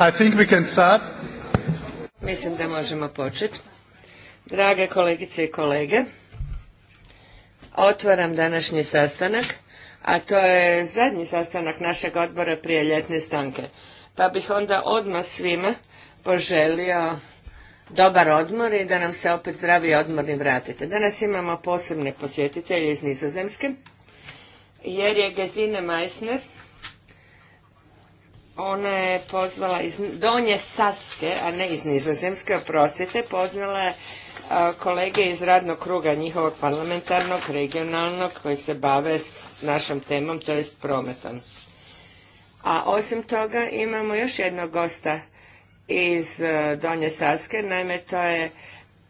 I think Mislim da možemo početi. Drage kolegice i kolege, otvaram današnji sastanak, a to je zadnji sastanak našeg odbora prije ljetne stanke. Pa bih onda odmah svima poželio dobar odmor i da nam se opet zdravi odmorni vratite. Danas imamo posebne posjetitelje iz Nizozemske, jer je Gesine Meissner, ona je pozvala iz Donje Saske, a ne iz Nizozemske, oprostite, poznala je kolege iz radnog kruga njihovog parlamentarnog, regionalnog, koji se bave s našom temom, to jest prometom. A osim toga imamo još jednog gosta iz e, Donje Saske, naime to je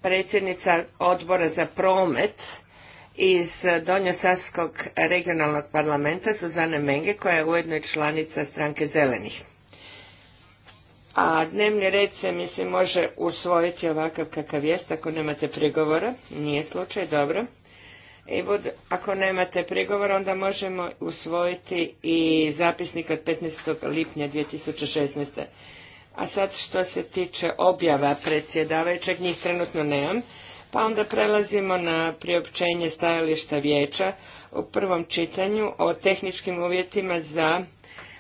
predsjednica odbora za promet iz Donjosaskog regionalnog parlamenta Suzane Menge koja je ujedno i članica stranke zelenih. A dnevni red se mislim može usvojiti ovakav kakav jest ako nemate prigovora, nije slučaj, dobro. I bud, ako nemate prigovora onda možemo usvojiti i zapisnik od 15. lipnja 2016. A sad što se tiče objava predsjedavajućeg, njih trenutno nemam. Pa onda prelazimo na priopćenje stajališta vijeća u prvom čitanju o tehničkim uvjetima za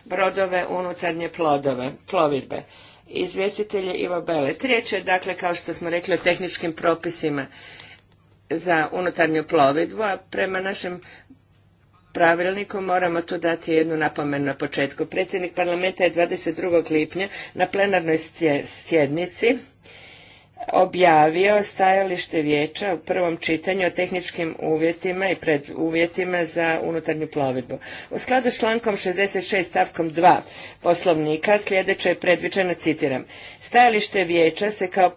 brodove unutarnje plodove, plovidbe. Izvjestitelj je Ivo Belet. Riječ je dakle, kao što smo rekli, o tehničkim propisima za unutarnju plovidbu, a prema našem pravilniku moramo tu dati jednu napomenu na početku. Predsjednik parlamenta je 22. lipnja na plenarnoj sjednici objavio stajalište vijeća u prvom čitanju o tehničkim uvjetima i pred uvjetima za unutarnju plovidbu. U skladu s člankom 66 stavkom 2 poslovnika sljedeće je predviđeno, citiram, stajalište vijeća se kao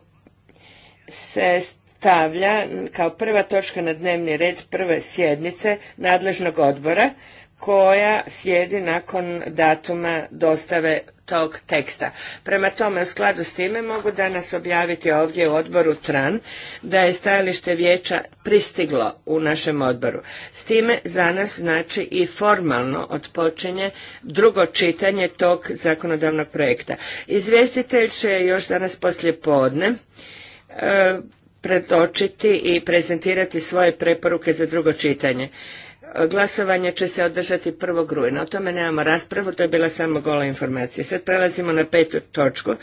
se stavlja kao prva točka na dnevni red prve sjednice nadležnog odbora koja sjedi nakon datuma dostave tog teksta. Prema tome, u skladu s time mogu danas objaviti ovdje u odboru TRAN da je stajalište vijeća pristiglo u našem odboru. S time za nas znači i formalno otpočinje drugo čitanje tog zakonodavnog projekta. Izvjestitelj će još danas poslije podne e, predočiti i prezentirati svoje preporuke za drugo čitanje. Glasovanje će se održati 1. rujna. O tome nemamo raspravu, to je bila samo gola informacija. Sad prelazimo na petu točku,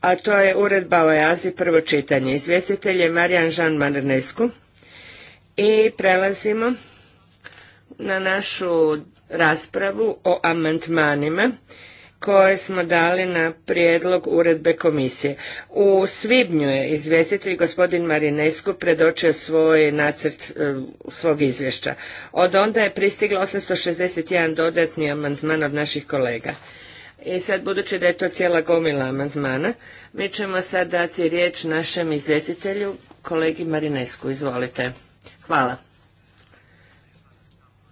a to je uredba o EAZI prvo čitanje. Izvjestitelj je Marijan Žan manernesku i prelazimo na našu raspravu o amandmanima koje smo dali na prijedlog uredbe komisije. U svibnju je izvjestitelj gospodin Marinesku, predočio svoj nacrt e, svog izvješća. Od onda je pristiglo 861 dodatni amandman od naših kolega. I sad, budući da je to cijela gomila amandmana, mi ćemo sad dati riječ našem izvjestitelju, kolegi Marinesku. Izvolite. Hvala.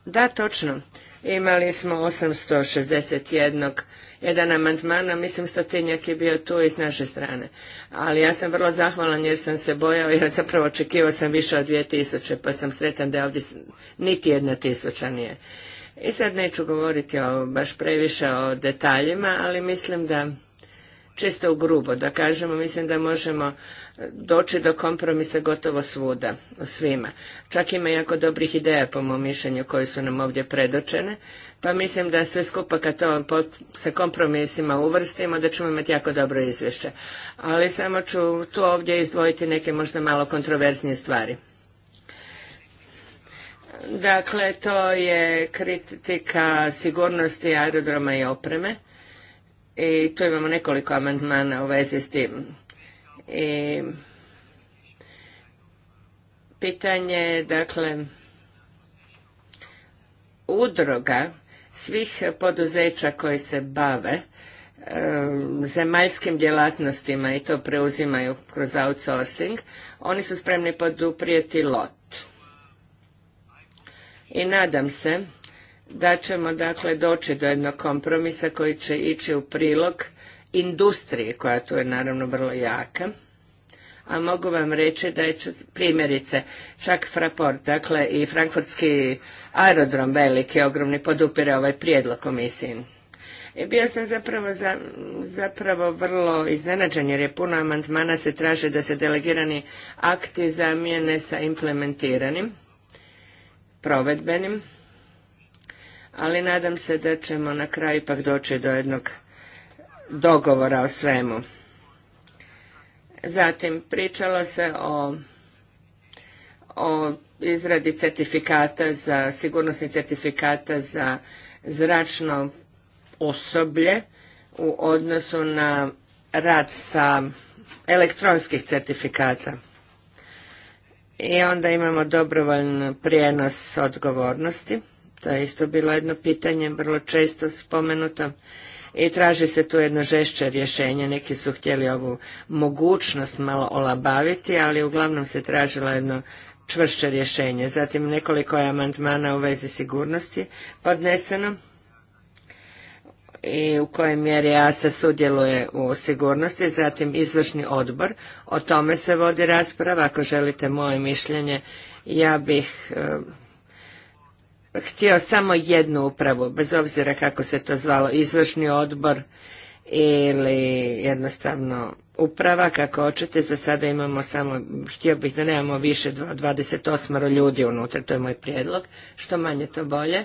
Da, točno. Imali smo 861 jedan amandman, a mislim stotinjak je bio tu iz naše strane. Ali ja sam vrlo zahvalan jer sam se bojao, jer zapravo očekivao sam više od dvije tisuće pa sam sretan da je ovdje niti jedna tisuća nije. I sad neću govoriti o, baš previše o detaljima, ali mislim da čisto u grubo da kažemo, mislim da možemo doći do kompromisa gotovo svuda, svima. Čak ima jako dobrih ideja po mom mišljenju koje su nam ovdje predočene, pa mislim da sve skupa kad to sa kompromisima uvrstimo da ćemo imati jako dobro izvješće. Ali samo ću tu ovdje izdvojiti neke možda malo kontroverznije stvari. Dakle, to je kritika sigurnosti aerodroma i opreme. I tu imamo nekoliko amandmana u vezi s tim i pitanje, dakle, udroga svih poduzeća koji se bave e, zemaljskim djelatnostima i to preuzimaju kroz outsourcing, oni su spremni poduprijeti lot. I nadam se da ćemo dakle doći do jednog kompromisa koji će ići u prilog industrije koja tu je naravno vrlo jaka a mogu vam reći da je primjerice čak Fraport, dakle i frankfurtski aerodrom veliki, ogromni, podupire ovaj prijedlog komisiji. I bio sam zapravo, zapravo vrlo iznenađen jer je puno amandmana se traže da se delegirani akti zamijene sa implementiranim, provedbenim, ali nadam se da ćemo na kraju ipak doći do jednog dogovora o svemu. Zatim, pričalo se o, o izradi certifikata za, sigurnosni certifikata za zračno osoblje u odnosu na rad sa elektronskih certifikata. I onda imamo dobrovoljan prijenos odgovornosti. To je isto bilo jedno pitanje, vrlo često spomenuto i traži se tu jedno žešće rješenje. Neki su htjeli ovu mogućnost malo olabaviti, ali uglavnom se tražilo jedno čvršće rješenje. Zatim nekoliko je amandmana u vezi sigurnosti podneseno i u kojoj mjeri ASA sudjeluje u sigurnosti, zatim izvršni odbor. O tome se vodi rasprava. Ako želite moje mišljenje, ja bih eh, htio samo jednu upravu, bez obzira kako se to zvalo, izvršni odbor ili jednostavno uprava, kako hoćete. Za sada imamo samo, htio bih da nemamo više 28 ljudi unutra, to je moj prijedlog, što manje to bolje.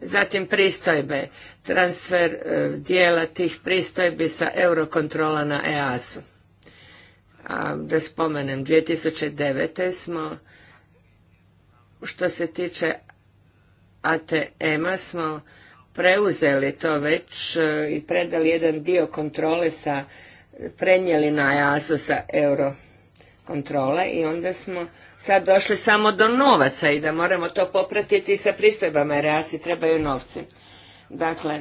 Zatim pristojbe, transfer e, dijela tih pristojbi sa eurokontrola na EAS-u. Da spomenem, 2009. smo što se tiče ATM-a smo preuzeli to već e, i predali jedan dio kontrole sa, prenijeli na EASO sa euro kontrole i onda smo sad došli samo do novaca i da moramo to popratiti sa pristojbama jer ASI trebaju novci. Dakle,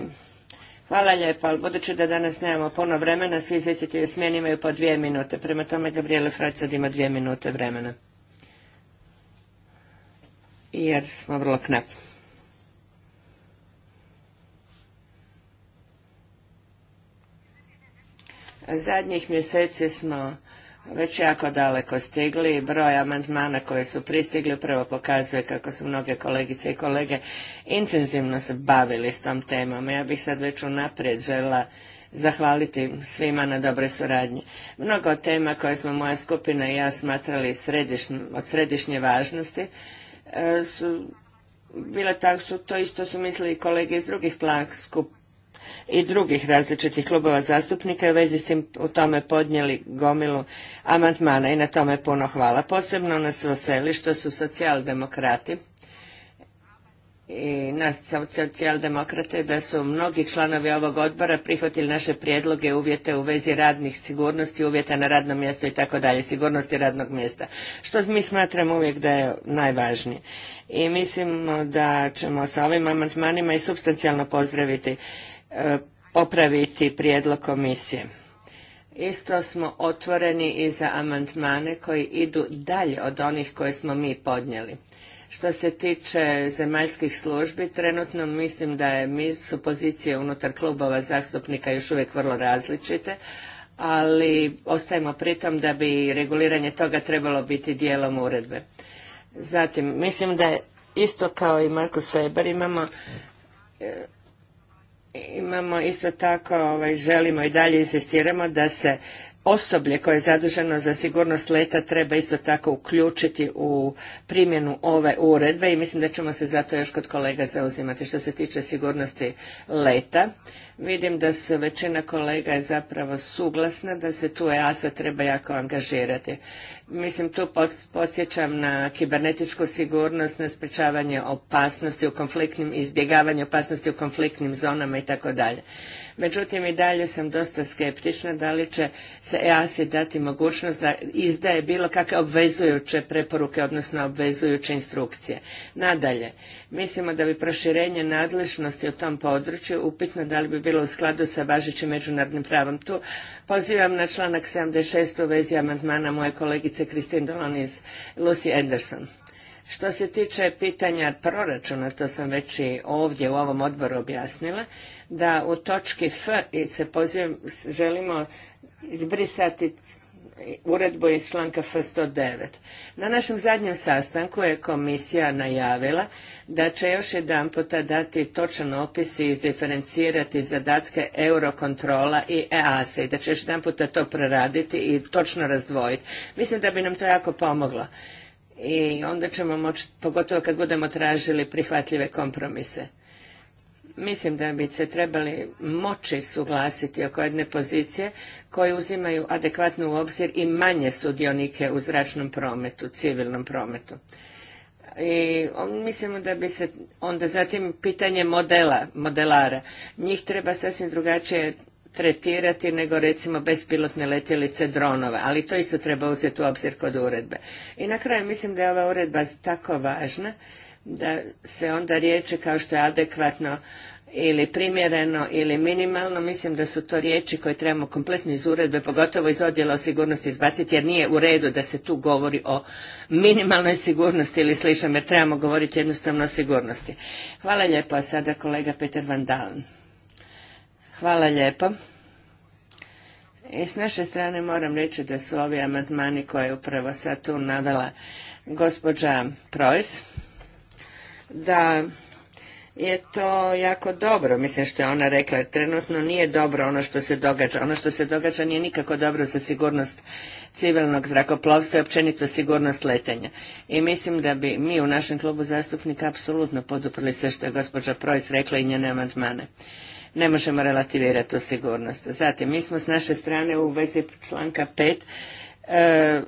hvala lijepa, ali budući da danas nemamo puno vremena, svi izvjestitelji smjeni imaju po dvije minute, prema tome Gabriele Fracad sad ima dvije minute vremena. Jer smo vrlo knapi. Zadnjih mjeseci smo već jako daleko stigli i broj amandmana koje su pristigli upravo pokazuje kako su mnoge kolegice i kolege intenzivno se bavili s tom temom. Ja bih sad već unaprijed žela zahvaliti svima na dobre suradnji. Mnogo tema koje smo moja skupina i ja smatrali od središnje važnosti e, su bile tako su, to isto su mislili i kolege iz drugih plan, i drugih različitih klubova zastupnika u vezi s tim u tome podnijeli gomilu amandmana i na tome puno hvala. Posebno nas veseli što su socijaldemokrati i nas socijaldemokrate da su mnogi članovi ovog odbora prihvatili naše prijedloge uvjete u vezi radnih sigurnosti, uvjeta na radnom mjestu i tako dalje, sigurnosti radnog mjesta, što mi smatramo uvijek da je najvažnije. I mislimo da ćemo sa ovim amandmanima i substancijalno pozdraviti E, popraviti prijedlog komisije. Isto smo otvoreni i za amandmane koji idu dalje od onih koje smo mi podnijeli. Što se tiče zemaljskih službi, trenutno mislim da je, mi su pozicije unutar klubova zastupnika još uvijek vrlo različite, ali ostajemo pritom da bi reguliranje toga trebalo biti dijelom uredbe. Zatim, mislim da je isto kao i Markus Weber imamo e, Imamo isto tako, ovaj, želimo i dalje insistiramo da se osoblje koje je zaduženo za sigurnost leta treba isto tako uključiti u primjenu ove uredbe i mislim da ćemo se zato još kod kolega zauzimati što se tiče sigurnosti leta. Vidim da se većina kolega je zapravo suglasna da se tu EASA treba jako angažirati. Mislim, tu podsjećam na kibernetičku sigurnost, na sprečavanje opasnosti u konfliktnim, izbjegavanje opasnosti u konfliktnim zonama i tako dalje. Međutim, i dalje sam dosta skeptična da li će se EASI dati mogućnost da izdaje bilo kakve obvezujuće preporuke, odnosno obvezujuće instrukcije. Nadalje, mislimo da bi proširenje nadležnosti u tom području upitno da li bi bilo u skladu sa važećim međunarodnim pravom. Tu pozivam na članak 76 u vezi amandmana moje kolegice kolegice Kristin Dolan iz Lucy Anderson. Što se tiče pitanja proračuna, to sam već i ovdje u ovom odboru objasnila, da u točki F se želimo izbrisati uredbu iz članka F109. Na našem zadnjem sastanku je komisija najavila da će još jedan puta dati točan opis i izdiferencirati zadatke Eurokontrola i EASA i e. da će još jedan puta to preraditi i točno razdvojiti. Mislim da bi nam to jako pomoglo i onda ćemo moći, pogotovo kad budemo tražili prihvatljive kompromise. Mislim da bi se trebali moći suglasiti oko jedne pozicije koje uzimaju adekvatnu u obzir i manje sudionike u zračnom prometu, civilnom prometu i on, mislimo da bi se onda zatim pitanje modela, modelara, njih treba sasvim drugačije tretirati nego recimo bespilotne letjelice dronova, ali to isto treba uzeti u obzir kod uredbe. I na kraju mislim da je ova uredba tako važna da se onda riječi kao što je adekvatno ili primjereno ili minimalno, mislim da su to riječi koje trebamo kompletno iz uredbe, pogotovo iz odjela o sigurnosti izbaciti, jer nije u redu da se tu govori o minimalnoj sigurnosti ili slično, jer trebamo govoriti jednostavno o sigurnosti. Hvala lijepo, a sada kolega Peter Van Dalen. Hvala lijepo. I s naše strane moram reći da su ovi amandmani koje je upravo sad tu navela gospođa Projs, da je to jako dobro, mislim što je ona rekla, trenutno nije dobro ono što se događa. Ono što se događa nije nikako dobro za sigurnost civilnog zrakoplovstva i općenito sigurnost letenja. I mislim da bi mi u našem klubu zastupnika apsolutno poduprli sve što je gospođa Projs rekla i njene amandmane. Ne možemo relativirati tu sigurnost. Zatim, mi smo s naše strane u vezi članka 5 e,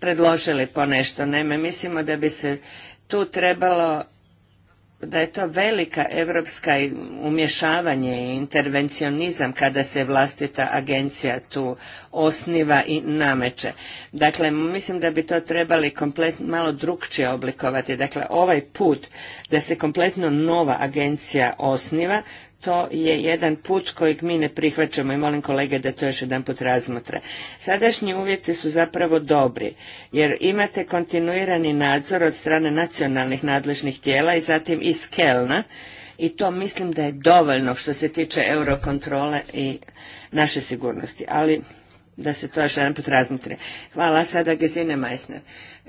predložili ponešto. Naime, mislimo da bi se tu trebalo da je to velika evropska umješavanje i intervencionizam kada se vlastita agencija tu osniva i nameće. Dakle, mislim da bi to trebali malo drukčije oblikovati. Dakle, ovaj put da se kompletno nova agencija osniva, to je jedan put kojeg mi ne prihvaćamo i molim kolege da to još jedan put razmotre. Sadašnji uvjeti su zapravo dobri, jer imate kontinuirani nadzor od strane nacionalnih nadležnih tijela i zatim iz Kelna, i to mislim da je dovoljno što se tiče eurokontrole i naše sigurnosti, ali da se to još jedan put Hvala sada gesine Majsner.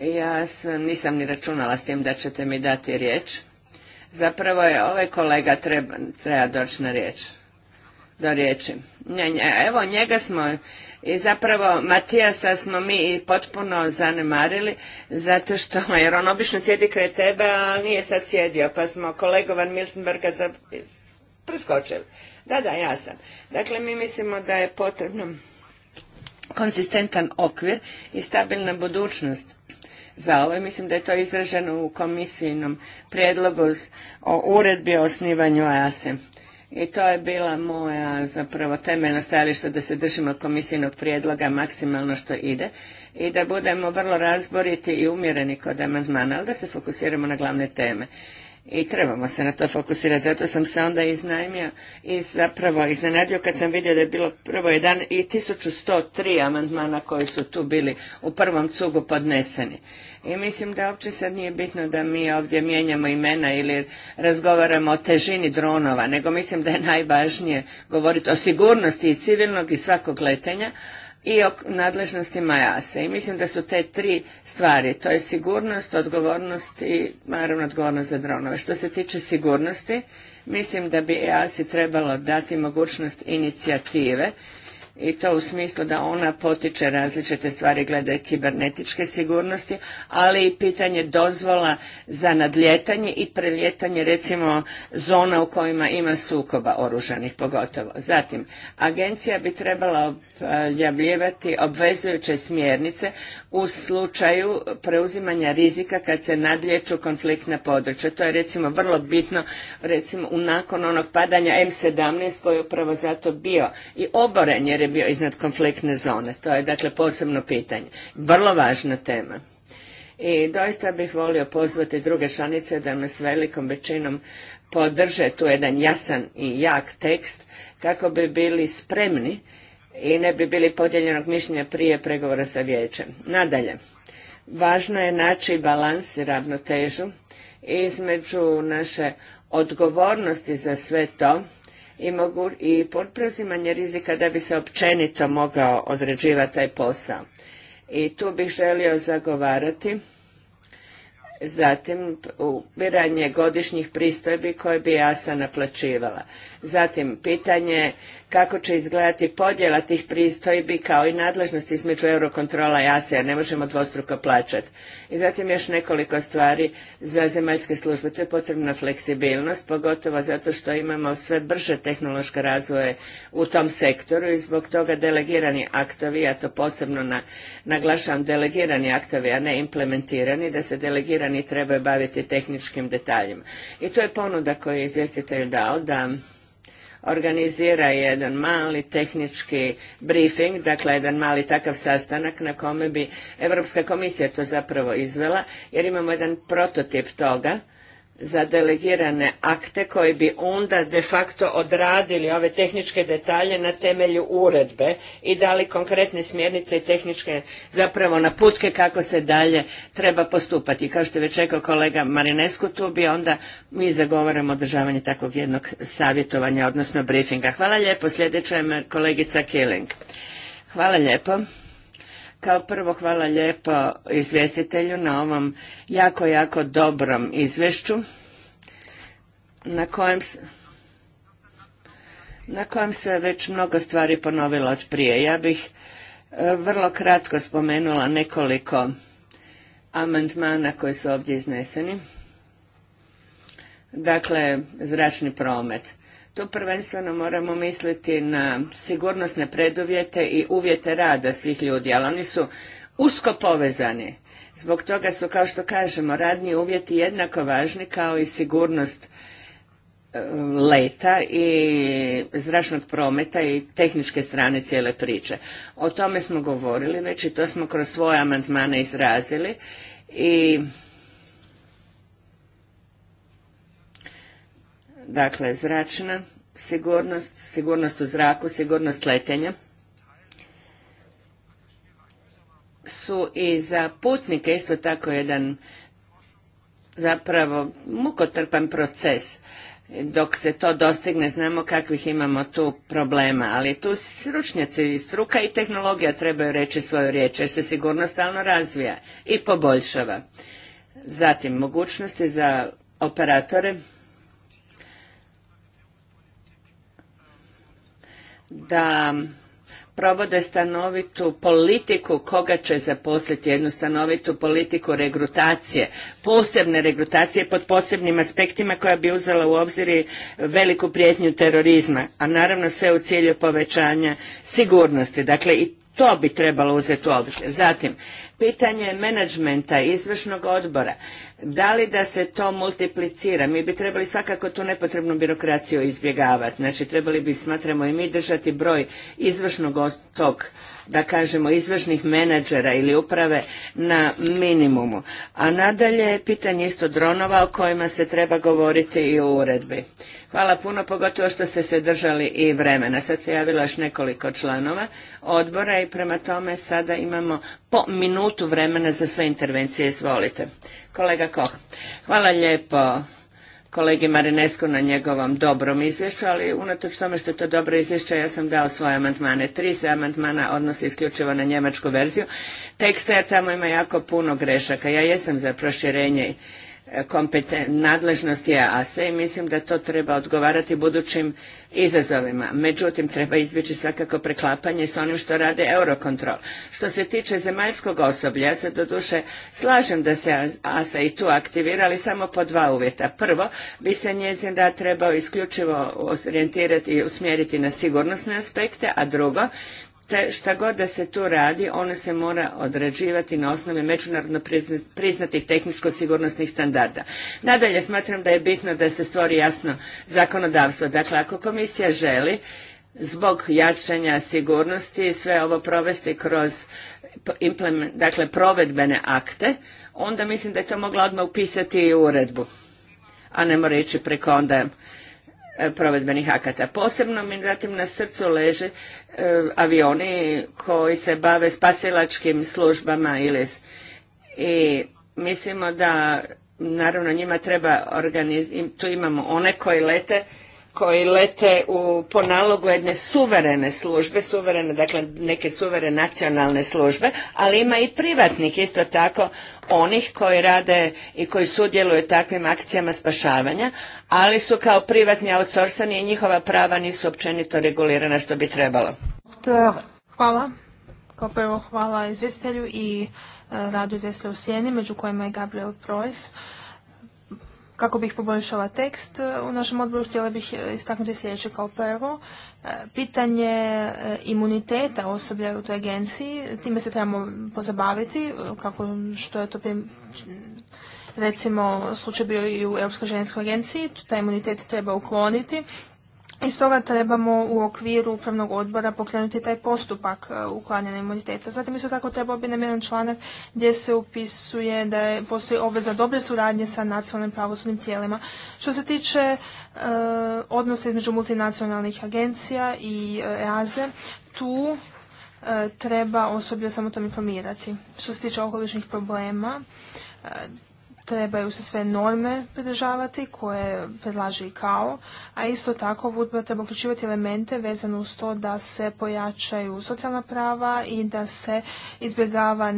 Ja nisam ni računala s tim da ćete mi dati riječ. Zapravo je ovaj kolega treba, doći na riječ. Do riječi. evo njega smo i zapravo Matijasa smo mi potpuno zanemarili zato što, jer on obično sjedi kraj tebe, a nije sad sjedio, pa smo kolego Van Miltenberga Da, da, ja sam. Dakle, mi mislimo da je potrebno konsistentan okvir i stabilna budućnost za ovo. Mislim da je to izraženo u komisijnom prijedlogu o uredbi o osnivanju EASE. I to je bila moja zapravo temeljna stajališta da se držimo komisijnog prijedloga maksimalno što ide i da budemo vrlo razboriti i umjereni kod amandmana, ali da se fokusiramo na glavne teme i trebamo se na to fokusirati. Zato sam se onda iznajmio i zapravo iznenadio kad sam vidio da je bilo prvo jedan i 1103 amandmana koji su tu bili u prvom cugu podneseni. I mislim da uopće sad nije bitno da mi ovdje mijenjamo imena ili razgovaramo o težini dronova, nego mislim da je najvažnije govoriti o sigurnosti i civilnog i svakog letenja, i o nadležnostima jase I mislim da su te tri stvari, to je sigurnost, odgovornost i naravno odgovornost za dronove. Što se tiče sigurnosti, mislim da bi EASI trebalo dati mogućnost inicijative i to u smislu da ona potiče različite stvari glede kibernetičke sigurnosti, ali i pitanje dozvola za nadljetanje i prelijetanje recimo zona u kojima ima sukoba oružanih pogotovo. Zatim, agencija bi trebala objavljivati obvezujuće smjernice u slučaju preuzimanja rizika kad se nadlječu konfliktna područja. To je recimo vrlo bitno recimo nakon onog padanja M17 koji je upravo zato bio i oboren jer je bio iznad konfliktne zone. To je dakle posebno pitanje. Vrlo važna tema. I doista bih volio pozvati druge članice da me s velikom većinom podrže tu jedan jasan i jak tekst kako bi bili spremni i ne bi bili podijeljenog mišljenja prije pregovora sa vijećem. Nadalje, važno je naći balans i ravnotežu između naše odgovornosti za sve to i, mogu, preuzimanje rizika da bi se općenito mogao određivati taj posao. I tu bih želio zagovarati zatim ubiranje godišnjih pristojbi koje bi ASA naplaćivala. Zatim pitanje kako će izgledati podjela tih pristojbi kao i nadležnosti između eurokontrola i jer ne možemo dvostruko plaćati. I zatim još nekoliko stvari za zemaljske službe. To je potrebna fleksibilnost, pogotovo zato što imamo sve brže tehnološke razvoje u tom sektoru i zbog toga delegirani aktovi, ja to posebno naglašavam delegirani aktovi, a ne implementirani, da se delegirani trebaju baviti tehničkim detaljima. I to je ponuda koju je izvjestitelj dao da organizira jedan mali tehnički briefing, dakle jedan mali takav sastanak na kome bi Europska komisija to zapravo izvela, jer imamo jedan prototip toga za delegirane akte koji bi onda de facto odradili ove tehničke detalje na temelju uredbe i dali konkretne smjernice i tehničke zapravo naputke kako se dalje treba postupati. Kao što je već rekao kolega Marinescu, tu bi onda mi zagovaramo održavanje takvog jednog savjetovanja, odnosno briefinga. Hvala lijepo. Sljedeća je kolegica Killing. Hvala lijepo. Kao prvo hvala lijepo izvjestitelju na ovom jako, jako dobrom izvješću na kojem se već mnogo stvari ponovilo od prije. Ja bih e, vrlo kratko spomenula nekoliko amandmana koji su ovdje izneseni. Dakle, zračni promet. Tu prvenstveno moramo misliti na sigurnosne preduvjete i uvjete rada svih ljudi, ali oni su usko povezani. Zbog toga su, kao što kažemo, radni uvjeti jednako važni kao i sigurnost e, leta i zračnog prometa i tehničke strane cijele priče. O tome smo govorili već i to smo kroz svoje amandmane izrazili i dakle zračna sigurnost, sigurnost u zraku, sigurnost letenja su i za putnike isto tako jedan zapravo mukotrpan proces. Dok se to dostigne, znamo kakvih imamo tu problema, ali tu stručnjaci i struka i tehnologija trebaju reći svoju riječ, jer se sigurnost stalno razvija i poboljšava. Zatim, mogućnosti za operatore da provode stanovitu politiku koga će zaposliti, jednu stanovitu politiku regrutacije, posebne regrutacije pod posebnim aspektima koja bi uzela u obzir veliku prijetnju terorizma, a naravno sve u cilju povećanja sigurnosti. Dakle, i to bi trebalo uzeti u obzir. Zatim, pitanje menadžmenta izvršnog odbora da li da se to multiplicira? Mi bi trebali svakako tu nepotrebnu birokraciju izbjegavati. Znači, trebali bi, smatramo i mi, držati broj izvršnog tog, da kažemo, izvršnih menadžera ili uprave na minimumu. A nadalje je pitanje isto dronova o kojima se treba govoriti i u uredbi. Hvala puno, pogotovo što ste se držali i vremena. Sad se javilo još nekoliko članova odbora i prema tome sada imamo po minutu vremena za sve intervencije. Izvolite. Kolega Koh. Hvala lijepo kolegi Marinesku na njegovom dobrom izvješću, ali unatoč tome što je to dobro izvješće, ja sam dao svoje amandmane. Tri se amandmana odnose isključivo na njemačku verziju teksta, jer tamo ima jako puno grešaka. Ja jesam za proširenje nadležnost je ASE i mislim da to treba odgovarati budućim izazovima. Međutim, treba izbjeći svakako preklapanje s onim što rade Eurocontrol. Što se tiče zemaljskog osoblja, ja se doduše slažem da se ASA e i tu aktivira, ali samo po dva uvjeta. Prvo, bi se njezin rad trebao isključivo orijentirati i usmjeriti na sigurnosne aspekte, a drugo, te šta god da se tu radi, ona se mora određivati na osnovi međunarodno priznatih tehničko-sigurnosnih standarda. Nadalje, smatram da je bitno da se stvori jasno zakonodavstvo. Dakle, ako komisija želi zbog jačanja sigurnosti sve ovo provesti kroz dakle, provedbene akte, onda mislim da je to mogla odmah upisati i u uredbu, a ne mora ići preko onda E, provedbenih akata. Posebno mi zatim dakle, na srcu leže e, avioni koji se bave spasilačkim službama ili i mislimo da naravno njima treba organizirati. tu imamo one koji lete koji lete u, po nalogu jedne suverene službe, suverene, dakle neke suverene nacionalne službe, ali ima i privatnih isto tako onih koji rade i koji sudjeluju takvim akcijama spašavanja, ali su kao privatni outsourcani i njihova prava nisu općenito regulirana što bi trebalo. Hvala. Kao prvo hvala izvjestitelju i e, radu se u Sjeni, među kojima je Gabriel Preuss kako bih poboljšala tekst e, u našem odboru, htjela bih e, istaknuti sljedeće kao prvo. E, pitanje imuniteta osoblja u toj agenciji, time se trebamo pozabaviti, kako što je to recimo slučaj bio i u Europskoj ženskoj agenciji, taj imunitet treba ukloniti i stoga trebamo u okviru upravnog odbora pokrenuti taj postupak e, uklanjanja imuniteta. Zatim isto tako trebao bi nam jedan članak gdje se upisuje da postoji obveza dobre suradnje sa nacionalnim pravosudnim tijelima. Što se tiče e, odnosa između multinacionalnih agencija i EAZE, e tu treba osoblje samo tom informirati. Što se tiče okolišnih problema, trebaju se sve norme pridržavati koje predlaže i kao, a isto tako budba treba uključivati elemente vezane uz to da se pojačaju socijalna prava i da se izbjegava e,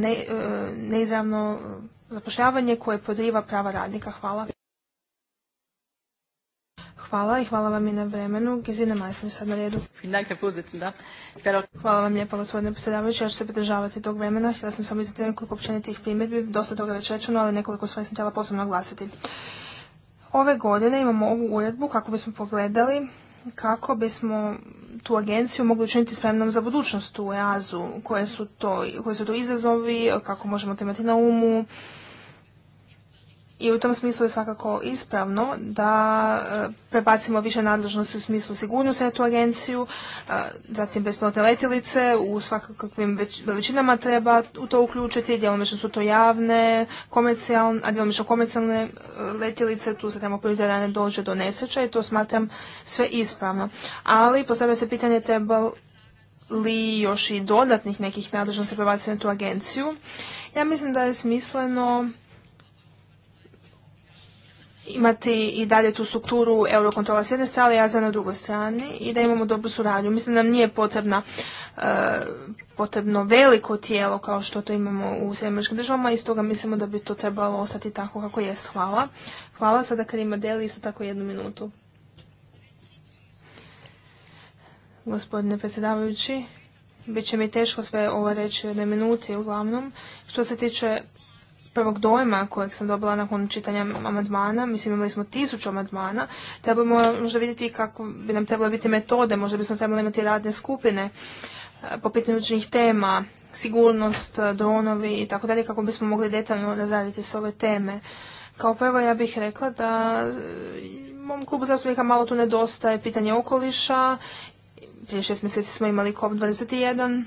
neizravno zapošljavanje koje podriva prava radnika. Hvala. Hvala i hvala vam i na vremenu. Gizina Majsler sad na redu. Hvala vam lijepo gospodine predsjedavajući, ja ću se pridržavati tog vremena. Htjela sam samo izdati nekoliko općenitih primjedbi, dosta toga već rečeno, ali nekoliko stvari sam htjela posebno naglasiti. Ove godine imamo ovu uredbu kako bismo pogledali kako bismo tu agenciju mogli učiniti spremnom za budućnost u EAZ-u, koje su to, koji su to izazovi, kako možemo to imati na umu, i u tom smislu je svakako ispravno da e, prebacimo više nadležnosti u smislu sigurnosti na tu agenciju, e, zatim besplatne letjelice u svakakvim veličinama treba u to uključiti, djelomično su to javne, komercijalne, a djelomično komercijalne e, letjelice, tu se tamo prilike da ne dođe do nesreća i to smatram sve ispravno. Ali postavlja se pitanje treba li još i dodatnih nekih nadležnosti prebaciti na tu agenciju. Ja mislim da je smisleno imati i dalje tu strukturu eurokontrola s jedne strane, a za na drugoj strani i da imamo dobru suradnju. Mislim da nam nije potrebna e, potrebno veliko tijelo kao što to imamo u Sjedinomeričkim državama i stoga mislimo da bi to trebalo ostati tako kako jest. Hvala. Hvala sada kad ima deli isto tako jednu minutu. Gospodine predsjedavajući, bit će mi teško sve ovo reći u jednoj minuti uglavnom. Što se tiče prvog dojma kojeg sam dobila nakon čitanja amandmana, mislim imali smo tisuću amandmana, trebamo možda vidjeti kako bi nam trebale biti metode, možda bismo trebali imati radne skupine e, po pitanju učinih tema, sigurnost, e, dronovi i tako dalje, kako bismo mogli detaljno razraditi s ove teme. Kao prvo ja bih rekla da e, mom klubu zastupnika malo tu nedostaje pitanje okoliša. Prije šest mjeseci smo imali COP21,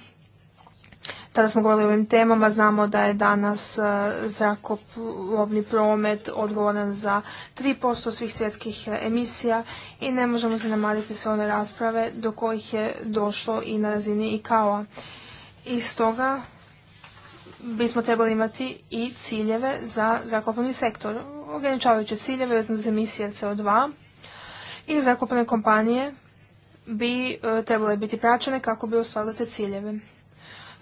tada smo govorili o ovim temama, znamo da je danas e, zrakoplovni promet odgovoran za 3% svih svjetskih e, emisija i ne možemo zanemariti sve one rasprave do kojih je došlo i na razini i a I stoga bismo trebali imati i ciljeve za zrakoplovni sektor, ograničavajuće ciljeve vezano za emisije CO2 i zrakoplovne kompanije bi e, trebale biti praćene kako bi ostvarile te ciljeve.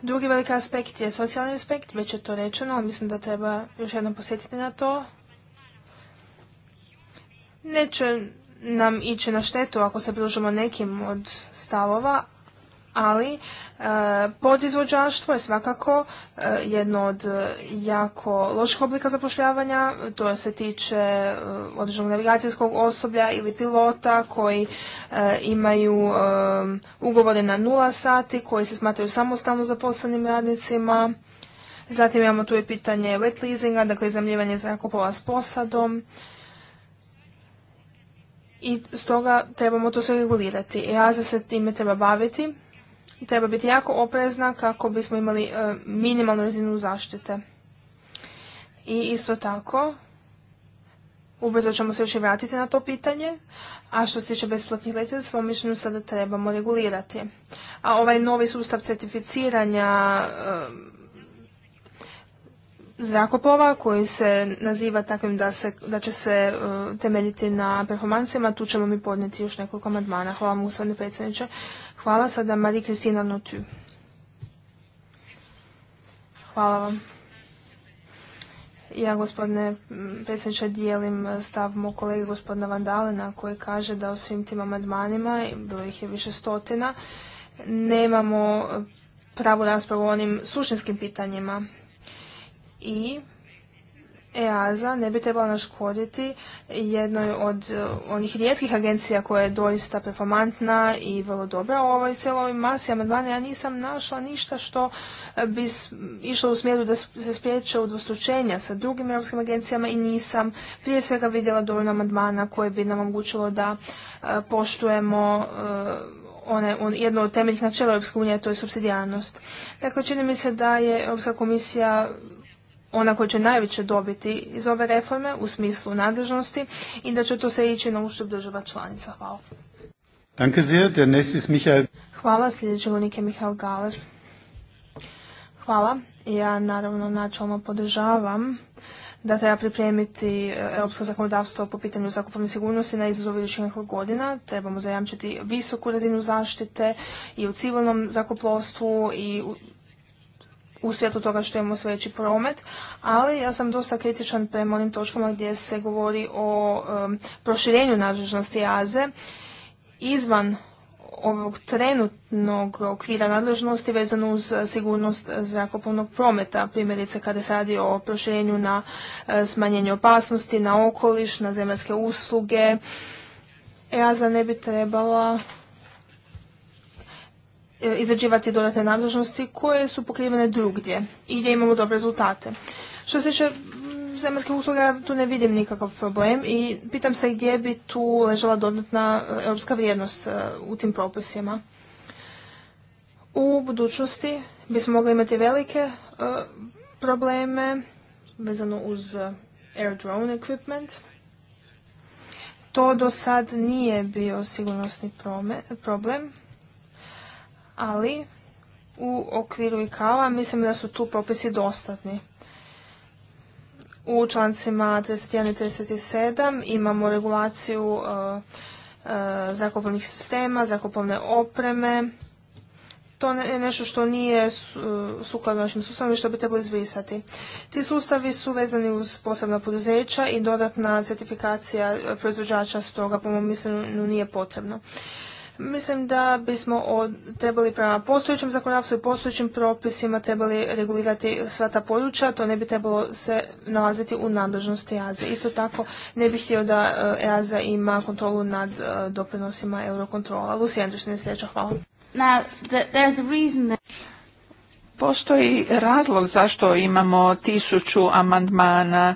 Drugi veliki aspekt je socijalni aspekt, već je to rečeno, ali mislim da treba još jednom posjetiti na to. Neće nam ići na štetu ako se pružimo nekim od stavova, ali e, podizvođaštvo je svakako e, jedno od e, jako loših oblika zapošljavanja. To se tiče određenog navigacijskog osoblja ili pilota koji imaju ugovore na nula sati, koji se smatraju samostalno zaposlenim radnicima. Zatim imamo tu i pitanje wet leasinga, dakle izamljivanje zrakopova s posadom. I stoga trebamo to sve regulirati. Ja se time treba baviti treba biti jako oprezna kako bismo imali e, minimalnu razinu zaštite. I isto tako, ubrzo ćemo se još i vratiti na to pitanje, a što se tiče besplatnih leta, smo mišljenju sada trebamo regulirati. A ovaj novi sustav certificiranja e, zrakoplova koji se naziva takvim da, će se e, temeljiti na performancijama, Tu ćemo mi podnijeti još nekoliko amandmana. Hvala vam, gospodine predsjedniče. Hvala sada Marie Kristina Hvala vam. Ja, gospodine predsjedniče, dijelim stav mog kolege gospodina Vandalena koji kaže da o svim tim amandmanima, bilo ih je više stotina, nemamo pravu raspravu o onim suštinskim pitanjima. I EASA ne bi trebala naškoditi jednoj od e, onih rijetkih agencija koja je doista performantna i vrlo dobra. u ovoj celoj masi amandmana ja nisam našla ništa što e, bi išlo u smjeru da se spriječe udvostručenja sa drugim europskim agencijama i nisam prije svega vidjela dovoljno amandmana koje bi nam omogućilo da e, poštujemo one, on, jedno od temeljnih načela Europske unije, to je subsidijarnost. Dakle, čini mi se da je Europska komisija ona koja će najveće dobiti iz ove reforme u smislu nadležnosti i da će to se ići na uštup država članica. Hvala. Danke sehr, der Michael. Hvala, sljedeći je Hvala. Ja naravno načalno podržavam da treba pripremiti e, europsko zakonodavstvo po pitanju zakupovne sigurnosti na izazove idućih godina. Trebamo zajamčiti visoku razinu zaštite i u civilnom zrakoplovstvu i u u svijetu toga što imamo sve veći promet, ali ja sam dosta kritičan prema onim točkama gdje se govori o proširenju nadležnosti AZE izvan ovog trenutnog okvira nadležnosti vezano uz sigurnost zrakoplovnog prometa, primjerice kada se radi o proširenju na e, smanjenje opasnosti, na okoliš, na zemljske usluge. EASA ne bi trebala E, izrađivati dodatne nadležnosti koje su pokrivene drugdje i gdje imamo dobre rezultate. Što se tiče zemljskih usluga, tu ne vidim nikakav problem i pitam se gdje bi tu ležala dodatna e, europska vrijednost e, u tim propisima. U budućnosti bismo mogli imati velike probleme vezano uz air drone equipment. To do sad nije bio sigurnosni problem ali u okviru ICAO-a mislim da su tu propisi dostatni. U člancima 31 i 37 imamo regulaciju uh, uh, zakupovnih sistema, zakupovne opreme. To je nešto što nije uh, sukladno našim sustavima i što bi trebalo izbrisati. Ti sustavi su vezani uz posebna poduzeća i dodatna certifikacija proizvođača stoga, po mom mišljenju, nije potrebno. Mislim da bismo trebali prema postojećem zakonodavstvu i postojećim propisima trebali regulirati sva ta područja, to ne bi trebalo se nalaziti u nadležnosti EAZE. E. Isto tako ne bih htio da EAZA e e ima kontrolu nad doprinosima eurokontrola. Lucy Anderson je sljedeća, hvala. Postoji razlog zašto imamo tisuću amandmana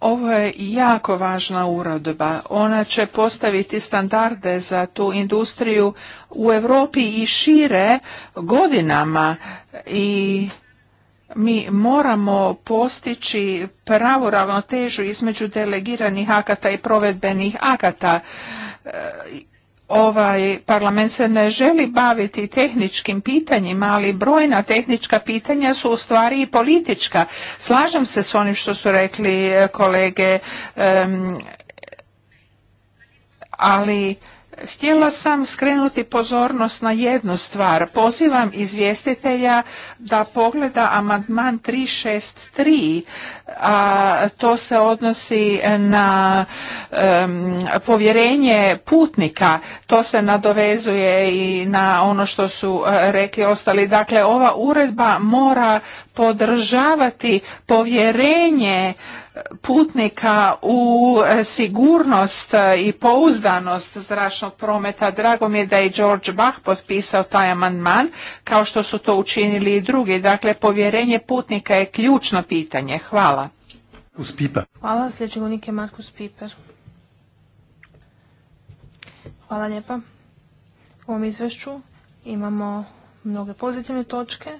ovo je jako važna urodba. Ona će postaviti standarde za tu industriju u Europi i šire godinama i mi moramo postići pravu ravnotežu između delegiranih akata i provedbenih akata ovaj parlament se ne želi baviti tehničkim pitanjima, ali brojna tehnička pitanja su u stvari i politička. Slažem se s onim što su rekli eh, kolege, ali Htjela sam skrenuti pozornost na jednu stvar. Pozivam izvjestitelja da pogleda amandman 363, a to se odnosi na povjerenje putnika. To se nadovezuje i na ono što su e, rekli ostali. Dakle, ova uredba mora podržavati povjerenje putnika u e, sigurnost e, i pouzdanost zračnog prometa. Drago mi je da je George Bach potpisao taj amandman, kao što su to učinili i drugi. Dakle, povjerenje putnika je ključno pitanje. Hvala. Hvala, sljedeći Markus Piper. Hvala lijepa. U ovom izvešću imamo mnoge pozitivne točke,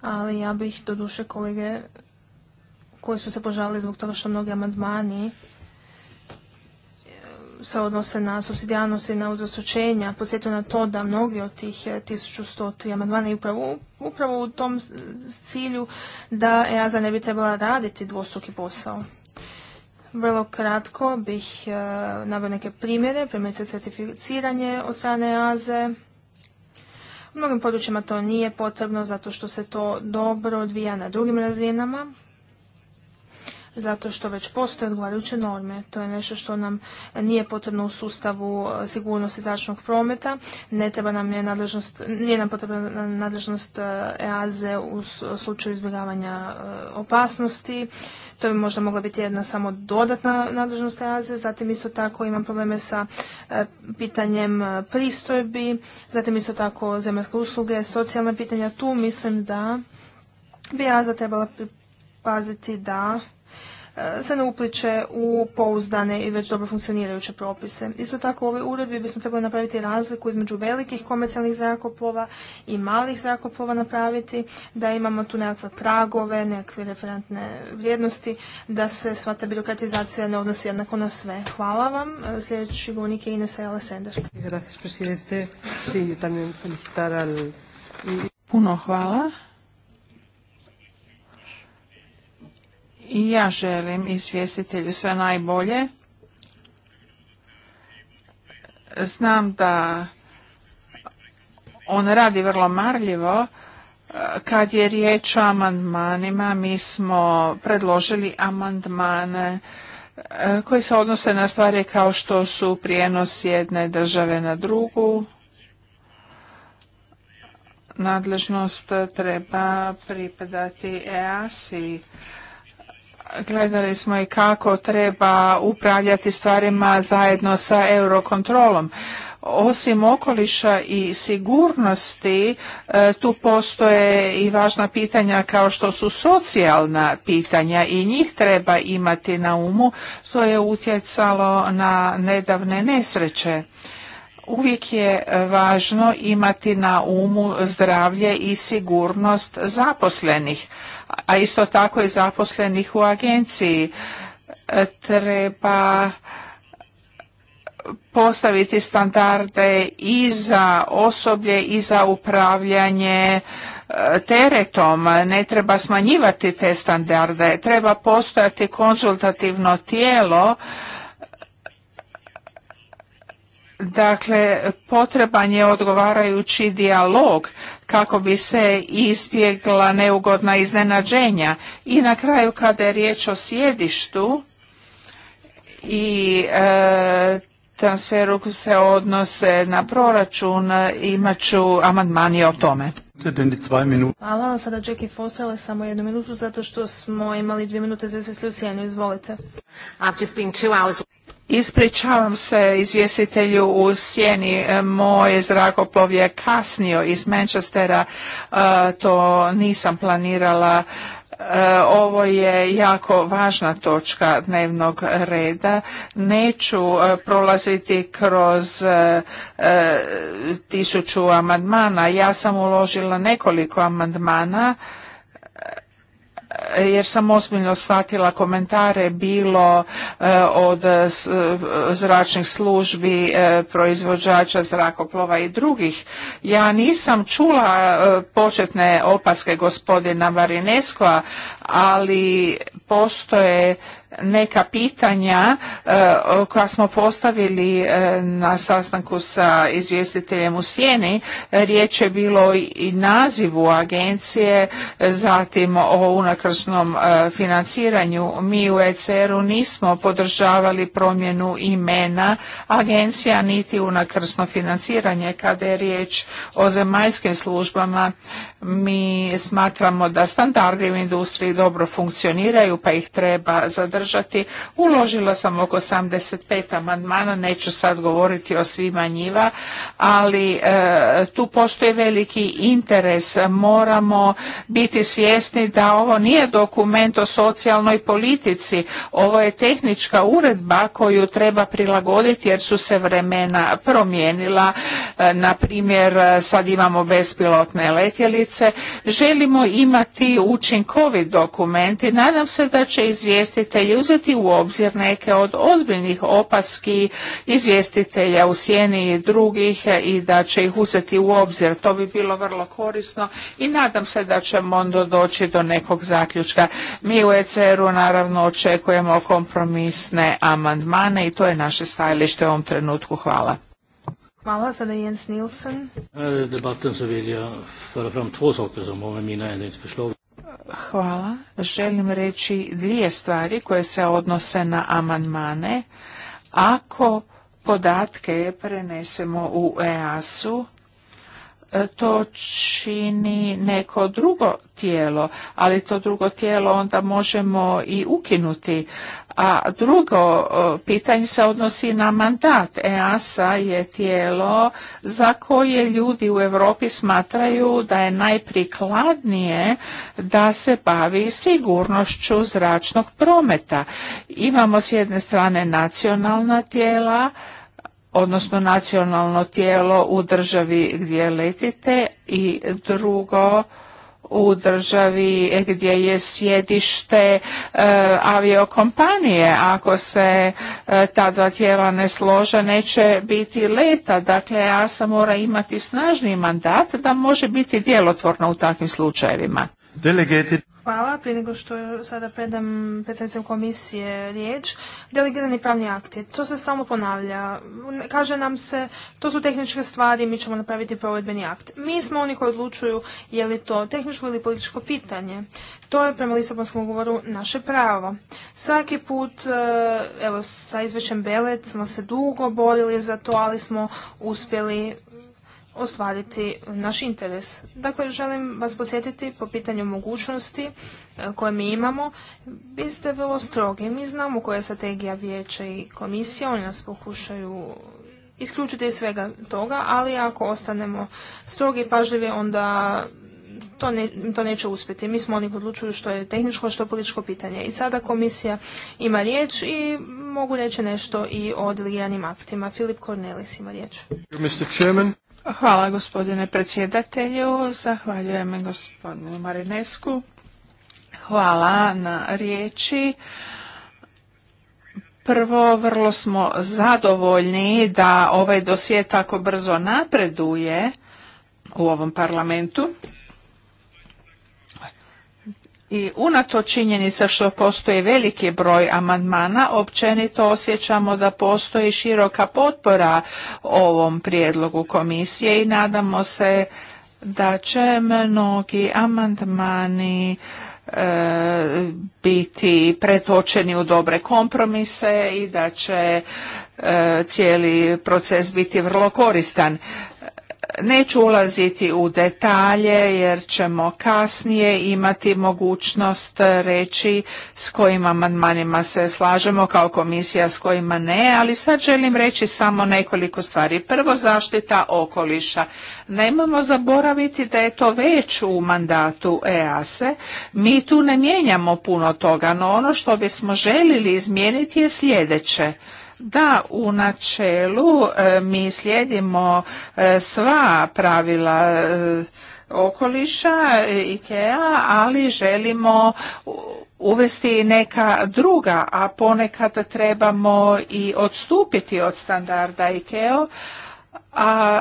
ali ja bih duše kolege koji su se požalili zbog toga što mnogi amandmani e, se odnose na subsidijalnost i na udostočenja, Podsjetio na to da mnogi od tih 1100 e, amandmana i upravo, upravo u tom cilju da EASA ne bi trebala raditi dvostruki posao. Vrlo kratko bih e, naveo neke primjere, primjerice certificiranje od strane EASA. U mnogim područjima to nije potrebno zato što se to dobro odvija na drugim razinama zato što već postoje odgovarajuće norme. To je nešto što nam nije potrebno u sustavu e, sigurnosti zračnog prometa. Ne treba nam je nadležnost, nije nam potrebna nadležnost EAZE e u slučaju izbjegavanja e, opasnosti. To bi možda mogla biti jedna samo dodatna nadležnost EAZE. Zatim isto tako imam probleme sa pitanjem pristojbi. Zatim isto tako zemljske usluge, socijalna pitanja. Tu mislim da bi EAZA trebala paziti da E, se ne upliče u pouzdane i već dobro funkcionirajuće propise. Isto tako u ovoj uredbi bismo trebali napraviti razliku između velikih komercijalnih zrakoplova i malih zrakoplova napraviti, da imamo tu nekakve pragove, nekakve referentne vrijednosti, da se sva ta birokratizacija ne odnosi jednako na sve. Hvala vam. E, sljedeći govornik je Inesa Alessander. Puno hvala. I ja želim izvjestitelju sve najbolje. Znam da on radi vrlo marljivo. Kad je riječ o amandmanima, mi smo predložili amandmane e, koji se odnose na stvari kao što su prijenos jedne države na drugu. Nadležnost treba pripadati EASI Gledali smo i kako treba upravljati stvarima zajedno sa eurokontrolom. Osim okoliša i sigurnosti, e, tu postoje i važna pitanja kao što su socijalna pitanja i njih treba imati na umu, to je utjecalo na nedavne nesreće. Uvijek je važno imati na umu zdravlje i sigurnost zaposlenih a isto tako i zaposlenih u agenciji. E, treba postaviti standarde i za osoblje i za upravljanje e, teretom, ne treba smanjivati te standarde, treba postojati konzultativno tijelo Dakle, potreban je odgovarajući dijalog kako bi se izbjegla neugodna iznenađenja. I na kraju kada je riječ o sjedištu i e, transferu se odnose na proračun, imat ću amandmani o tome. Hvala vam sada Jackie Foster, ali samo jednu minutu zato što smo imali dvije minute za sve u sjenu. Izvolite. I've just been hours... Ispričavam se izvjestitelju u sjeni. E, Moj zrakoplov je kasnio iz Manchestera. E, to nisam planirala. E, ovo je jako važna točka dnevnog reda. Neću prolaziti kroz tisuću amandmana. Ja sam uložila nekoliko amandmana jer sam ozbiljno shvatila komentare bilo e, od e, e, zračnih službi, proizvođača zrakoplova i drugih. Ja nisam čula početne opaske gospodina Marineskoa, ali postoje neka pitanja e, koja smo postavili e, na sastanku sa izvjestiteljem u Sjeni. Riječ je bilo i nazivu agencije, zatim o unakrsnom e, financiranju. Mi u ECR-u nismo podržavali promjenu imena agencija niti unakrsno financiranje kada je riječ o zemaljskim službama mi smatramo da standardi u industriji dobro funkcioniraju pa ih treba zadržati. Uložila sam oko 85 amandmana, neću sad govoriti o svima njiva, ali e, tu postoji veliki interes. Moramo biti svjesni da ovo nije dokument o socijalnoj politici, ovo je tehnička uredba koju treba prilagoditi jer su se vremena promijenila. E, na primjer, sad imamo bespilotne letjelice Želimo imati učinkovit dokument i nadam se da će izvjestitelji uzeti u obzir neke od ozbiljnih opaski izvjestitelja u sjeni drugih i da će ih uzeti u obzir. To bi bilo vrlo korisno i nadam se da ćemo onda doći do nekog zaključka. Mi u ECR-u naravno očekujemo kompromisne amandmane i to je naše stajalište u ovom trenutku. Hvala. Hvala, sada Jens Nilsen. Hvala. Želim reći dvije stvari koje se odnose na amandmane. Ako podatke prenesemo u EAS-u, e, to čini neko drugo tijelo, ali to drugo tijelo onda možemo i ukinuti. A drugo e, pitanje se odnosi na mandat. EASA je tijelo za koje ljudi u Europi smatraju da je najprikladnije da se bavi sigurnošću zračnog prometa. Imamo s jedne strane nacionalna tijela, odnosno nacionalno tijelo u državi gdje letite i drugo u državi gdje je sjedište e, aviokompanije. Ako se e, ta dva tijela ne slože, neće biti leta. Dakle, ASA mora imati snažni mandat da može biti djelotvorna u takvim slučajevima. Hvala. Prije nego što sada predam predsjednicom komisije riječ, delegirani pravni akti. To se stalno ponavlja. Kaže nam se, to su tehničke stvari, mi ćemo napraviti provedbeni akt. Mi smo oni koji odlučuju je li to tehničko ili političko pitanje. To je prema Lisabonskom ugovoru naše pravo. Svaki put, e, evo, sa izvećem Belet smo se dugo borili za to, ali smo uspjeli ostvariti naš interes. Dakle, želim vas podsjetiti po pitanju mogućnosti e, koje mi imamo. Vi ste vrlo strogi. Mi znamo koja je strategija vijeća i komisija. Oni nas pokušaju isključiti iz svega toga, ali ako ostanemo strogi i pažljivi, onda to, neće uspjeti. Mi smo oni koji odlučuju što je tehničko, što je političko pitanje. I sada komisija ima riječ i mogu reći nešto i o delegiranim aktima. Filip Cornelis ima riječ. Mr. Chairman. Hvala gospodine predsjedatelju, zahvaljujem gospodinu Marinesku. Hvala na riječi. Prvo, vrlo smo zadovoljni da ovaj dosje tako brzo napreduje u ovom parlamentu i unato činjenica što postoji veliki broj amandmana, općenito osjećamo da postoji široka potpora ovom prijedlogu komisije i nadamo se da će mnogi amandmani e, biti pretočeni u dobre kompromise i da će e, cijeli proces biti vrlo koristan. Neću ulaziti u detalje jer ćemo kasnije imati mogućnost reći s kojim amandmanima se slažemo kao komisija s kojima ne, ali sad želim reći samo nekoliko stvari. Prvo zaštita okoliša. Nemamo zaboraviti da je to već u mandatu EASE. Mi tu ne mijenjamo puno toga, no ono što bismo željeli izmijeniti je sljedeće da, u načelu e, mi slijedimo e, sva pravila e, okoliša IKEA, ali želimo uvesti neka druga, a ponekad trebamo i odstupiti od standarda IKEA, a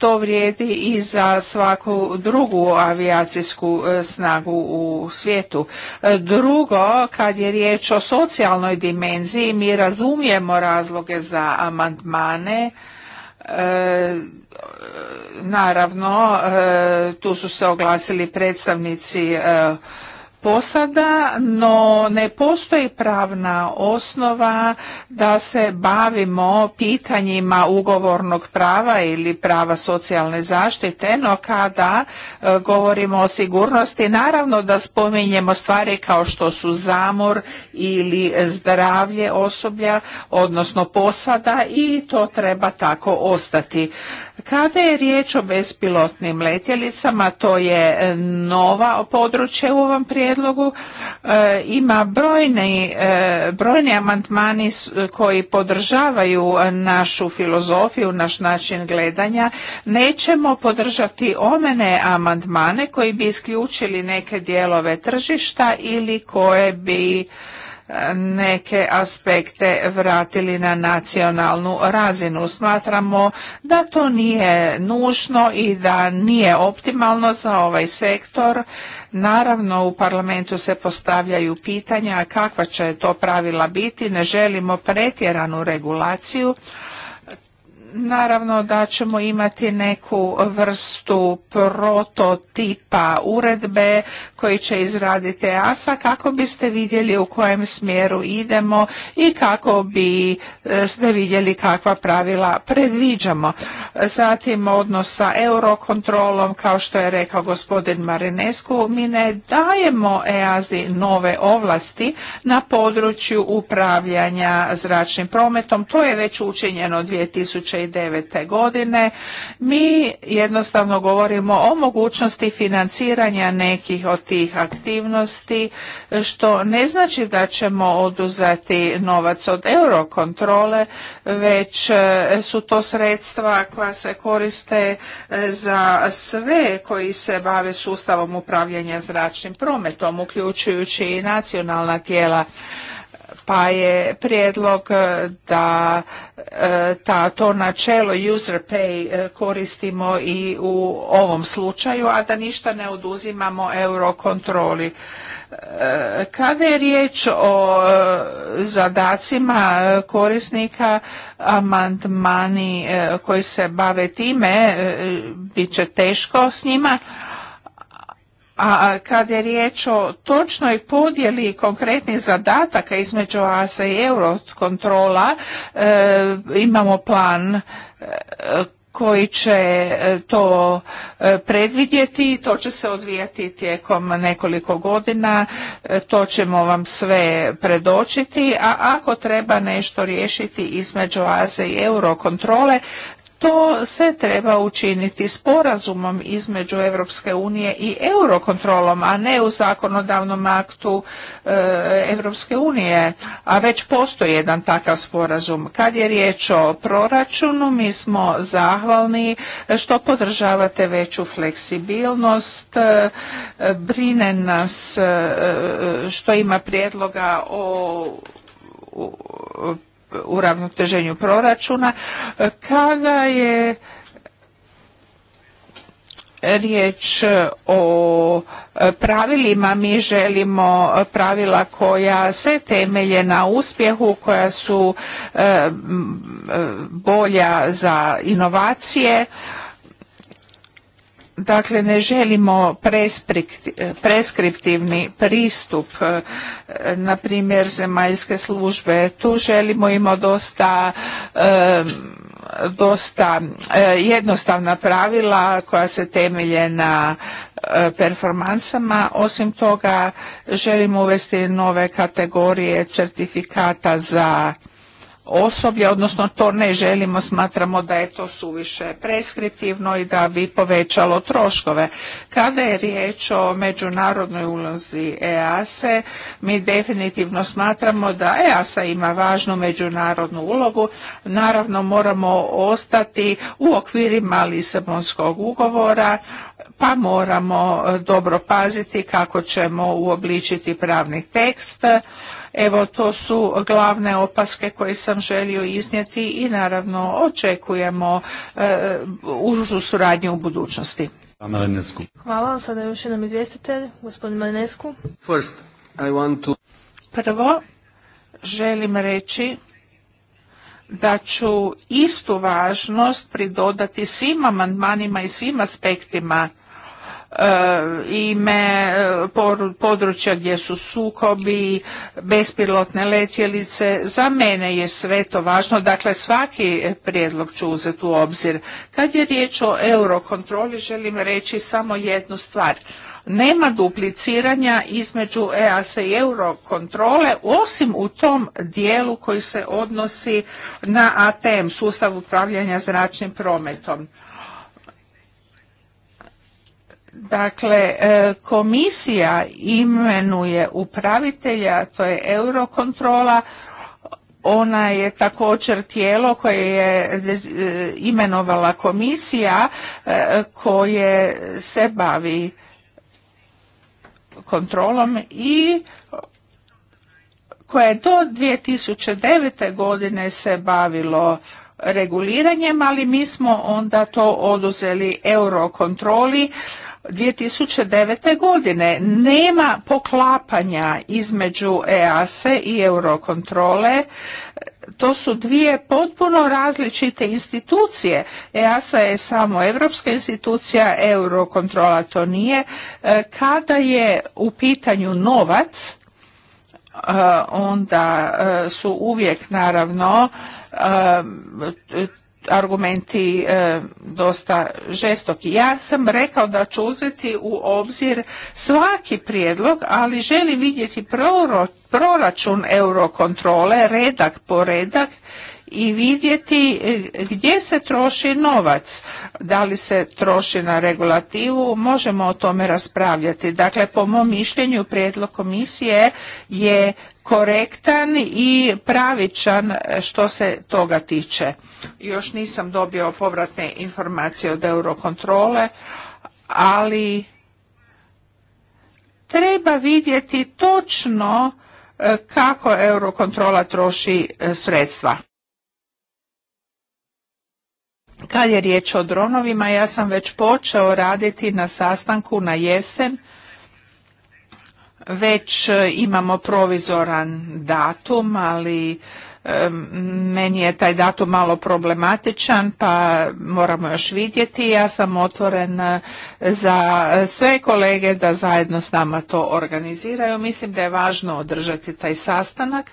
to vrijedi i za svaku drugu avijacijsku e, snagu u svijetu. E, drugo, kad je riječ o socijalnoj dimenziji, mi razumijemo razloge za amandmane. E, naravno, tu su se oglasili predstavnici posada, no ne postoji pravna osnova da se bavimo pitanjima ugovornog prava ili prava socijalne zaštite, no kada e, govorimo o sigurnosti, naravno da spominjemo stvari kao što su zamor ili zdravlje osoblja, odnosno posada i to treba tako ostati. Kada je riječ o bespilotnim letjelicama, to je nova područje u ovom prijedlogu, prijedlogu e, ima brojni, e, brojni amandmani koji podržavaju našu filozofiju, naš način gledanja. Nećemo podržati omene amandmane koji bi isključili neke dijelove tržišta ili koje bi neke aspekte vratili na nacionalnu razinu. Smatramo da to nije nužno i da nije optimalno za ovaj sektor. Naravno u parlamentu se postavljaju pitanja kakva će to pravila biti, ne želimo pretjeranu regulaciju Naravno da ćemo imati neku vrstu prototipa uredbe koji će izraditi EASA kako biste vidjeli u kojem smjeru idemo i kako bi e, ste vidjeli kakva pravila predviđamo. Zatim odnos sa eurokontrolom, kao što je rekao gospodin Marinescu, mi ne dajemo EASI nove ovlasti na području upravljanja zračnim prometom. To je već učinjeno 2000 2009. godine mi jednostavno govorimo o mogućnosti financiranja nekih od tih aktivnosti što ne znači da ćemo oduzeti novac od eurokontrole već e, su to sredstva koja se koriste e, za sve koji se bave sustavom upravljanja zračnim prometom uključujući i nacionalna tijela pa je prijedlog e, da e, ta, to načelo user pay e, koristimo i u ovom slučaju, a da ništa ne oduzimamo eurokontroli. Kada je riječ o zadacima korisnika, amandmani koji se bave time, bit će teško s njima, a kad je riječ o točnoj podjeli konkretnih zadataka između ASA i Eurokontrola, e, imamo plan e, koji će e, to predvidjeti. To će se odvijati tijekom nekoliko godina. To ćemo vam sve predočiti. A ako treba nešto riješiti između AZE i eurokontrole, to se treba učiniti sporazumom između Europske unije i eurokontrolom, a ne u zakonodavnom aktu Europske unije, a već postoji jedan takav sporazum. Kad je riječ o proračunu, mi smo zahvalni što podržavate veću fleksibilnost, e, brine nas e, e, što ima prijedloga o uravnoteženju proračuna kada je riječ o pravilima mi želimo pravila koja se temelje na uspjehu koja su eh, eh, bolja za inovacije Dakle, ne želimo eh, preskriptivni pristup, eh, na primjer, zemaljske službe. Tu želimo imati dosta eh, dosta jednostavna pravila koja se temelje na performansama. Osim toga želimo uvesti nove kategorije certifikata za osoblje, odnosno to ne želimo, smatramo da je to suviše preskriptivno i da bi povećalo troškove. Kada je riječ o međunarodnoj ulozi EASE, mi definitivno smatramo da EASA ima važnu međunarodnu ulogu. Naravno moramo ostati u okvirima Lisabonskog ugovora, pa moramo dobro paziti kako ćemo uobličiti pravni tekst Evo, to su glavne opaske koje sam želio iznijeti i naravno očekujemo uh, užu suradnju u budućnosti. Hvala, sada još jednom izvjestitelj, gospodin Malinescu. Prvo, želim reći da ću istu važnost pridodati svim amandmanima i svim aspektima E, ime e, područja gdje su sukobi, bespilotne letjelice. Za mene je sve to važno, dakle svaki prijedlog ću uzeti u obzir. Kad je riječ o eurokontroli želim reći samo jednu stvar. Nema dupliciranja između EASA i Eurokontrole osim u tom dijelu koji se odnosi na ATM, sustav upravljanja zračnim prometom. Dakle, e, komisija imenuje upravitelja, to je eurokontrola, ona je također tijelo koje je e, imenovala komisija e, koje se bavi kontrolom i koje je do 2009. godine se bavilo reguliranjem, ali mi smo onda to oduzeli eurokontroli 2009. godine. Nema poklapanja između EASE i Eurokontrole. To su dvije potpuno različite institucije. EASA je samo evropska institucija, Eurokontrola to nije. E, kada je u pitanju novac, e, onda e, su uvijek naravno argumenti e, dosta žestoki. Ja sam rekao da ću uzeti u obzir svaki prijedlog, ali želim vidjeti proračun eurokontrole redak po redak i vidjeti e, gdje se troši novac. Da li se troši na regulativu, možemo o tome raspravljati. Dakle, po mom mišljenju prijedlog komisije je korektan i pravičan e, što se toga tiče. Još nisam dobio povratne informacije od Eurokontrole, ali treba vidjeti točno e, kako Eurokontrola troši sredstva. Kad je riječ o dronovima, ja sam već počeo raditi na sastanku na jesen. Već e, imamo provizoran datum, ali e, meni je taj datum malo problematičan, pa moramo još vidjeti. Ja sam otvoren e, za sve kolege da zajedno s nama to organiziraju. Mislim da je važno održati taj sastanak.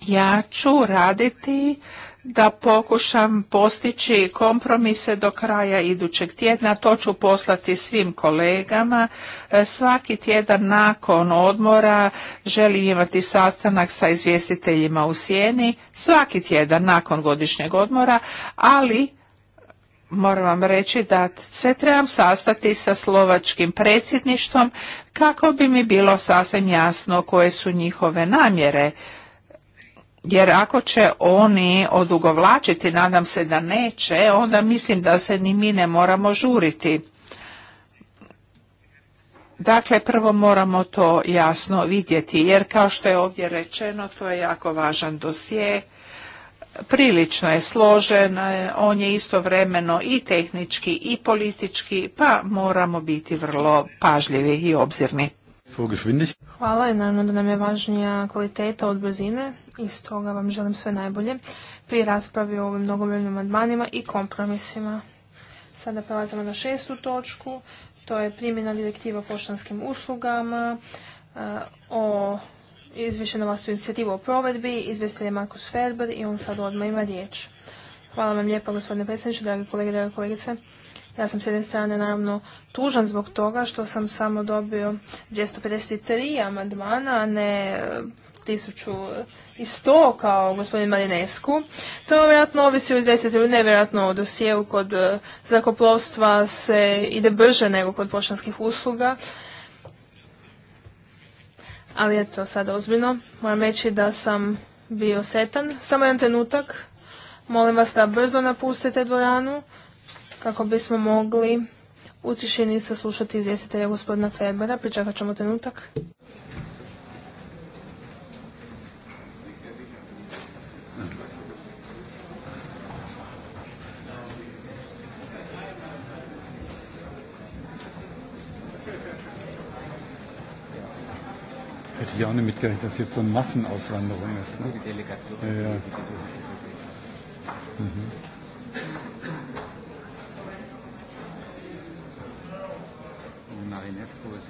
Ja ću raditi da pokušam postići kompromise do kraja idućeg tjedna. To ću poslati svim kolegama. E, svaki tjedan nakon odmora želim imati sastanak sa izvjestiteljima u sjeni. Svaki tjedan nakon godišnjeg odmora, ali moram vam reći da se trebam sastati sa slovačkim predsjedništvom kako bi mi bilo sasvim jasno koje su njihove namjere jer ako će oni odugovlačiti, nadam se da neće, onda mislim da se ni mi ne moramo žuriti. Dakle, prvo moramo to jasno vidjeti, jer kao što je ovdje rečeno, to je jako važan dosje, prilično je složen, on je istovremeno i tehnički i politički, pa moramo biti vrlo pažljivi i obzirni. Hvala nam je važnija kvaliteta od brzine i stoga vam želim sve najbolje pri raspravi o ovim mnogobrojnim amandmanima i kompromisima. Sada prelazimo na šestu točku, to je primjena direktiva o poštanskim uslugama, e, o izvješena vas inicijativu o provedbi, izvjestitelj je Markus Ferber i on sad odmah ima riječ. Hvala vam lijepa gospodine predsjedniče, dragi kolege, drage kolegice. Ja sam s jedne strane naravno tužan zbog toga što sam samo dobio 253 amandmana, a ne 1100 kao gospodin Marinesku. To vjerojatno ovisi o izvjestitelju, nevjerojatno o dosijeu kod e, zrakoplovstva se ide brže nego kod poštanskih usluga. Ali eto, sada ozbiljno. Moram reći da sam bio setan. Samo jedan trenutak. Molim vas da brzo napustite dvoranu kako bismo mogli u tišini saslušati izvjestitelja gospodina Ferbera. pričakat ćemo trenutak. hätte ich auch nicht mitgerechnet, dass jetzt so eine Massenauswanderung ist. Ne? Die Delegation. Ja, ja. Mhm. Marinescu ist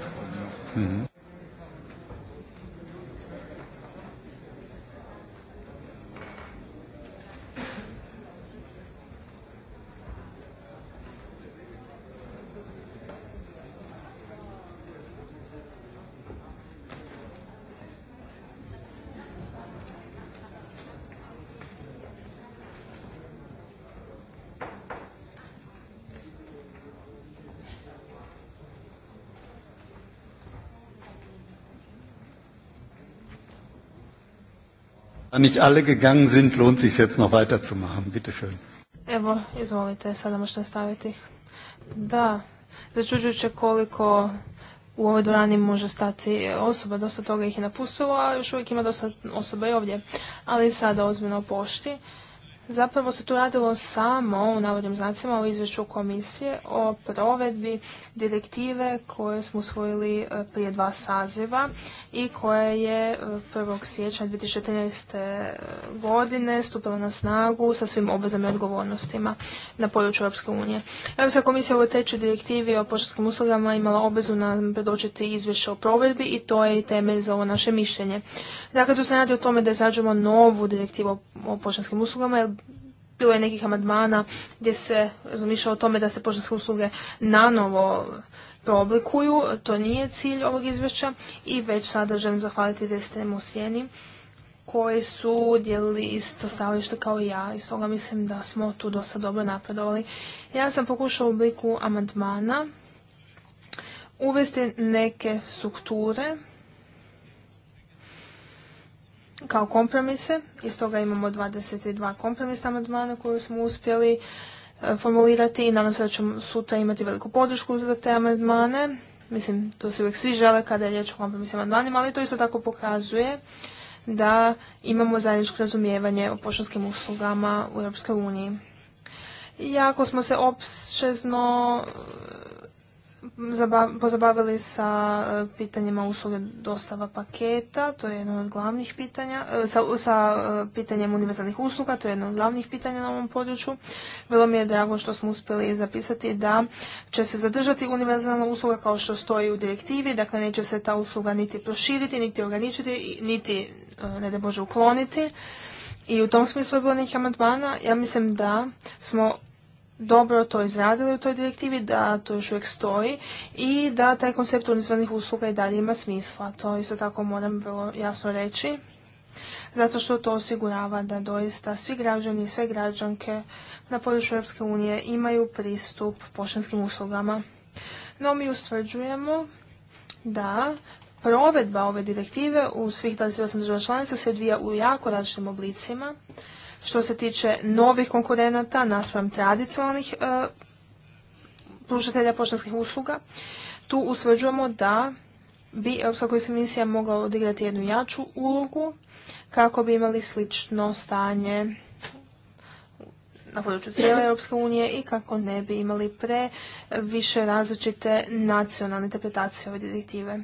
nicht alle gegangen sind, lohnt sich jetzt noch weiterzumachen. Bitte schön. Evo, izvolite, sada možete staviti Da, začuđujuće koliko u ovoj dvorani može stati osoba, dosta toga ih je napustilo, a još uvijek ima dosta osoba i ovdje. Ali sada ozbiljno o pošti. Zapravo se tu radilo samo, u navodnim znacima, o izvješću komisije o provedbi direktive koje smo usvojili e, prije dva saziva i koja je 1. E, siječnja 2014. E, godine stupila na snagu sa svim obvezama i odgovornostima na području Europske unije. Europska komisija u trećoj direktivi o poštanskim uslugama imala obvezu nam predočiti izvješće o provedbi i to je i temelj za ovo naše mišljenje. Dakle, tu se radi o tome da izrađujemo novu direktivu o poštanskim uslugama, jer bilo je nekih amandmana gdje se razmišlja o tome da se poštanske usluge nanovo preoblikuju. To nije cilj ovog izvješća i već sada želim zahvaliti deste u Sjeni koji su dijelili isto stavljište kao i ja i stoga mislim da smo tu dosta dobro napredovali. Ja sam pokušao u obliku amandmana uvesti neke strukture kao kompromise. Iz toga imamo 22 kompromisna amandmana koje smo uspjeli e, formulirati i nadam se da ćemo sutra imati veliku podršku za te amandmane. Mislim, to se uvijek svi žele kada je riječ o kompromisnim amandmanima, ali to isto tako pokazuje da imamo zajedničko razumijevanje o poštanskim uslugama u Europskoj uniji. Jako smo se opšezno pozabavili sa e, pitanjima usluge dostava paketa, to je jedno od glavnih pitanja, e, sa, sa e, pitanjem univerzalnih usluga, to je jedno od glavnih pitanja na ovom području. Bilo mi je drago što smo uspjeli zapisati da će se zadržati univerzalna usluga kao što stoji u direktivi, dakle neće se ta usluga niti proširiti, niti ograničiti, niti ne da Bože ukloniti. I u tom smislu je bilo nekih amandmana. Ja mislim da smo dobro to izradili u toj direktivi, da to još uvijek stoji i da taj koncept unizvanih usluga i dalje ima smisla. To isto tako moram vrlo jasno reći, zato što to osigurava da doista svi građani i sve građanke na području Europske unije imaju pristup poštanskim uslugama. No mi ustvrđujemo da provedba ove direktive u svih 28 država članica se odvija u jako različitim oblicima što se tiče novih konkurenata naspram tradicionalnih e, pružatelja poštanskih usluga. Tu usvrđujemo da bi Europska komisija mogla odigrati jednu jaču ulogu kako bi imali slično stanje na području cijele Europske unije i kako ne bi imali pre više različite nacionalne interpretacije ove direktive.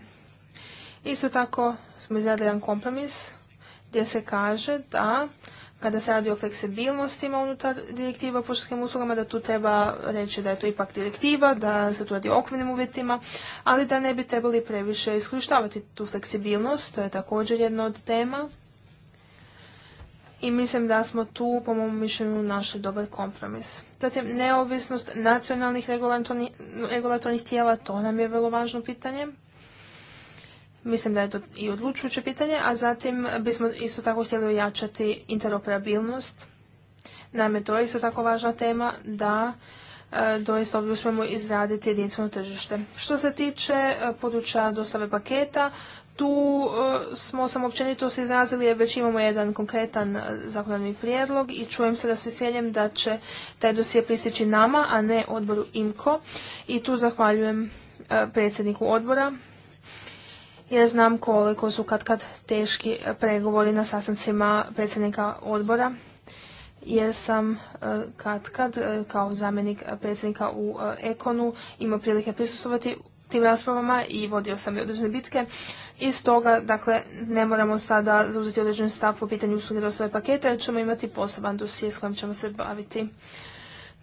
Isto tako smo izradili jedan kompromis gdje se kaže da kada se radi o fleksibilnostima unutar direktiva o poštanskim uslugama, da tu treba reći da je to ipak direktiva, da se tu radi o okvirnim uvjetima, ali da ne bi trebali previše iskorištavati tu fleksibilnost, to je također jedna od tema. I mislim da smo tu, po mom mišljenju, našli dobar kompromis. Zatim, neovisnost nacionalnih regulatornih tijela, to nam je vrlo važno pitanje. Mislim da je to i odlučujuće pitanje, a zatim bismo isto tako htjeli ojačati interoperabilnost. Naime, to je isto tako važna tema da e, doista ovdje uspijemo izraditi jedinstveno tržište. Što se tiče e, područja dostave paketa, tu e, smo sam općenito se izrazili jer već imamo jedan konkretan zakonodavni prijedlog i čujem se da se sjeljem da će taj dosije pristići nama, a ne odboru IMKO i tu zahvaljujem predsjedniku odbora jer znam koliko su kad kad teški pregovori na sastancima predsjednika odbora jer sam e, kad kad e, kao zamjenik predsjednika u e, Ekonu imao prilike prisustovati tim raspravama i vodio sam i određene bitke. I toga, dakle, ne moramo sada zauzeti određen stav po pitanju usluge dostave paketa, jer ćemo imati poseban dosije s kojim ćemo se baviti.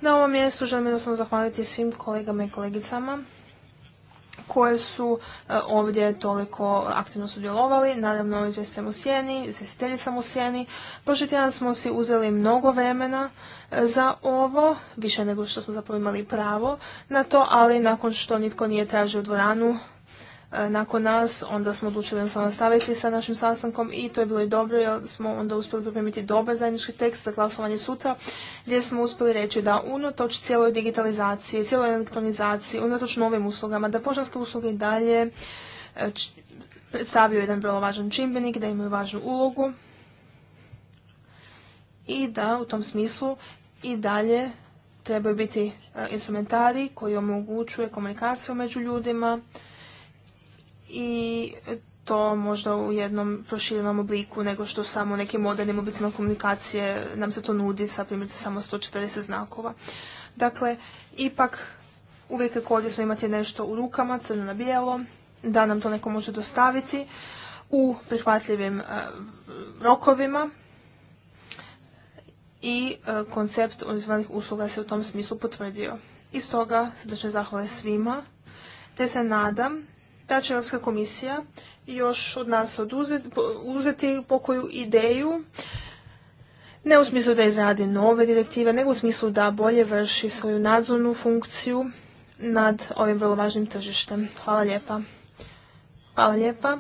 Na ovom mjestu želim jednostavno zahvaliti svim kolegama i kolegicama koje su e, ovdje toliko aktivno sudjelovali, naravno se u sjeni, izvjestiteljica u sjeni. Prošli tjedan smo si uzeli mnogo vremena e, za ovo, više nego što smo zapravo imali pravo na to, ali nakon što nitko nije tražio dvoranu, E, nakon nas, onda smo odlučili jednostavno nastaviti sa našim sastankom i to je bilo i dobro jer smo onda uspjeli pripremiti dobar zajednički tekst za glasovanje sutra gdje smo uspjeli reći da unatoč cijeloj digitalizaciji, cijeloj elektronizaciji, unatoč novim uslugama, da poštanske usluge i dalje e, predstavljaju jedan vrlo važan čimbenik, da imaju važnu ulogu i da u tom smislu i dalje trebaju biti e, instrumentari koji omogućuje komunikaciju među ljudima, i to možda u jednom proširenom obliku nego što samo u nekim modernim oblicima komunikacije nam se to nudi sa primjerice samo 140 znakova. Dakle, ipak uvijek je korisno imati nešto u rukama, crno na bijelo, da nam to neko može dostaviti u prihvatljivim e, rokovima i e, koncept univerzalnih usluga se u tom smislu potvrdio. I stoga srdečne zahvale svima, te se nadam da će Europska komisija još od nas oduzeti, uzeti pokoju ideju, ne u smislu da izradi nove direktive, nego u smislu da bolje vrši svoju nadzornu funkciju nad ovim vrlo važnim tržištem. Hvala lijepa. Hvala lijepa.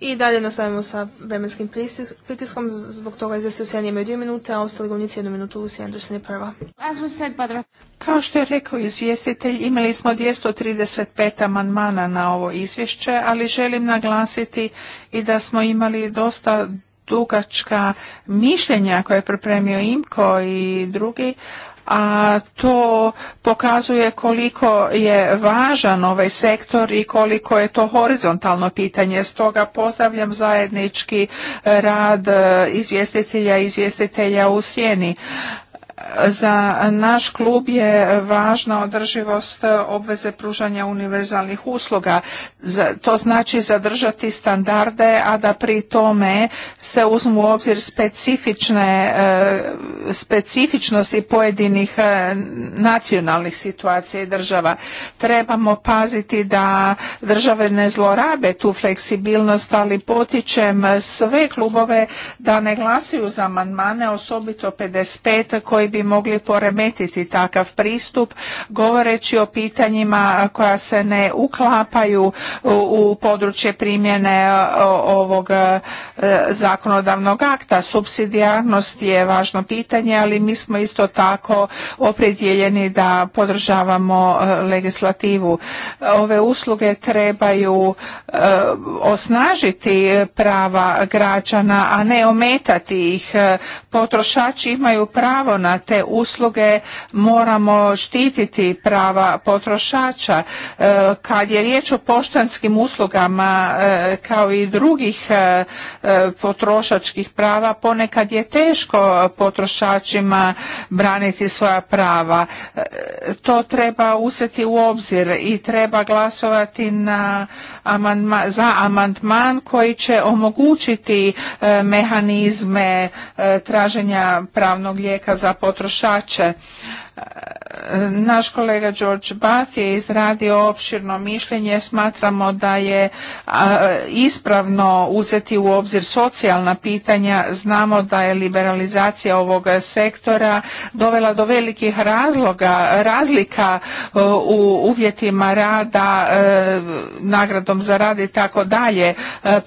I dalje nastavimo sa vremenskim pritiskom, zbog toga izvesti Lucijan imaju dvije minute, a ostali govnici jednu minutu, Lucy Anderson je prva. Kao što je rekao izvjestitelj, imali smo 235 amandmana na ovo izvješće, ali želim naglasiti i da smo imali dosta dugačka mišljenja koje je pripremio IMKO i drugi a to pokazuje koliko je važan ovaj sektor i koliko je to horizontalno pitanje. Stoga pozdravljam zajednički rad e, izvjestitelja i izvjestitelja u sjeni. Za naš klub je važna održivost obveze pružanja univerzalnih usluga. To znači zadržati standarde, a da pri tome se uzmu u obzir specifične, e, specifičnosti pojedinih e, nacionalnih situacija i država. Trebamo paziti da države ne zlorabe tu fleksibilnost, ali potičem sve klubove da ne glasuju za amandmane, osobito 55 koji bi mogli poremetiti takav pristup govoreći o pitanjima koja se ne uklapaju u područje primjene e, ovog e, zakonodavnog akta. Subsidijarnost je važno pitanje, ali mi smo isto tako opredjeljeni da podržavamo e, legislativu. Ove usluge trebaju osnažiti prava građana, a ne ometati ih. Potrošači imaju pravo na te usluge moramo štititi prava potrošača. E, kad je riječ o poštanskim uslugama e, kao i drugih e, potrošačkih prava, ponekad je teško potrošačima braniti svoja prava. To treba uzeti u obzir i treba glasovati na amandman, za amandman koji će omogućiti mehanizme traženja pravnog lijeka za potrošače E, naš kolega George Bath je izradio opširno mišljenje. Smatramo da je ispravno uzeti u obzir socijalna pitanja. Znamo da je liberalizacija ovog sektora dovela do velikih razloga, razlika e, u uvjetima rada, e, nagradom za rad i tako dalje.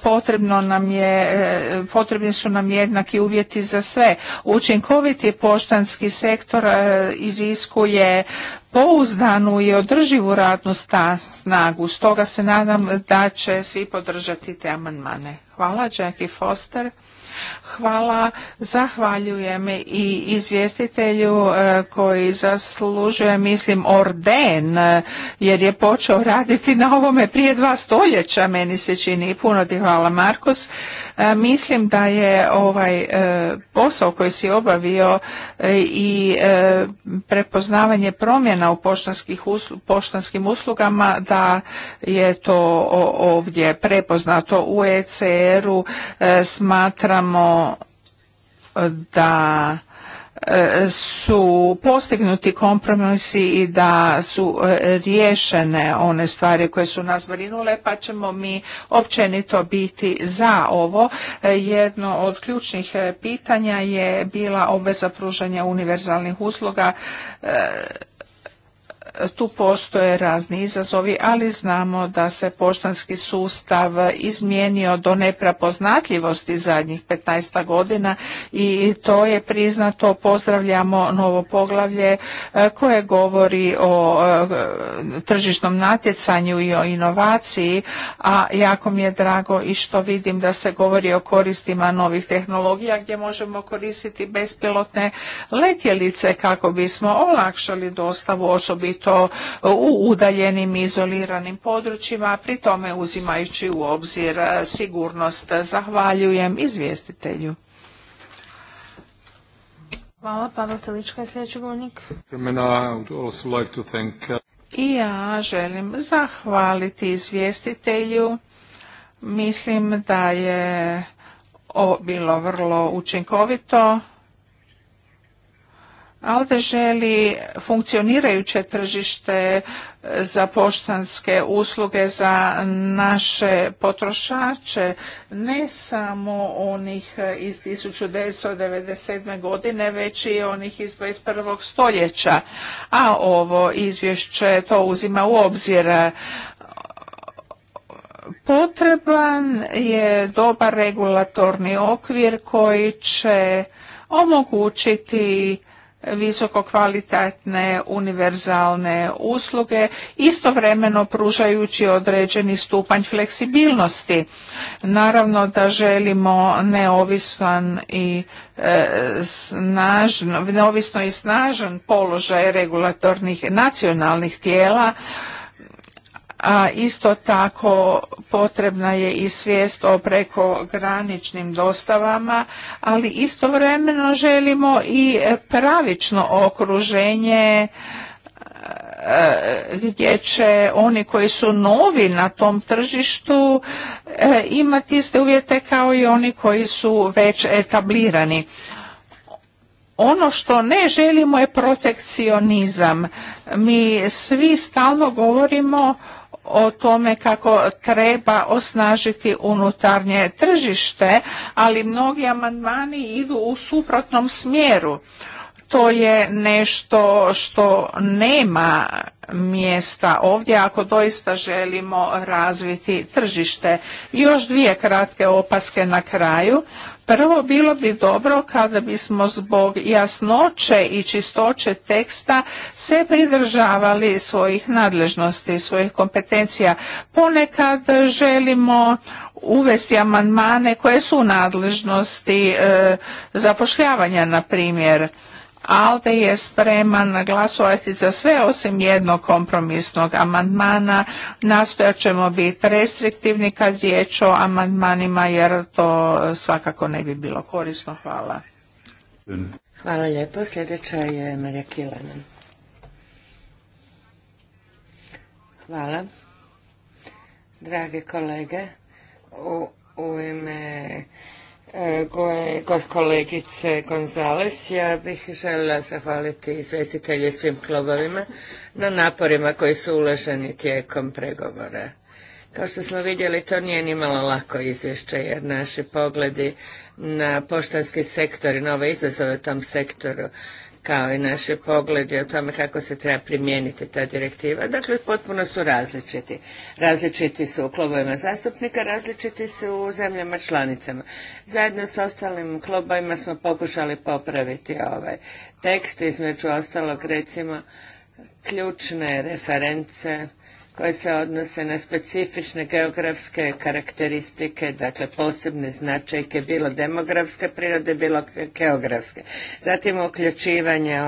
Potrebno nam je, potrebni su nam jednaki uvjeti za sve. Učinkoviti poštanski sektor iz iziskuje pouzdanu i održivu radnu snagu. Stoga se nadam da će svi podržati te amandmane. Hvala, Jackie Foster. Hvala, zahvaljujem i izvjestitelju e, koji zaslužuje, mislim, orden, jer je počeo raditi na ovome prije dva stoljeća, meni se čini, i puno ti hvala Markus. E, mislim da je ovaj e, posao koji si obavio i prepoznavanje promjena u poštanskim uslugama, da je to ovdje prepoznato u ECR-u, smatramo da e, su postignuti kompromisi i da su e, riješene one stvari koje su nas brinule, pa ćemo mi općenito biti za ovo. E, jedno od ključnih pitanja je bila obveza pružanja univerzalnih usluga tu postoje razni izazovi, ali znamo da se poštanski sustav izmijenio do neprepoznatljivosti zadnjih 15 godina i to je priznato. Pozdravljamo novo poglavlje e, koje govori o e, tržišnom natjecanju i o inovaciji, a jako mi je drago i što vidim da se govori o koristima novih tehnologija gdje možemo koristiti bespilotne letjelice kako bismo olakšali dostavu osobito naročito u udaljenim izoliranim područjima, pri tome uzimajući u obzir sigurnost. Zahvaljujem izvjestitelju. Hvala, Pavel Telička je sljedeći govornik. Uh, I ja želim zahvaliti izvjestitelju. Mislim da je bilo vrlo učinkovito Alde želi funkcionirajuće tržište e, za poštanske usluge za naše potrošače, ne samo onih iz 1997. godine, već i onih iz 21. stoljeća. A ovo izvješće to uzima u obzir potreban je dobar regulatorni okvir koji će omogućiti visoko kvalitetne univerzalne usluge, istovremeno pružajući određeni stupanj fleksibilnosti. Naravno da želimo neovisan i e, neovisno i snažan položaj regulatornih nacionalnih tijela, a isto tako potrebna je i svijest o prekograničnim dostavama, ali istovremeno želimo i pravično okruženje e, gdje će oni koji su novi na tom tržištu e, imati iste uvjete kao i oni koji su već etablirani. Ono što ne želimo je protekcionizam. Mi svi stalno govorimo o tome kako treba osnažiti unutarnje tržište, ali mnogi amandmani idu u suprotnom smjeru. To je nešto što nema mjesta ovdje ako doista želimo razviti tržište. Još dvije kratke opaske na kraju. Prvo, bilo bi dobro kada bismo zbog jasnoće i čistoće teksta se pridržavali svojih nadležnosti, svojih kompetencija. Ponekad želimo uvesti amandmane koje su u nadležnosti e, zapošljavanja, na primjer. ALDE je spreman glasovati za sve osim jednog kompromisnog amandmana. Nastojat ćemo biti restriktivni kad riječ o amandmanima jer to svakako ne bi bilo korisno. Hvala. Hvala lijepo. Sljedeća je Marija Hvala. Drage kolege, u, u ime E, kolegice Gonzales, ja bih željela zahvaliti izvjestitelje svim klubovima na naporima koji su uloženi tijekom pregovora. Kao što smo vidjeli, to nije nimalo lako izvješće, jer naši pogledi na poštanski sektor i nove izazove u tom sektoru kao i naše poglede o tome kako se treba primijeniti ta direktiva. Dakle, potpuno su različiti. Različiti su u klubovima zastupnika, različiti su u zemljama članicama. Zajedno s ostalim klubovima smo pokušali popraviti ovaj tekst, između ostalog recimo ključne reference koje se odnose na specifične geografske karakteristike, dakle posebne značajke, bilo demografske prirode, bilo geografske. Zatim uključivanje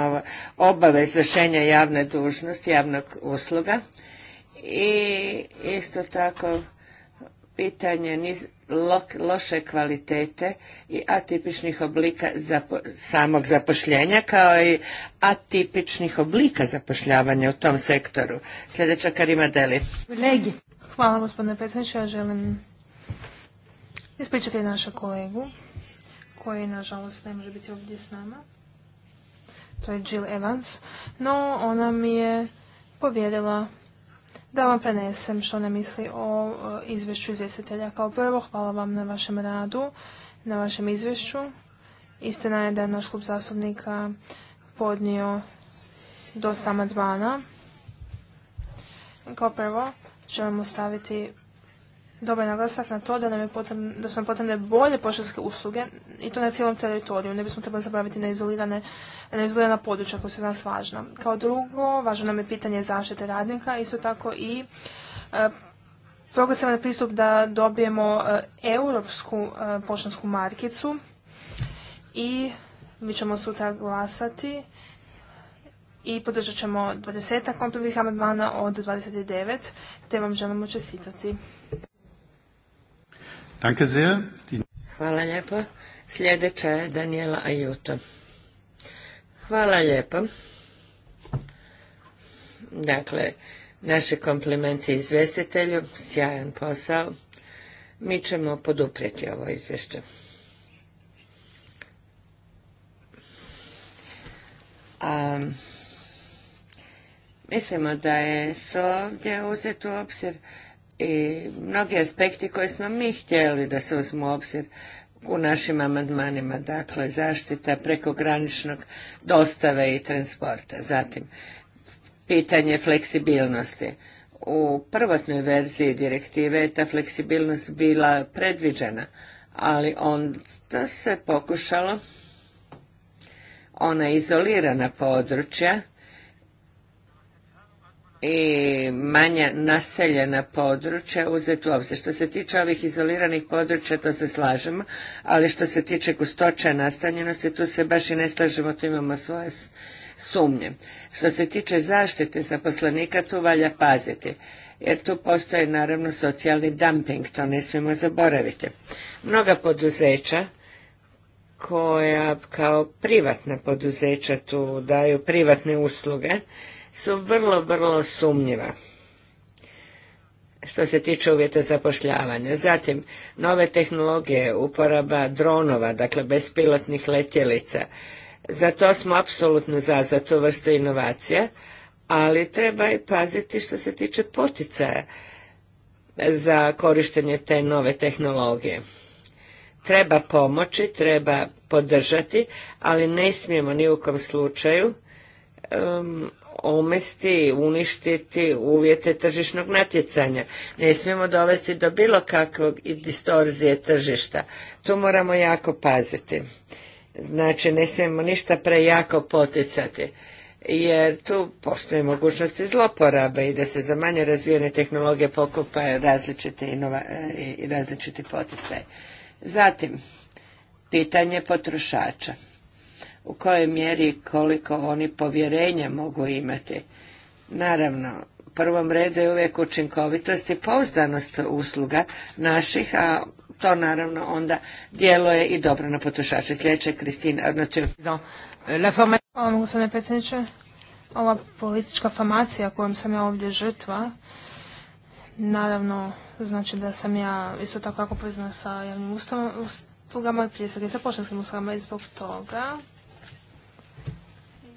obave izvršenja javne dužnosti, javnog usluga i isto tako pitanje loše kvalitete i atipičnih oblika samog zapošljenja kao i atipičnih oblika zapošljavanja u tom sektoru. Sljedeća Karima Deli. Hvala gospodine predsjedniče, ja želim ispričati našu kolegu koji nažalost ne može biti ovdje s nama. To je Jill Evans, no ona mi je povjerila da vam prenesem što ne misli o e, izvješću izvjestitelja. Kao prvo, hvala vam na vašem radu, na vašem izvješću. Istina je da je naš klub zastupnika podnio dosta amandmana. Kao prvo, želimo staviti dobar naglasak na to da, nam je da su nam potrebne bolje poštanske usluge i to na cijelom teritoriju. Ne bismo trebali zabaviti na, izolirana područja koja su nas važna. Kao drugo, važno nam je pitanje zaštite radnika, isto tako i e, progresivan pristup da dobijemo e, europsku e, poštansku markicu i mi ćemo sutra glasati i podržat ćemo 20 kompromisnih amandmana od 29, te vam želimo čestitati. Hvala lijepo. Sljedeća je Daniela Ajuto. Hvala lijepo. Dakle, naši komplimenti izvjestitelju, sjajan posao. Mi ćemo poduprijeti ovo izvješće. mislimo da je ovdje uzeti u obzir i mnogi aspekti koje smo mi htjeli da se uzmu u obzir u našim amandmanima, dakle zaštita prekograničnog dostave i transporta. Zatim, pitanje fleksibilnosti. U prvotnoj verziji direktive je ta fleksibilnost bila predviđena, ali onda se pokušalo ona izolirana područja i manja naseljena područja uzeti u obzir. Što se tiče ovih izoliranih područja, to se slažemo, ali što se tiče gustoće nastanjenosti, tu se baš i ne slažemo, tu imamo svoje sumnje. Što se tiče zaštite zaposlenika, tu valja paziti, jer tu postoji naravno socijalni dumping, to ne smijemo zaboraviti. Mnoga poduzeća koja kao privatna poduzeća tu daju privatne usluge, su vrlo, vrlo sumnjiva što se tiče uvjeta zapošljavanja. Zatim, nove tehnologije, uporaba dronova, dakle bespilotnih letjelica. Za to smo apsolutno za, za tu vrstu inovacija, ali treba i paziti što se tiče poticaja za korištenje te nove tehnologije. Treba pomoći, treba podržati, ali ne smijemo ni u kom slučaju omesti uništiti uvjete tržišnog natjecanja. Ne smijemo dovesti do bilo kakvog i distorzije tržišta. Tu moramo jako paziti. Znači, ne smijemo ništa prejako poticati jer tu postoje mogućnosti zloporabe i da se za manje razvijene tehnologije pokupa različite e, i različiti poticaj. Zatim, pitanje potrošača u kojoj mjeri koliko oni povjerenja mogu imati. Naravno, prvom redu je uvijek učinkovitost i pouzdanost usluga naših, a to naravno onda djeluje i dobro na potrošače. Sljedeće Kristina Arnotiju. Hvala vam, gospodine predsjedniče. Ova politička famacija kojom sam ja ovdje žrtva, naravno znači da sam ja isto tako jako sa javnim uslugama, prije svega sa poštanskim uslugama i zbog toga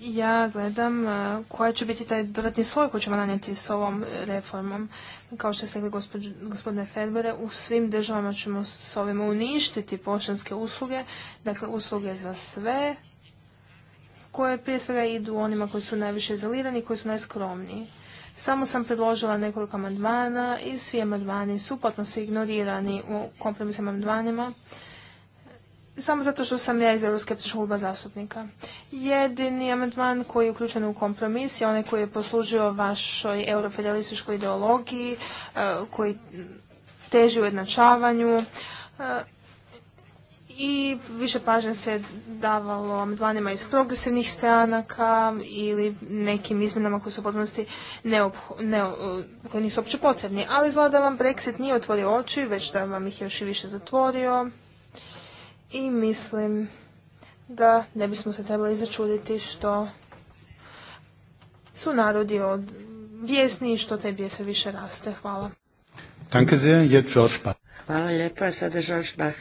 ja gledam e, koja će biti taj dodatni sloj koji ćemo nanijeti s ovom reformom. Kao što ste rekli gospodine Ferbere, u svim državama ćemo s ovim uništiti poštanske usluge, dakle usluge za sve, koje prije svega idu onima koji su najviše izolirani, koji su najskromniji. Samo sam predložila nekoliko amandmana i svi amandmani su potpuno su ignorirani u kompromisnim amandmanima samo zato što sam ja iz Euroskeptičnog kluba zastupnika. Jedini amandman koji je uključen u kompromis je onaj koji je poslužio vašoj eurofederalističkoj ideologiji, e, koji teži ujednačavanju e, i više pažnje se davalo amandmanima iz progresivnih stranaka ili nekim izmjenama koje su u potpunosti e, koji nisu uopće potrebni. Ali izgleda da vam Brexit nije otvorio oči, već da vam ih još i više zatvorio i mislim da ne bismo se trebali začuditi što su narodi od i što te bjese više raste. Hvala. Hvala lijepo, sada Bach.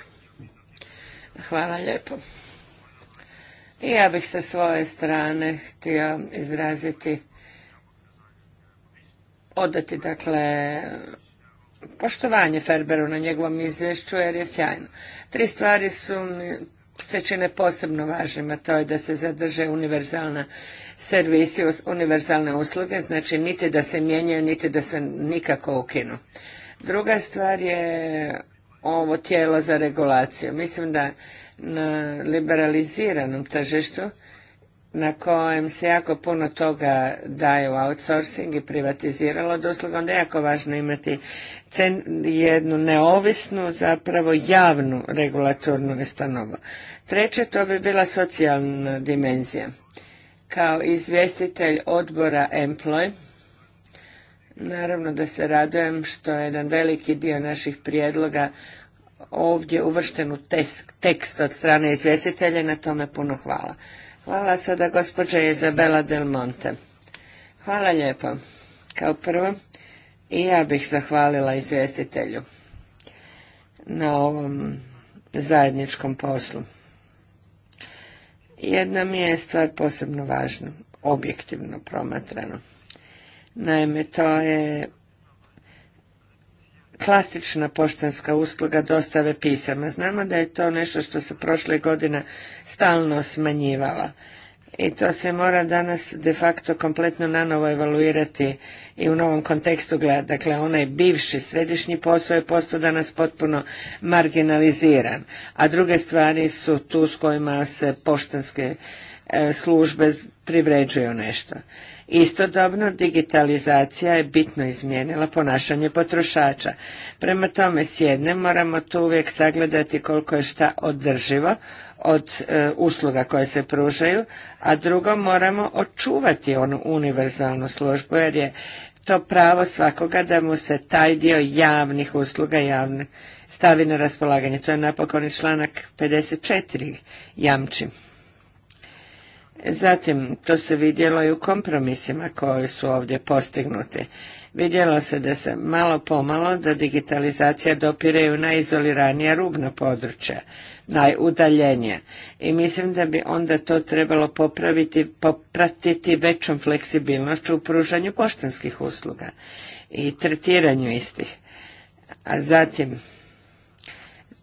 Hvala lijepo. I ja bih sa svoje strane htio izraziti, odati dakle poštovanje Ferberu na njegovom izvješću jer je sjajno. Tri stvari su se čine posebno važnima, to je da se zadrže univerzalna servisi, univerzalne usluge, znači niti da se mijenjaju, niti da se nikako ukinu. Druga stvar je ovo tijelo za regulaciju. Mislim da na liberaliziranom tržištu na kojem se jako puno toga daje u outsourcing i privatiziralo doslovno onda je jako važno imati jednu neovisnu, zapravo javnu regulatornu ustanovu. Treće, to bi bila socijalna dimenzija. Kao izvjestitelj odbora Employ, naravno da se radujem što je jedan veliki dio naših prijedloga ovdje uvršten u tekst od strane izvjestitelja, na tome puno hvala. Hvala sada gospođa Izabela Del Monte. Hvala lijepo. Kao prvo, i ja bih zahvalila izvjestitelju na ovom zajedničkom poslu. Jedna mi je stvar posebno važna, objektivno promatrana. Naime, to je klasična poštanska usluga dostave pisama. Znamo da je to nešto što se prošle godine stalno smanjivala. I to se mora danas de facto kompletno nanovo evaluirati i u novom kontekstu gledati. Dakle, onaj bivši središnji posao je postao danas potpuno marginaliziran. A druge stvari su tu s kojima se poštanske e, službe privređuju nešto. Istodobno, digitalizacija je bitno izmijenila ponašanje potrošača. Prema tome, s jedne moramo tu uvijek sagledati koliko je šta održivo od e, usluga koje se pružaju, a drugo moramo očuvati onu univerzalnu službu jer je to pravo svakoga da mu se taj dio javnih usluga javne stavi na raspolaganje. To je napokon i članak 54 jamči. Zatim, to se vidjelo i u kompromisima koji su ovdje postignute. Vidjelo se da se malo pomalo da digitalizacija dopire u najizoliranija rubna područja, najudaljenija. I mislim da bi onda to trebalo popraviti, popratiti većom fleksibilnošću u pružanju poštanskih usluga i tretiranju istih. A zatim,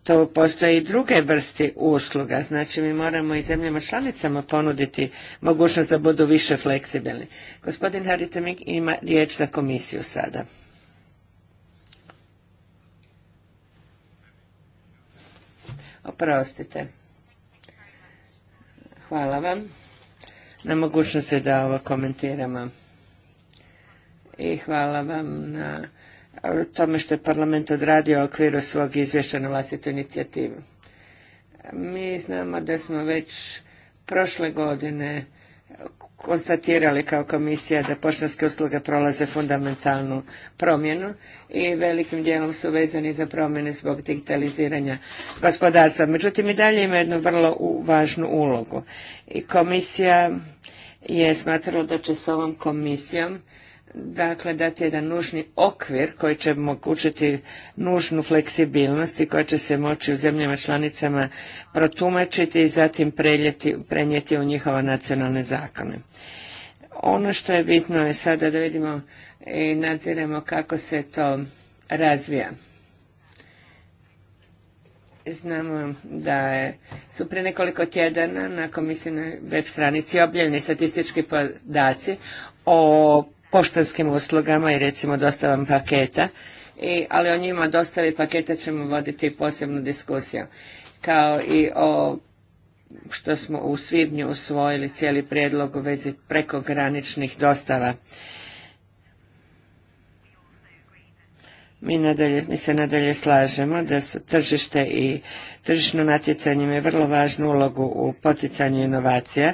to postoje i druge vrsti usluga, znači mi moramo i zemljama članicama ponuditi mogućnost da budu više fleksibilni. Gospodin Haritemik ima riječ za komisiju sada. Oprostite. Hvala vam na mogućnosti da ovo komentiramo. I hvala vam na tome što je parlament odradio u okviru svog izvješća na vlastitu inicijativu. Mi znamo da smo već prošle godine konstatirali kao komisija da poštanske usluge prolaze fundamentalnu promjenu i velikim dijelom su vezani za promjene zbog digitaliziranja gospodarstva. Međutim, i dalje ima jednu vrlo važnu ulogu. I komisija je smatrala da će s ovom komisijom dakle dati jedan nužni okvir koji će omogućiti nužnu fleksibilnost i koja će se moći u zemljama članicama protumačiti i zatim prenijeti u njihova nacionalne zakone. Ono što je bitno je sada da vidimo i nadziremo kako se to razvija. Znamo da su prije nekoliko tjedana na komisijnoj web stranici objavljeni statistički podaci o poštanskim uslugama i recimo dostavom paketa, ali o njima dostavi paketa ćemo voditi posebnu diskusiju, kao i o što smo u svibnju usvojili cijeli prijedlog u vezi prekograničnih dostava. Mi, nadalje, mi se nadalje slažemo da su tržište i Tržišno natjecanje ima vrlo važnu ulogu u poticanju inovacija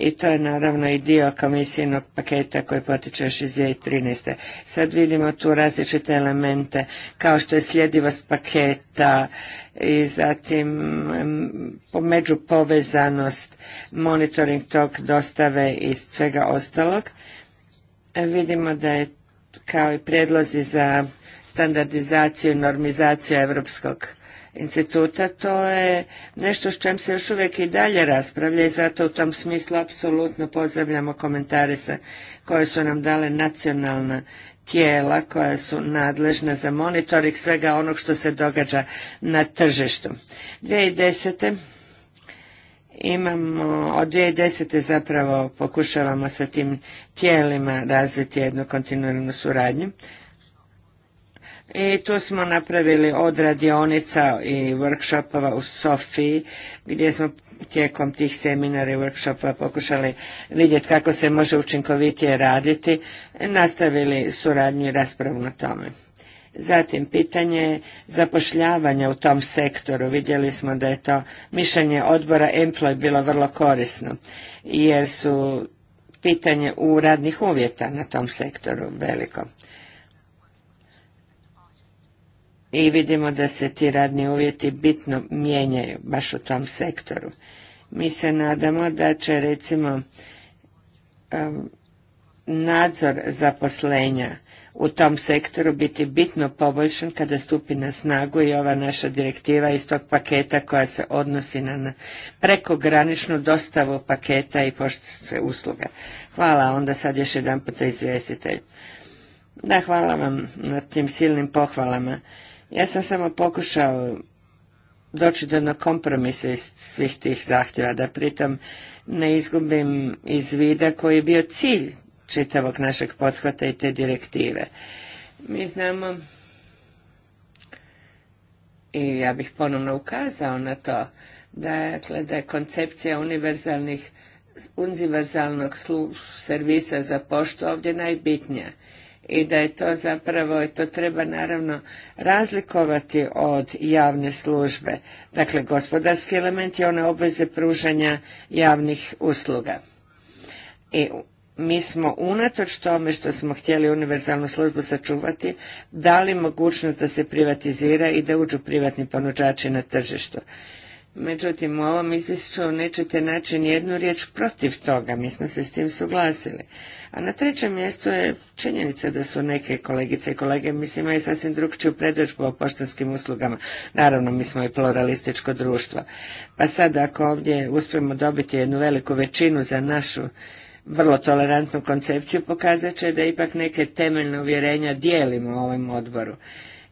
i to je naravno i dio komisijnog paketa koji potiče još iz 2013. Sad vidimo tu različite elemente kao što je sljedivost paketa i zatim međupovezanost, monitoring tog dostave i svega ostalog. E, vidimo da je kao i prijedlozi za standardizaciju i normizaciju europskog instituta, to je nešto s čem se još uvijek i dalje raspravlja i zato u tom smislu apsolutno pozdravljamo komentare sa, koje su nam dale nacionalna tijela koja su nadležna za monitoring svega onog što se događa na tržištu. 2010. imamo, od 2010. zapravo pokušavamo sa tim tijelima razviti jednu kontinuiranu suradnju i tu smo napravili od radionica i workshopova u Sofiji gdje smo tijekom tih seminara i workshopa pokušali vidjeti kako se može učinkovitije raditi, nastavili suradnju i raspravu na tome. Zatim, pitanje zapošljavanja u tom sektoru. Vidjeli smo da je to mišljenje odbora Employ bilo vrlo korisno, jer su pitanje u radnih uvjeta na tom sektoru veliko. i vidimo da se ti radni uvjeti bitno mijenjaju baš u tom sektoru. Mi se nadamo da će recimo nadzor zaposlenja u tom sektoru biti bitno poboljšan kada stupi na snagu i ova naša direktiva iz tog paketa koja se odnosi na prekograničnu dostavu paketa i poštice usluga. Hvala onda sad još jedan puta izvjestitelj. Da, hvala vam na tim silnim pohvalama ja sam samo pokušao doći do na iz svih tih zahtjeva, da pritom ne izgubim iz vida koji je bio cilj čitavog našeg pothvata i te direktive. Mi znamo i ja bih ponovno ukazao na to dakle, da je koncepcija univerzalnih univerzalnog servisa za poštu ovdje najbitnija i da je to zapravo, to treba naravno razlikovati od javne službe. Dakle, gospodarski element je one obveze pružanja javnih usluga. I mi smo unatoč tome što smo htjeli univerzalnu službu sačuvati, dali mogućnost da se privatizira i da uđu privatni ponuđači na tržištu. Međutim, u ovom izvješću nećete naći jednu riječ protiv toga, mi smo se s tim suglasili. A na trećem mjestu je činjenica da su neke kolegice i kolege, mislim, imaju sasvim drugčiju predođbu o poštanskim uslugama. Naravno, mi smo i pluralističko društvo. Pa sad, ako ovdje uspijemo dobiti jednu veliku većinu za našu vrlo tolerantnu koncepciju, pokazat će da ipak neke temeljne uvjerenja dijelimo u ovom odboru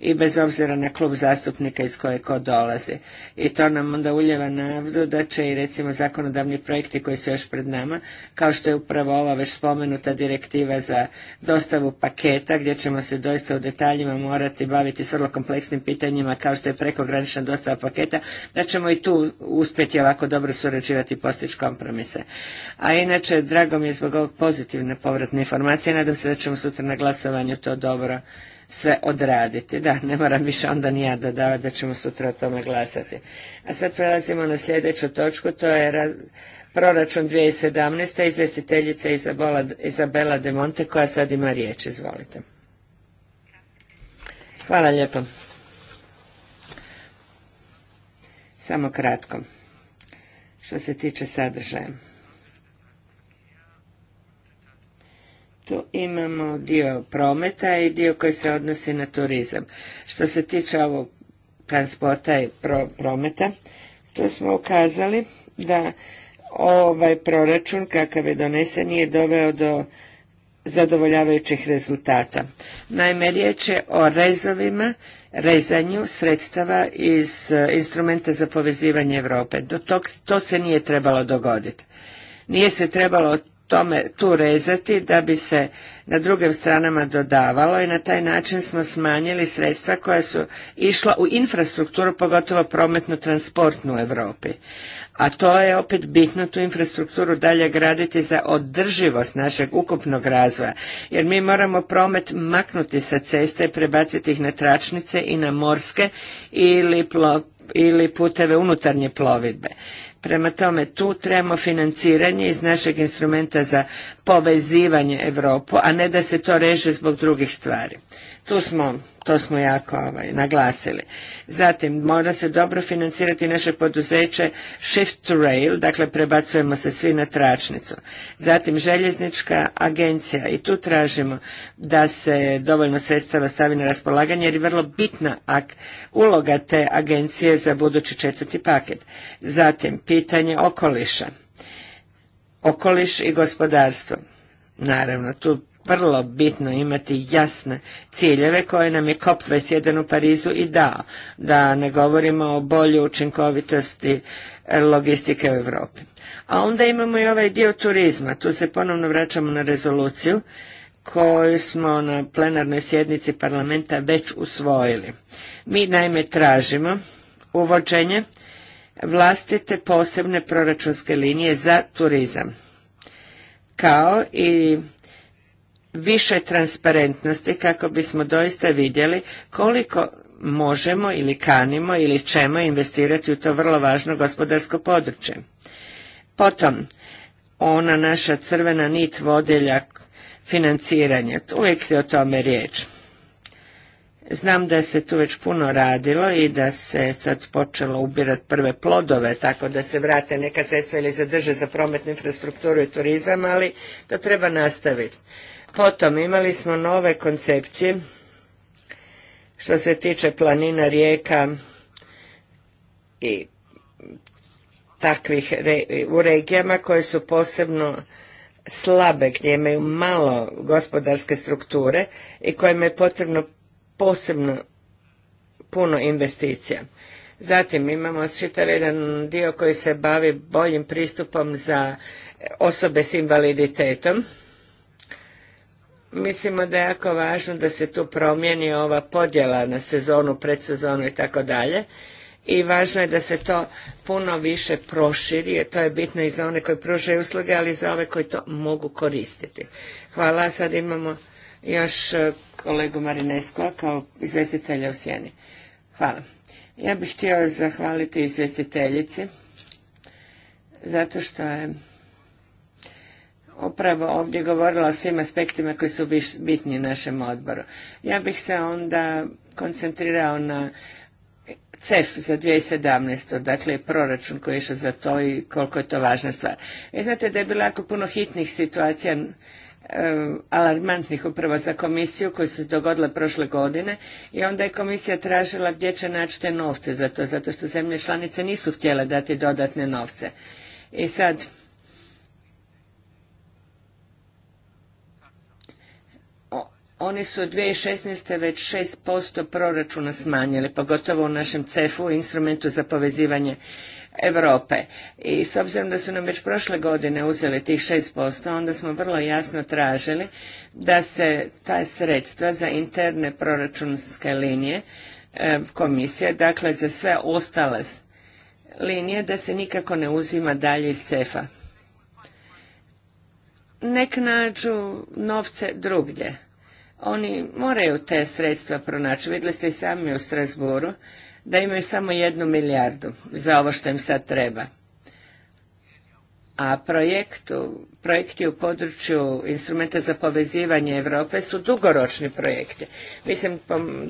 i bez obzira na klub zastupnika iz koje ko dolazi. I to nam onda uljeva navdu da će i recimo zakonodavni projekti koji su još pred nama, kao što je upravo ova već spomenuta direktiva za dostavu paketa, gdje ćemo se doista u detaljima morati baviti s vrlo kompleksnim pitanjima kao što je prekogranična dostava paketa, da ćemo i tu uspjeti ovako dobro surađivati i postići kompromise. A inače, drago mi je zbog ovog pozitivne povratne informacije, nadam se da ćemo sutra na glasovanju to dobro sve odraditi. Da, ne moram više onda ni ja dodavati da ćemo sutra o tome glasati. A sad prelazimo na sljedeću točku, to je proračun 2017. izvjestiteljica Izabela de Monte koja sad ima riječ. Izvolite. Hvala lijepo. Samo kratko. Što se tiče sadržaja. tu imamo dio prometa i dio koji se odnosi na turizam. Što se tiče ovog transporta i prometa, to smo ukazali da ovaj proračun kakav je donesen nije doveo do zadovoljavajućih rezultata. Naime, riječ je o rezovima, rezanju sredstava iz eh, instrumenta za povezivanje Europe. Do to se nije trebalo dogoditi. Nije se trebalo tome tu rezati da bi se na drugim stranama dodavalo i na taj način smo smanjili sredstva koja su išla u infrastrukturu, pogotovo prometnu transportnu u Europi. A to je opet bitno tu infrastrukturu dalje graditi za održivost našeg ukupnog razvoja, jer mi moramo promet maknuti sa ceste i prebaciti ih na tračnice i na morske ili ili puteve unutarnje plovidbe. Prema tome, tu trebamo financiranje iz našeg instrumenta za povezivanje Europu, a ne da se to reže zbog drugih stvari. Tu smo, to smo jako ovaj, naglasili. Zatim, mora se dobro financirati naše poduzeće Shift to Rail, dakle prebacujemo se svi na tračnicu. Zatim, željeznička agencija i tu tražimo da se dovoljno sredstava stavi na raspolaganje jer je vrlo bitna ak uloga te agencije za budući četvrti paket. Zatim, pitanje okoliša. Okoliš i gospodarstvo. Naravno, tu vrlo bitno imati jasne ciljeve koje nam je COP21 u Parizu i dao, da ne govorimo o boljoj učinkovitosti e, logistike u Europi. A onda imamo i ovaj dio turizma, tu se ponovno vraćamo na rezoluciju koju smo na plenarnoj sjednici parlamenta već usvojili. Mi naime tražimo uvođenje vlastite posebne proračunske linije za turizam, kao i više transparentnosti kako bismo doista vidjeli koliko možemo ili kanimo ili ćemo investirati u to vrlo važno gospodarsko područje. Potom, ona naša crvena nit vodilja financiranja, uvijek je o tome riječ. Znam da se tu već puno radilo i da se sad počelo ubirati prve plodove, tako da se vrate neka sredstva ili zadrže za prometnu infrastrukturu i turizam, ali to treba nastaviti. Potom imali smo nove koncepcije što se tiče planina rijeka i takvih u regijama koje su posebno slabe, gdje imaju malo gospodarske strukture i kojima je potrebno posebno puno investicija. Zatim imamo čitav jedan dio koji se bavi boljim pristupom za osobe s invaliditetom mislimo da je jako važno da se tu promijeni ova podjela na sezonu, predsezonu i tako dalje i važno je da se to puno više proširi, jer to je bitno i za one koji pružaju usluge, ali i za ove koji to mogu koristiti. Hvala, sad imamo još e, kolegu Marinesko kao izvjestitelja u Sjeni. Hvala. Ja bih htio zahvaliti izvjestiteljici, zato što je upravo ovdje govorila o svim aspektima koji su bitni našem odboru. Ja bih se onda koncentrirao na CEF za 2017. dakle proračun koji je išao za to i koliko je to važna stvar. E, znate da je bilo jako puno hitnih situacija e, alarmantnih upravo za komisiju koje su se dogodile prošle godine i onda je komisija tražila gdje će naći te novce za to, zato što zemlje članice nisu htjele dati dodatne novce. I sad, Oni su 2016. već 6% proračuna smanjili, pogotovo u našem CEF-u, instrumentu za povezivanje Europe. I s obzirom da su nam već prošle godine uzeli tih 6%, onda smo vrlo jasno tražili da se ta sredstva za interne proračunske linije e, komisije, dakle za sve ostale linije, da se nikako ne uzima dalje iz CEF-a. Nek nađu novce drugdje oni moraju te sredstva pronaći. Vidjeli ste i sami u Strasburu da imaju samo jednu milijardu za ovo što im sad treba. A projektu, projekti u području instrumenta za povezivanje Europe su dugoročni projekti. Mislim,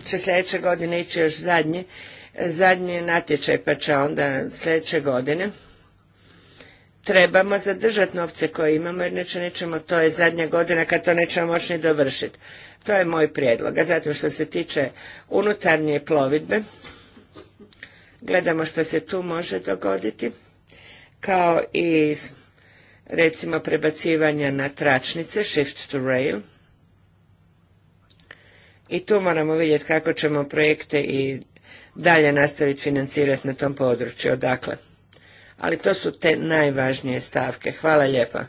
će sljedeće godine ići još zadnji, zadnji natječaj, pa će onda sljedeće godine trebamo zadržati novce koje imamo jer neće nećemo, to je zadnja godina kad to nećemo moći ni dovršiti. To je moj prijedlog. A zato što se tiče unutarnje plovidbe, gledamo što se tu može dogoditi, kao i recimo prebacivanja na tračnice, shift to rail. I tu moramo vidjeti kako ćemo projekte i dalje nastaviti financirati na tom području. Odakle? Ali to su te najvažnije stavke. Hvala lijepa.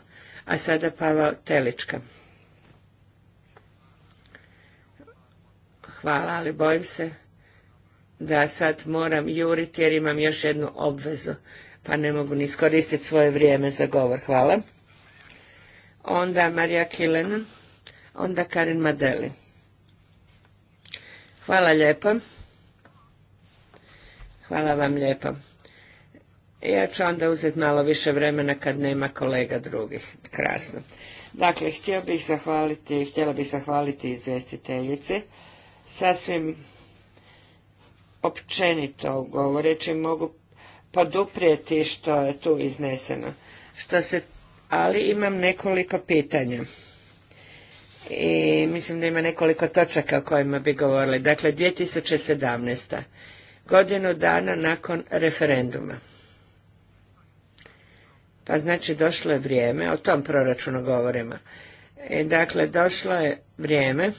A sada Pavao Telička. Hvala, ali bojim se da sad moram juriti jer imam još jednu obvezu, pa ne mogu ni iskoristiti svoje vrijeme za govor. Hvala. Onda Marija Kilen, onda Karin Madeli. Hvala lijepa. Hvala vam lijepa. Ja ću onda uzeti malo više vremena kad nema kolega drugih. Krasno. Dakle, htio bih zahvaliti, htjela bih zahvaliti izvjestiteljici. Sasvim općenito govoreći mogu poduprijeti što je tu izneseno. Što se, ali imam nekoliko pitanja. I mislim da ima nekoliko točaka o kojima bi govorili. Dakle, 2017. godinu dana nakon referenduma. Pa znači došlo je vrijeme, o tom proračunu govorimo. E, dakle, došlo je vrijeme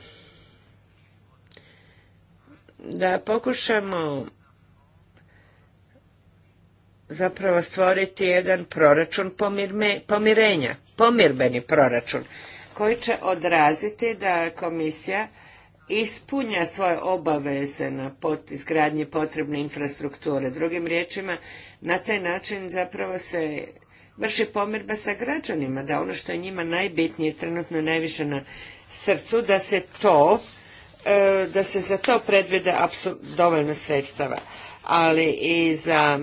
da pokušamo zapravo stvoriti jedan proračun pomirenja, pomirbeni proračun koji će odraziti da komisija ispunja svoje obaveze na pot, izgradnji potrebne infrastrukture. Drugim riječima, na taj način zapravo se vrši pomirba sa građanima, da ono što je njima najbitnije, trenutno najviše na srcu, da se to, e, da se za to predvide dovoljno sredstava, ali i za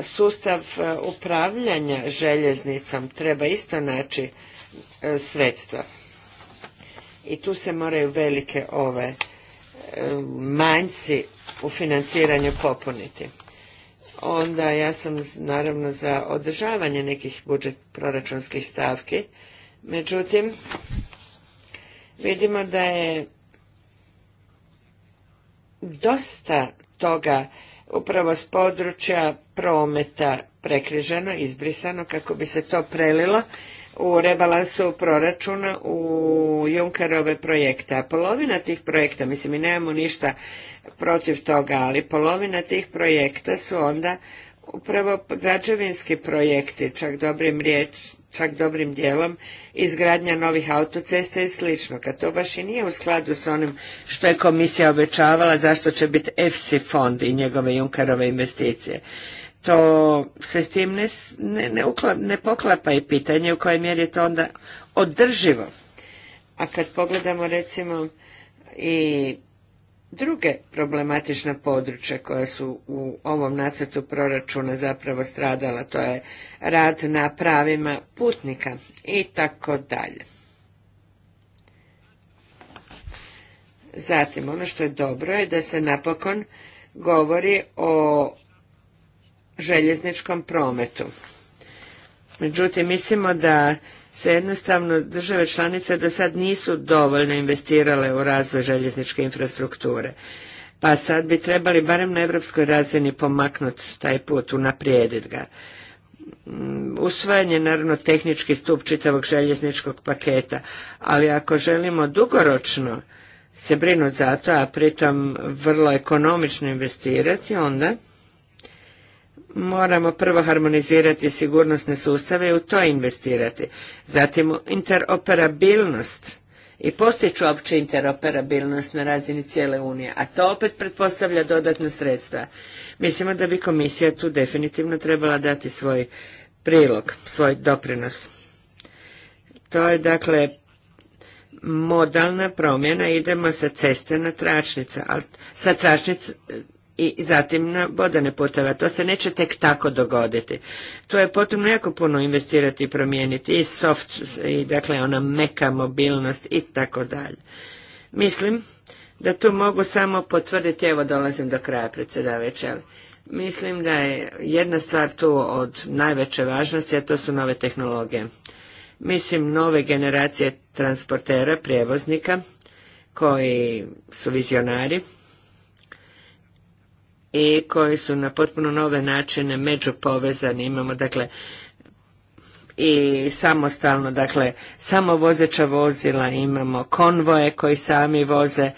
sustav e, upravljanja željeznicom treba isto naći e, sredstva. I tu se moraju velike ove manjci u financiranju popuniti onda ja sam naravno za održavanje nekih budžet proračunskih stavki. Međutim, vidimo da je dosta toga upravo s područja prometa prekriženo, izbrisano kako bi se to prelilo u rebalansu proračuna u Junkerove projekte. A polovina tih projekta, mislim mi nemamo ništa protiv toga, ali polovina tih projekta su onda upravo građevinski projekti, čak dobrim riječ, čak dobrim dijelom izgradnja novih autocesta i slično. Kad to baš i nije u skladu s onim što je komisija obećavala zašto će biti EFSI fond i njegove Junkerove investicije to se s tim ne, ne, ne, poklapa i pitanje u kojoj mjeri je to onda održivo. A kad pogledamo recimo i druge problematična područja koja su u ovom nacrtu proračuna zapravo stradala, to je rad na pravima putnika i tako dalje. Zatim, ono što je dobro je da se napokon govori o željezničkom prometu. Međutim, mislimo da se jednostavno države članice do sad nisu dovoljno investirale u razvoj željezničke infrastrukture. Pa sad bi trebali barem na evropskoj razini pomaknuti taj put, unaprijediti ga. Mm, Usvojen je naravno tehnički stup čitavog željezničkog paketa, ali ako želimo dugoročno se brinuti za to, a pritom vrlo ekonomično investirati, onda moramo prvo harmonizirati sigurnosne sustave i u to investirati. Zatim interoperabilnost i postiću opće interoperabilnost na razini cijele Unije, a to opet pretpostavlja dodatna sredstva. Mislimo da bi komisija tu definitivno trebala dati svoj prilog, svoj doprinos. To je dakle modalna promjena, idemo sa ceste na tračnica, sa tračnice i zatim na vodane puteve. To se neće tek tako dogoditi. To je potrebno jako puno investirati i promijeniti i soft, i dakle ona meka mobilnost i tako dalje. Mislim da tu mogu samo potvrditi, evo dolazim do kraja predsjedavajuća, mislim da je jedna stvar tu od najveće važnosti, a to su nove tehnologije. Mislim nove generacije transportera, prijevoznika, koji su vizionari, i koji su na potpuno nove načine međupovezani. Imamo dakle i samostalno, dakle samo vozeća vozila, imamo konvoje koji sami voze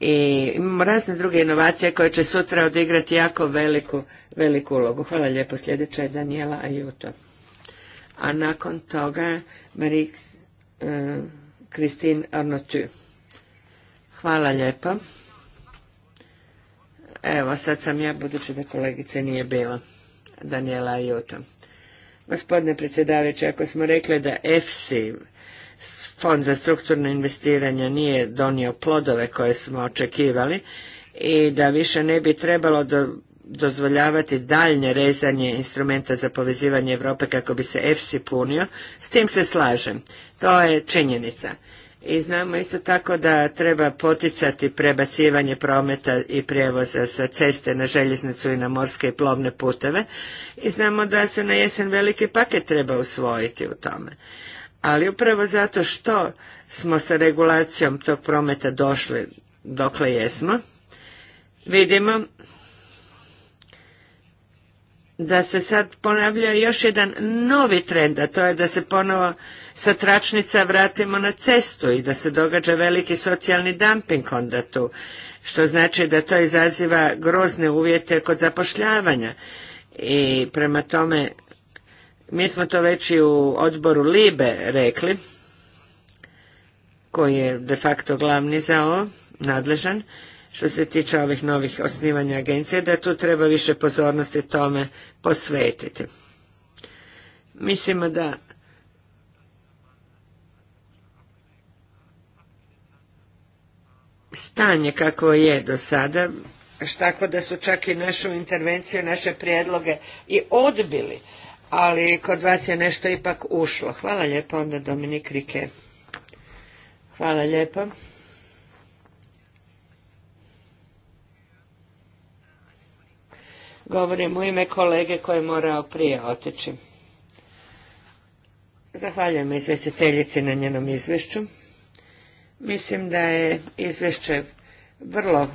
i imamo razne druge inovacije koje će sutra odigrati jako veliku, veliku ulogu. Hvala lijepo. Sljedeća je Daniela Ajuto. A nakon toga Marie eh, Christine Arnotu. Hvala lijepo. Evo, sad sam ja, budući da kolegice nije bilo, Daniela Juto. Gospodine predsjedavajući, ako smo rekli da EFSI, Fond za strukturno investiranje, nije donio plodove koje smo očekivali i da više ne bi trebalo dozvoljavati daljnje rezanje instrumenta za povezivanje Europe kako bi se EFSI punio, s tim se slažem. To je činjenica. I znamo isto tako da treba poticati prebacivanje prometa i prijevoza sa ceste na željeznicu i na morske i plovne puteve. I znamo da se na jesen veliki paket treba usvojiti u tome. Ali upravo zato što smo sa regulacijom tog prometa došli dokle jesmo, vidimo da se sad ponavlja još jedan novi trend, a to je da se ponovo sa tračnica vratimo na cestu i da se događa veliki socijalni dumping onda tu, što znači da to izaziva grozne uvjete kod zapošljavanja. I prema tome, mi smo to već i u odboru Libe rekli, koji je de facto glavni za ovo, nadležan, što se tiče ovih novih osnivanja agencije, da tu treba više pozornosti tome posvetiti. Mislimo da stanje kako je do sada, tako da su čak i našu intervenciju, naše prijedloge i odbili, ali kod vas je nešto ipak ušlo. Hvala lijepo onda Dominik Rike. Hvala lijepo. Govorim u ime kolege koji je morao prije otići. Zahvaljujem izvjestiteljici na njenom izvješću. Mislim da je izvješće vrlo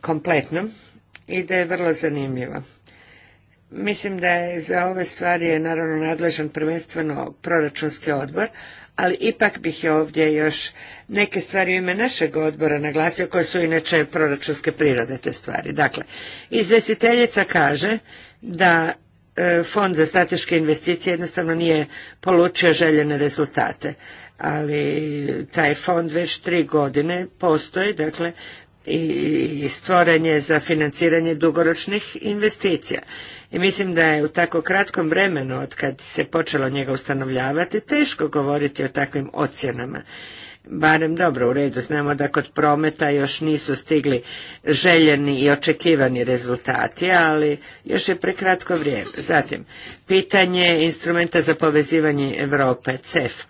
kompletno i da je vrlo zanimljivo. Mislim da je za ove stvari naravno nadležan prvenstveno proračunski odbor, ali ipak bih je ovdje još neke stvari u ime našeg odbora naglasio koje su inače proračunske prirode te stvari. Dakle, izvjestiteljica kaže da e, Fond za strateške investicije jednostavno nije polučio željene rezultate, ali taj fond već tri godine postoji, dakle i stvoren je za financiranje dugoročnih investicija. I mislim da je u tako kratkom vremenu od kad se počelo njega ustanovljavati teško govoriti o takvim ocjenama. Barem dobro u redu, znamo da kod prometa još nisu stigli željeni i očekivani rezultati, ali još je prekratko vrijeme. Zatim, pitanje instrumenta za povezivanje Europe, CEF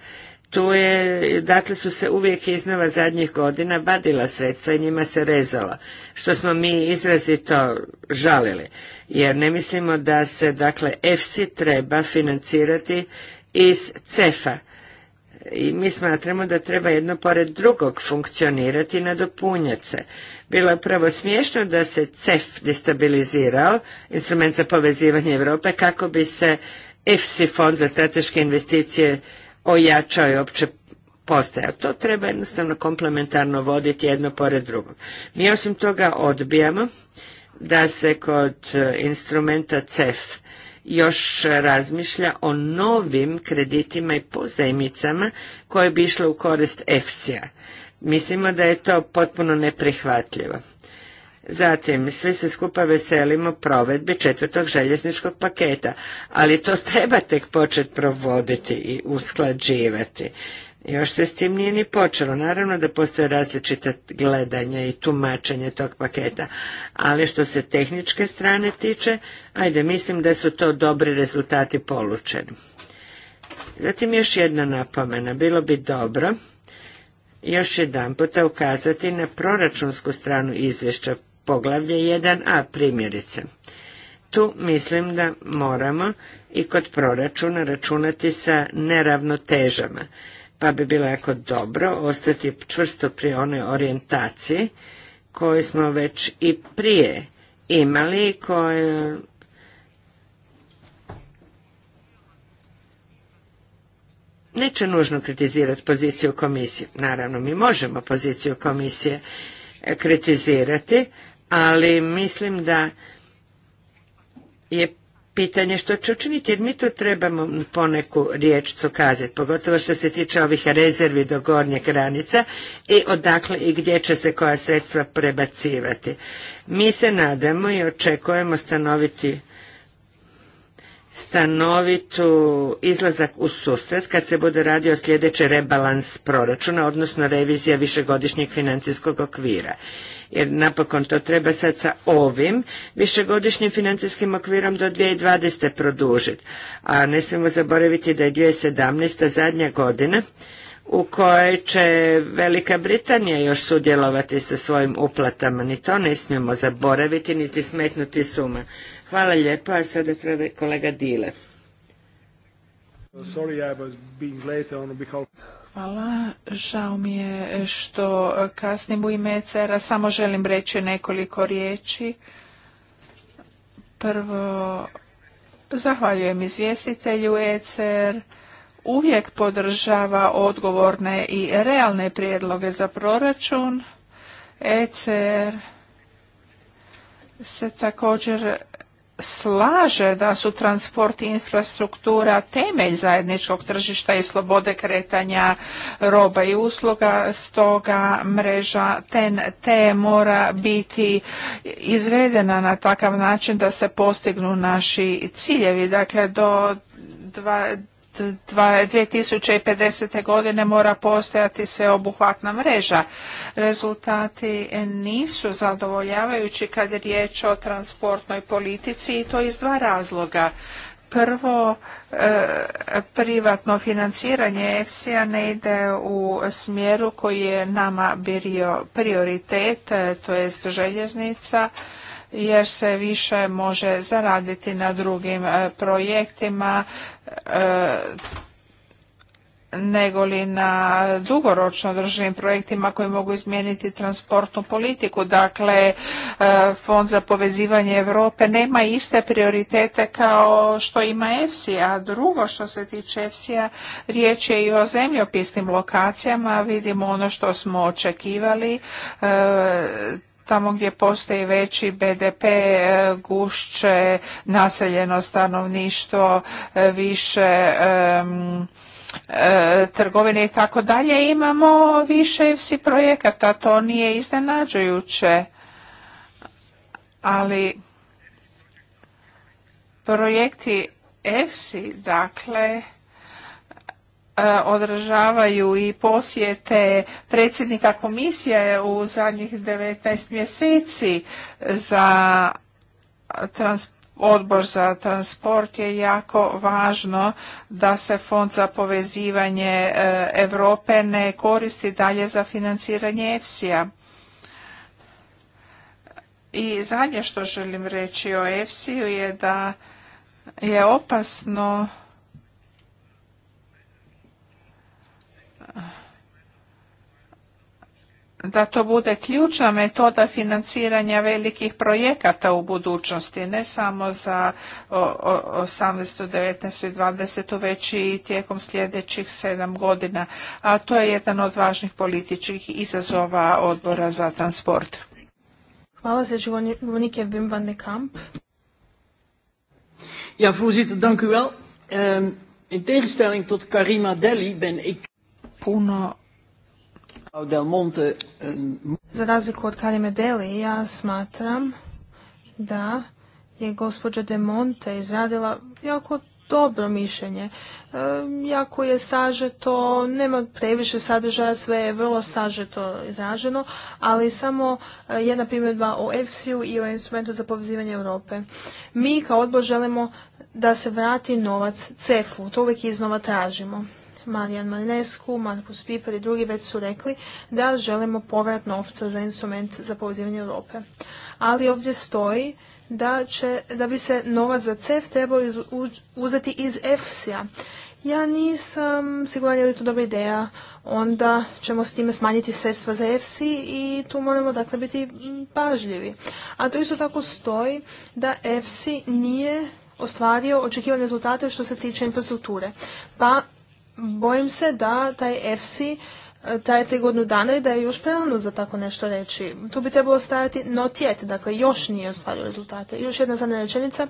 tu je, dakle su se uvijek iznova zadnjih godina badila sredstva i njima se rezala, što smo mi izrazito žalili, jer ne mislimo da se, dakle, EFSI treba financirati iz CEFA. I mi smatramo da treba jedno pored drugog funkcionirati i nadopunjati se. Bilo je prvo smiješno da se CEF destabilizirao, instrument za povezivanje Europe, kako bi se EFSI fond za strateške investicije ojačao je opće postaja To treba jednostavno komplementarno voditi jedno pored drugog. Mi osim toga odbijamo da se kod e, instrumenta CEF još razmišlja o novim kreditima i pozajmicama koje bi išle u korist EFSI-a. Mislimo da je to potpuno neprihvatljivo. Zatim, svi se skupa veselimo provedbi četvrtog željezničkog paketa, ali to treba tek početi provoditi i usklađivati. Još se s tim nije ni počelo. Naravno da postoje različita gledanja i tumačenje tog paketa, ali što se tehničke strane tiče, ajde, mislim da su to dobri rezultati polučeni. Zatim još jedna napomena. Bilo bi dobro još jedan puta ukazati na proračunsku stranu izvješća poglavlje 1a primjerice. Tu mislim da moramo i kod proračuna računati sa neravnotežama, pa bi bilo jako dobro ostati čvrsto pri onoj orijentaciji koju smo već i prije imali, koju neće nužno kritizirati poziciju komisije. Naravno, mi možemo poziciju komisije kritizirati, ali mislim da je pitanje što će učiniti, jer mi to trebamo poneku riječ kazati, pogotovo što se tiče ovih rezervi do gornje granica i odakle i gdje će se koja sredstva prebacivati. Mi se nadamo i očekujemo stanoviti stanovitu izlazak u susret kad se bude radio sljedeći rebalans proračuna, odnosno revizija višegodišnjeg financijskog okvira. Jer napokon to treba sad sa ovim višegodišnjim financijskim okvirom do 2020. produžiti. A ne smijemo zaboraviti da je 2017. zadnja godina u kojoj će Velika Britanija još sudjelovati sa svojim uplatama. Ni to ne smijemo zaboraviti, niti smetnuti suma. Hvala lijepa sada treba kolega Dile. Ono Hvala, žao mi je što kasnim u ime ECR-a, samo želim reći nekoliko riječi. Prvo, zahvaljujem izvjestitelju ECR, uvijek podržava odgovorne i realne prijedloge za proračun. ECR se također slaže da su transport i infrastruktura temelj zajedničkog tržišta i slobode kretanja roba i usluga, stoga mreža te mora biti izvedena na takav način da se postignu naši ciljevi. Dakle, do 2050. godine mora postojati sveobuhvatna mreža. Rezultati nisu zadovoljavajući kad je riječ o transportnoj politici i to iz dva razloga. Prvo, e, privatno financiranje EFSI-a ne ide u smjeru koji je nama bio prioritet, e, to jest željeznica, jer se više može zaraditi na drugim e, projektima e, nego li na dugoročno održivim projektima koji mogu izmijeniti transportnu politiku. Dakle, e, Fond za povezivanje Europe nema iste prioritete kao što ima EFSI, a drugo što se tiče EFSI-a, riječ je i o zemljopisnim lokacijama, vidimo ono što smo očekivali, tamo gdje postoji veći BDP, e, gušće, naseljeno stanovništvo, e, više e, trgovine i tako dalje, imamo više EFSI projekata, to nije iznenađujuće. Ali projekti EFSI, dakle, E, održavaju i posjete predsjednika komisije u zadnjih 19 mjeseci za odbor za transport je jako važno da se fond za povezivanje e, Europe ne koristi dalje za financiranje EFSI-a. I zadnje što želim reći o EFSI-u je da je opasno da to bude ključna metoda financiranja velikih projekata u budućnosti, ne samo za 18., 19. i 20. već i tijekom sljedećih sedam godina, a to je jedan od važnih političkih izazova odbora za transport. Hvala za živonike Wim van de Kamp. Ja, voorzitter, dank u wel. Um, in tegenstelling tot Karima Deli ben ik... Puno Ehm, za razliku od Karime Deli, ja smatram da je gospođa De Monte izradila jako dobro mišljenje. Ehm, jako je sažeto, nema previše sadržaja, sve je vrlo sažeto izraženo, ali samo eh, jedna primjedba o EFSI-u i o instrumentu za povezivanje Europe. Mi kao odbor želimo da se vrati novac CEF-u, to uvijek iznova tražimo. Marijan Marinescu, Markus Piper i drugi već su rekli da želimo povrat novca za instrument za povezivanje Europe. Ali ovdje stoji da, će, da bi se novac za CEF trebao uzeti iz EFSI-a. Ja nisam siguran je li to dobra ideja. Onda ćemo s time smanjiti sredstva za EFSI i tu moramo dakle biti pažljivi. A to isto tako stoji da EFSI nije ostvario očekivane rezultate što se tiče infrastrukture. Pa bojim se da taj EFSI traje tri godinu dana i da je još prerano za tako nešto reći. Tu bi trebalo stajati not yet, dakle još nije ostvario rezultate. Još jedna zadnja rečenica,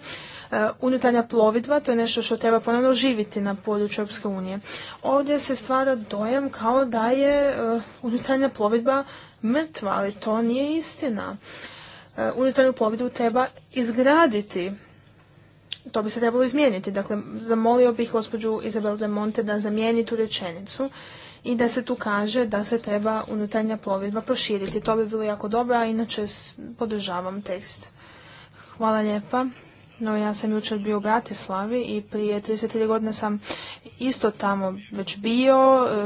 e, unutarnja plovidba, to je nešto što treba ponovno živiti na području Europske unije. Ovdje se stvara dojam kao da je e, unutarnja plovidba mrtva, ali to nije istina. E, unutarnju plovidbu treba izgraditi to bi se trebalo izmijeniti. Dakle, zamolio bih gospođu Izabel de Monte da zamijeni tu rečenicu i da se tu kaže da se treba unutarnja plovidba proširiti. To bi bilo jako dobro, a inače podržavam tekst. Hvala lijepa. No ja sam jučer bio u Bratislavi i prije 33 godine sam isto tamo već bio,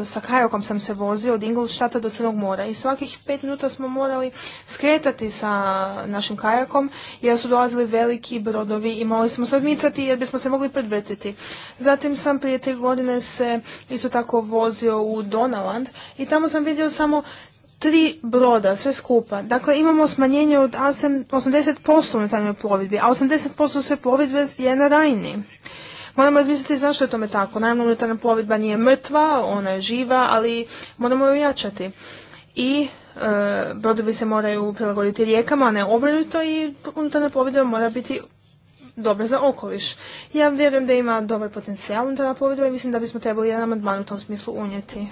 e, sa kajakom sam se vozio od Ingolštata do Crnog mora i svakih pet minuta smo morali skretati sa našim kajakom jer su dolazili veliki brodovi i morali smo se odmicati jer bismo se mogli predvrtiti. Zatim sam prije tri godine se isto tako vozio u Donaland i tamo sam vidio samo tri broda, sve skupa. Dakle, imamo smanjenje od 80% na tajnoj plovidbi, a 80% sve plovidbe je na rajni. Moramo razmisliti zašto je tome tako. Naravno, unutarnja plovidba nije mrtva, ona je živa, ali moramo ju jačati. I e, brodovi se moraju prilagoditi rijekama, a ne obrnuto i unutarnja plovidba mora biti dobra za okoliš. Ja vjerujem da ima dobar potencijal unutarnja plovidba i mislim da bismo trebali jedan amandman u tom smislu unijeti.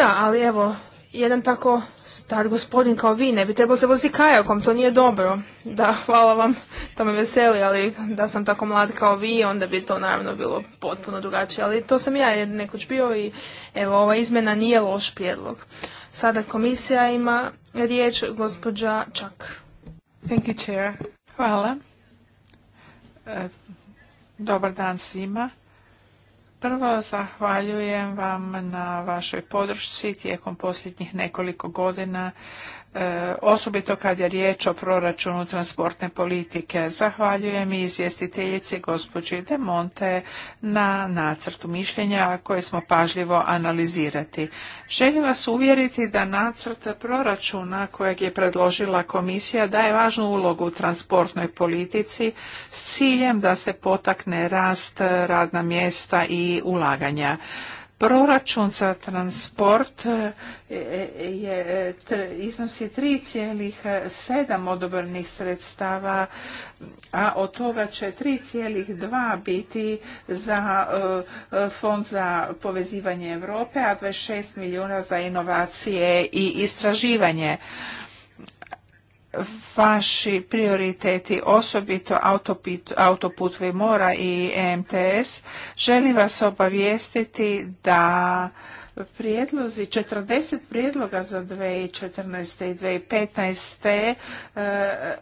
Da, ali evo, jedan tako star gospodin kao vi ne bi trebao se voziti kajakom, to nije dobro. Da, hvala vam, to me veseli, ali da sam tako mlad kao vi, onda bi to naravno bilo potpuno drugačije. Ali to sam ja nekoć bio i evo, ova izmjena nije loš prijedlog. Sada komisija ima riječ gospođa Čak. Thank you, chair. Hvala. E, dobar dan svima. Prvo zahvaljujem vam na vašoj podršci tijekom posljednjih nekoliko godina E, osobito kad je riječ o proračunu transportne politike. Zahvaljujem i izvjestiteljici gospođi De Monte na nacrtu mišljenja koje smo pažljivo analizirati. Želim vas uvjeriti da nacrt proračuna kojeg je predložila komisija daje važnu ulogu u transportnoj politici s ciljem da se potakne rast radna mjesta i ulaganja. Proračun za transport e, je, iznosi 3,7 odobrenih sredstava, a od toga će 3,2 biti za e, Fond za povezivanje Europe, a 26 milijuna za inovacije i istraživanje vaši prioriteti, osobito autoputve mora i EMTS, želim vas obavijestiti da prijedlozi, 40 prijedloga za 2014. i 2015. E, e,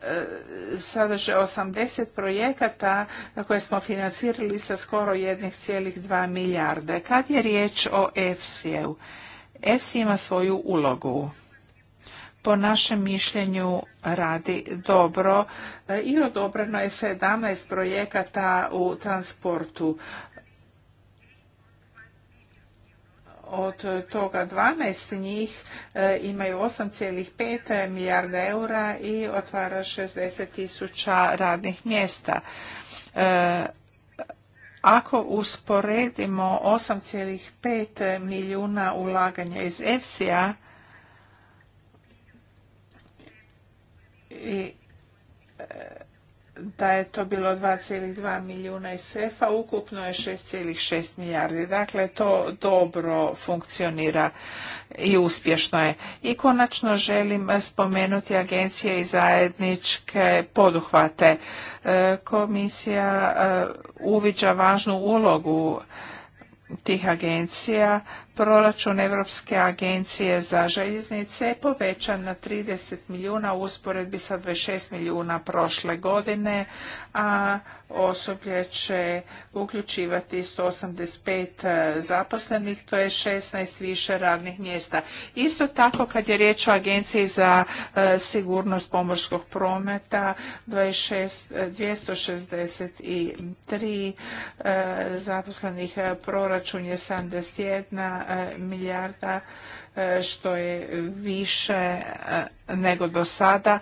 sadrže 80 projekata koje smo financirali sa skoro 1,2 milijarde. Kad je riječ o EFSI-u? EFSI ima svoju ulogu po našem mišljenju radi dobro e, i odobreno je 17 projekata u transportu. Od toga 12 njih e, imaju 8,5 milijarda eura i otvara 60 tisuća radnih mjesta. E, ako usporedimo 8,5 milijuna ulaganja iz EFSI-a, i e, da je to bilo 2,2 milijuna iz sefa, ukupno je 6,6 milijardi. Dakle, to dobro funkcionira i uspješno je. I konačno želim spomenuti agencije i zajedničke poduhvate. E, komisija e, uviđa važnu ulogu tih agencija proračun Europske agencije za željeznice je povećan na 30 milijuna u usporedbi sa 26 milijuna prošle godine, a osoblje će uključivati 185 e, zaposlenih, to je 16 više radnih mjesta. Isto tako kad je riječ o Agenciji za e, sigurnost pomorskog prometa, 263 e, zaposlenih proračun je 71 milijarda što je više nego do sada,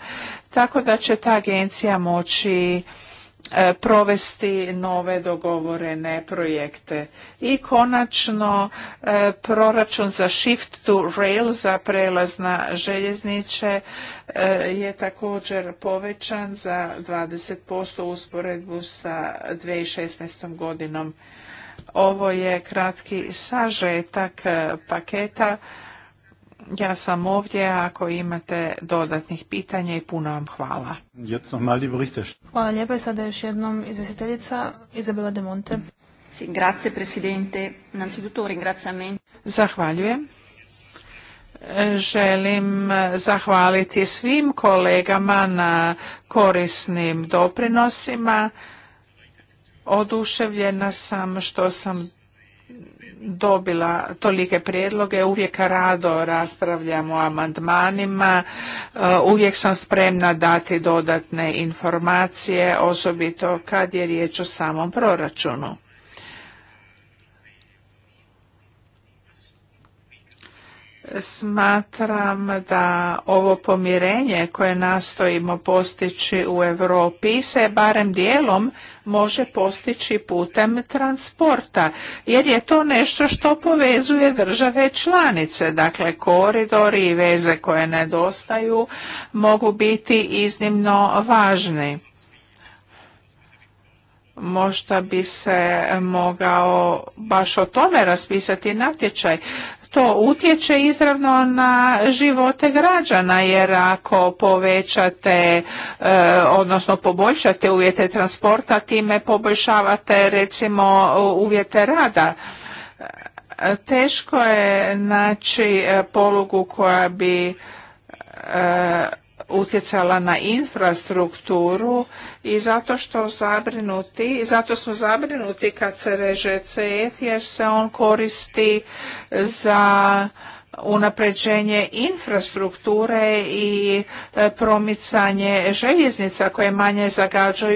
tako da će ta agencija moći E, provesti nove dogovorene projekte. I konačno e, proračun za shift to rail za prelaz na željezniče e, je također povećan za 20% u usporedbu sa 2016. godinom. Ovo je kratki sažetak paketa ja sam ovdje ako imate dodatnih pitanja i puno vam hvala. Hvala lijepa i sada još jednom izvjestiteljica Izabela De Monte. Grazie Presidente, innanzitutto ringraziamenti. Zahvaljujem. Želim zahvaliti svim kolegama na korisnim doprinosima. Oduševljena sam što sam dobila tolike prijedloge, uvijek rado raspravljam o amandmanima, uh, uvijek sam spremna dati dodatne informacije, osobito kad je riječ o samom proračunu. Smatram da ovo pomirenje koje nastojimo postići u Europi se barem dijelom može postići putem transporta, jer je to nešto što povezuje države članice. Dakle, koridori i veze koje nedostaju mogu biti iznimno važni. Možda bi se mogao baš o tome raspisati natječaj to utječe izravno na živote građana jer ako povećate e, odnosno poboljšate uvjete transporta time poboljšavate recimo uvjete rada e, teško je naći e, polugu koja bi utjecala na infrastrukturu i zato što zabrinuti, zato smo zabrinuti kad se reže CF jer se on koristi za unapređenje infrastrukture i e, promicanje željeznica koje manje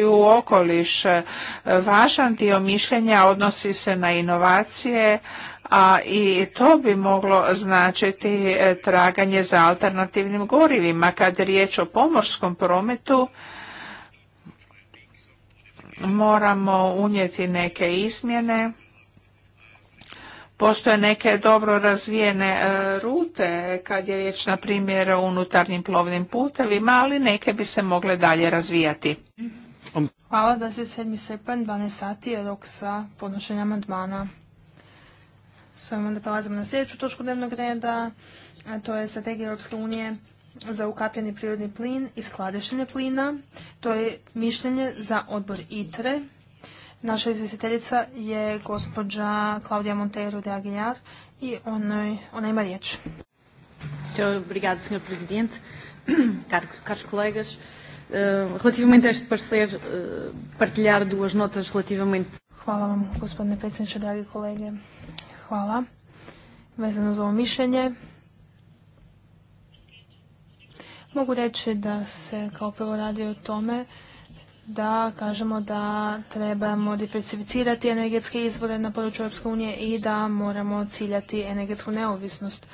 u okoliš. E, važan dio mišljenja odnosi se na inovacije, a i to bi moglo značiti e, traganje za alternativnim gorivima. Kad je riječ o pomorskom prometu, moramo unijeti neke izmjene. Postoje neke dobro razvijene e, rute kad je riječ na primjer o unutarnjim plovnim putevima, ali neke bi se mogle dalje razvijati. Hvala da se 7. srpanj, 12 sati je rok sa podnošenjem amandmana. S da prelazimo na sljedeću točku dnevnog reda, a to je strategija Europske unije za ukapljeni prirodni plin i skladištenje plina. To je mišljenje za odbor ITRE. Naša izvjestiteljica je gospođa Klaudija Montero de Aguiar i ona ima riječ. senhor presidente. Caros Hvala vam, gospodine predsjedniče, dragi kolege. Hvala. Vezano za ovo mišljenje, Mogu reći da se kao prvo radi o tome da kažemo da trebamo diversificirati energetske izvore na području Europske unije i da moramo ciljati energetsku neovisnost.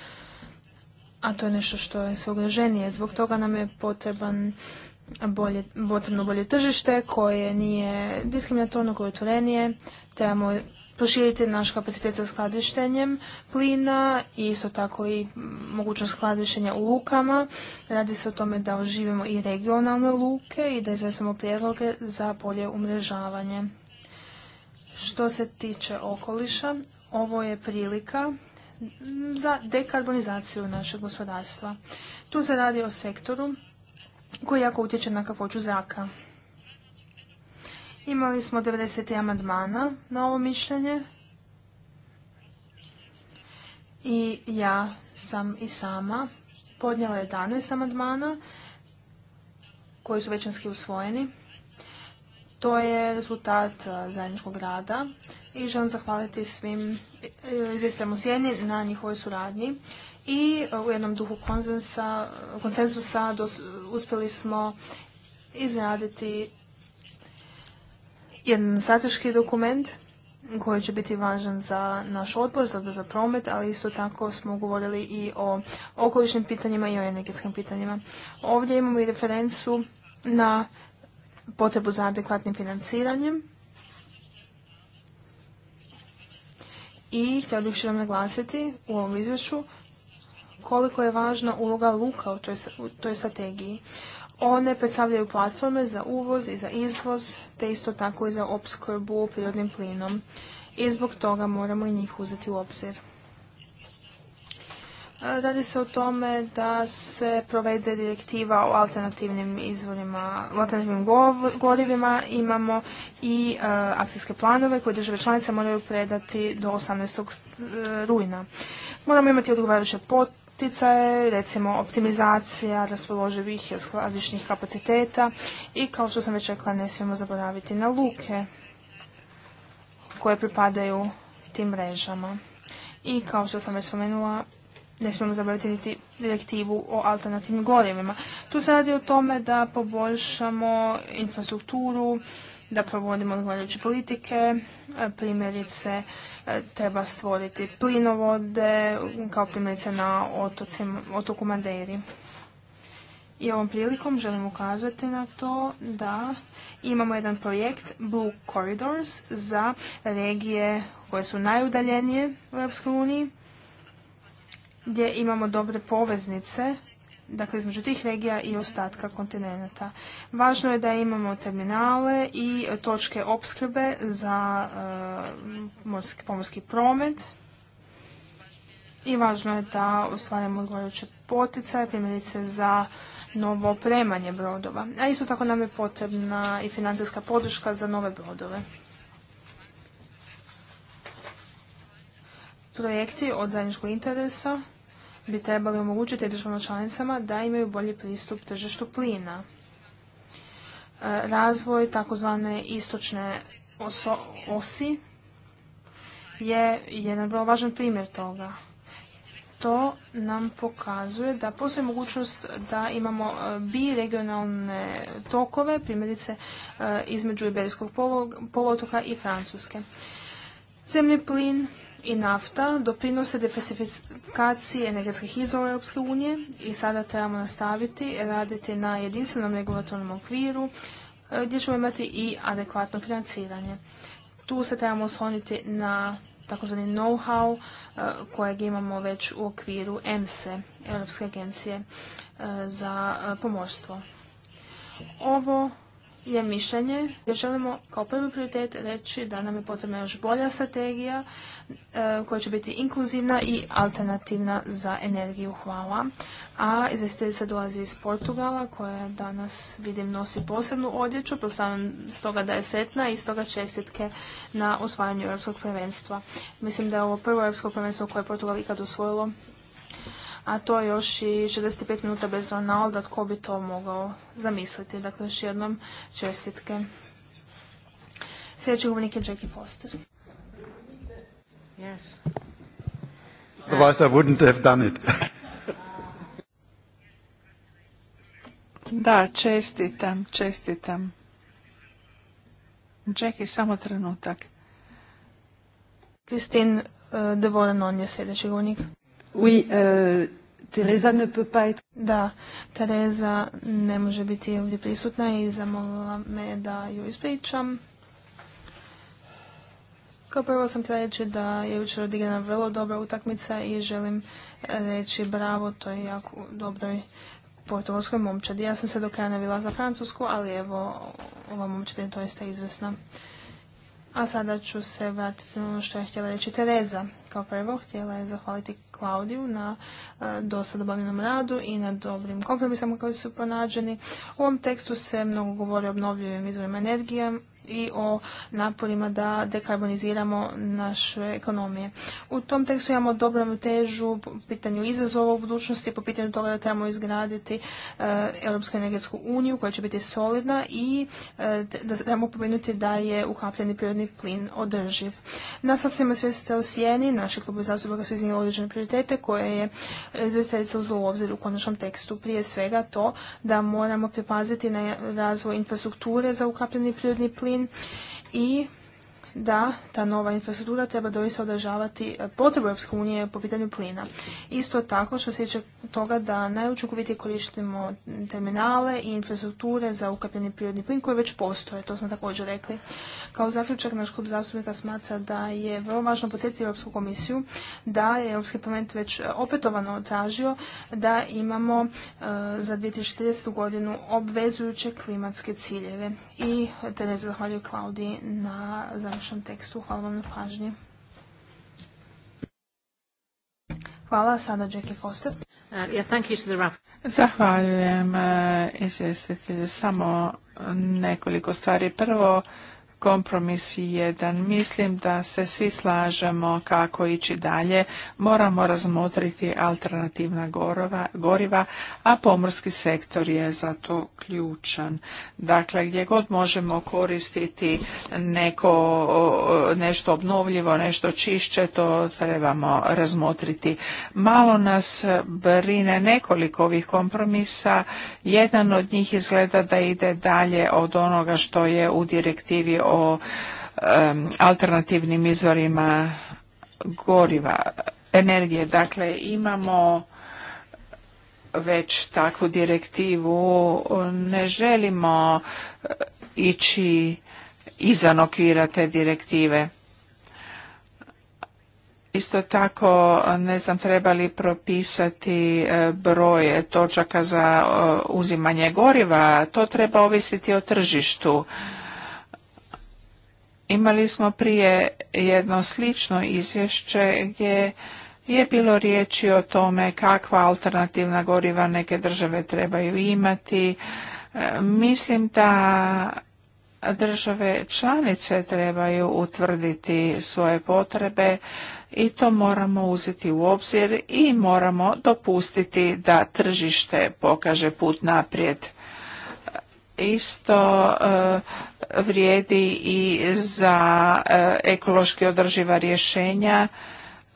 A to je nešto što je sve Zbog toga nam je potreban bolje, potrebno bolje tržište koje nije diskriminatorno, koje je otvorenije. Trebamo proširiti naš kapacitet za skladištenjem plina i isto tako i mogućnost skladištenja u lukama. Radi se o tome da oživimo i regionalne luke i da iznesemo prijedloge za bolje umrežavanje. Što se tiče okoliša, ovo je prilika za dekarbonizaciju našeg gospodarstva. Tu se radi o sektoru koji jako utječe na kakvoću zraka. Imali smo 90. amandmana na ovo mišljenje i ja sam i sama podnijela 11 amandmana koji su većinski usvojeni. To je rezultat zajedničkog rada i želim zahvaliti svim e, izvjestiteljima u na njihovoj suradnji i u jednom duhu konsensusa, uspjeli smo izraditi jedan strateški dokument koji će biti važan za naš odbor, za odbor za promet, ali isto tako smo govorili i o okolišnim pitanjima i o energetskim pitanjima. Ovdje imamo i referencu na potrebu za adekvatnim financiranjem. I htjela bih što vam naglasiti u ovom izvješću koliko je važna uloga luka u toj strategiji. One predstavljaju platforme za uvoz i za izvoz, te isto tako i za opskrbu prirodnim plinom. I zbog toga moramo i njih uzeti u obzir. E, radi se o tome da se provede direktiva o alternativnim izvorima, alternativnim gorivima. Imamo i e, akcijske planove koje države članice moraju predati do 18. E, rujna. Moramo imati odgovarajuće potpore poticaje, recimo optimizacija raspoloživih skladišnih kapaciteta i kao što sam već rekla ne smijemo zaboraviti na luke koje pripadaju tim mrežama. I kao što sam već spomenula, ne smijemo zaboraviti niti direktivu o alternativnim gorivima. Tu se radi o tome da poboljšamo infrastrukturu, da provodimo odgovarajuće politike, primjerice e, treba stvoriti plinovode, kao primjerice na otoku Madeiri. I ovom prilikom želim ukazati na to da imamo jedan projekt Blue Corridors za regije koje su najudaljenije u EU, gdje imamo dobre poveznice dakle između tih regija i ostatka kontinenta. Važno je da imamo terminale i točke opskrbe za e, morski, pomorski promet i važno je da ostvarimo odgovarajuće poticaje, primjerice za novo opremanje brodova. A isto tako nam je potrebna i financijska podrška za nove brodove. Projekti od zajedničkog interesa bi trebali omogućiti državama članicama da imaju bolji pristup tržištu plina. E, razvoj takozvane istočne osi je jedan vrlo važan primjer toga. To nam pokazuje da postoji mogućnost da imamo e, bi-regionalne tokove, primjerice e, između Iberijskog polotoka i Francuske. Zemlji plin i nafta doprinose diversifikaciji energetskih izvora Europske unije i sada trebamo nastaviti raditi na jedinstvenom regulatornom okviru e, gdje ćemo imati i adekvatno financiranje. Tu se trebamo osloniti na takozvani know-how e, kojeg imamo već u okviru EMSE, Europske agencije e, za pomorstvo. Ovo je mišljenje da želimo kao prvi prioritet reći da nam je potrebna još bolja strategija e, koja će biti inkluzivna i alternativna za energiju. Hvala. A izvestiteljica dolazi iz Portugala koja danas vidim nosi posebnu odjeću. s stoga da je setna i stoga čestitke na osvajanju Europskog prvenstva. Mislim da je ovo prvo Europsko prvenstvo koje je Portugal ikad osvojilo a to je još i 65 minuta bez Ronaldo, tko bi to mogao zamisliti. Dakle, još jednom čestitke. Sljedeći govornik je Jackie Foster. Yes. Otherwise I wouldn't have done it. da, čestitam, čestitam. Jackie, samo trenutak. Kristin eh, Devoran, on je sljedeći govornik. Oui, euh, Teresa ne peut pas être... Da, Tereza ne može biti ovdje prisutna i zamolila me da ju ispričam. Kao prvo sam htjela reći da je jučer odigrana vrlo dobra utakmica i želim reći bravo toj jako dobroj portugalskoj momčadi. Ja sam se do kraja navila za Francusku, ali evo, ova momčad je doista izvesna. A sada ću se vratiti na ono što je htjela reći Tereza. Kao prvo, htjela je zahvaliti Klaudiju na e, dosad obavljenom radu i na dobrim kompromisama koji su pronađeni. U ovom tekstu se mnogo govori o obnovljivim izvorima energije, i o naporima da dekarboniziramo naše ekonomije. U tom tekstu imamo dobru težu po pitanju izazova u budućnosti, po pitanju toga da trebamo izgraditi e, Europsku energetsku uniju koja će biti solidna i e, da trebamo pomenuti da je ukapljeni prirodni plin održiv. Na svi svijestite o sjeni, naši klubi zastupnika su iznijeli određene prioritete koje je izvjestiteljica uzela u obzir u konačnom tekstu. Prije svega to da moramo pripaziti na razvoj infrastrukture za ukapljeni prirodni plin, i da ta nova infrastruktura treba doista održavati e, potrebu Europske unije po pitanju plina. Isto tako što se tiče toga da najučinkovitije koristimo terminale i infrastrukture za ukapljeni prirodni plin koji već postoje, to smo također rekli. Kao zaključak naš klub zastupnika smatra da je vrlo važno podsjetiti Europsku komisiju da je Europski parlament već e, opetovano tražio da imamo e, za 2030. godinu obvezujuće klimatske ciljeve. I te zahvaljuju Klaudi na završenju konačnom tekstu. Hvala vam na pažnji. Hvala, sada Jackie Foster. Uh, Zahvaljujem uh, izvjestitelju. Samo nekoliko stvari. Prvo, kompromis jedan. Mislim da se svi slažemo kako ići dalje. Moramo razmotriti alternativna goriva, a pomorski sektor je za to ključan. Dakle, gdje god možemo koristiti neko, nešto obnovljivo, nešto čišće, to trebamo razmotriti. Malo nas brine nekoliko ovih kompromisa. Jedan od njih izgleda da ide dalje od onoga što je u direktivi o alternativnim izvorima goriva, energije. Dakle, imamo već takvu direktivu, ne želimo eh, ići izvan okvira te direktive. Isto tako, ne znam, treba li propisati eh, broje točaka za eh, uzimanje goriva, to treba ovisiti o tržištu. Imali smo prije jedno slično izvješće gdje je bilo riječi o tome kakva alternativna goriva neke države trebaju imati. E, mislim da države članice trebaju utvrditi svoje potrebe i to moramo uzeti u obzir i moramo dopustiti da tržište pokaže put naprijed isto eh, vrijedi i za eh, ekološki održiva rješenja.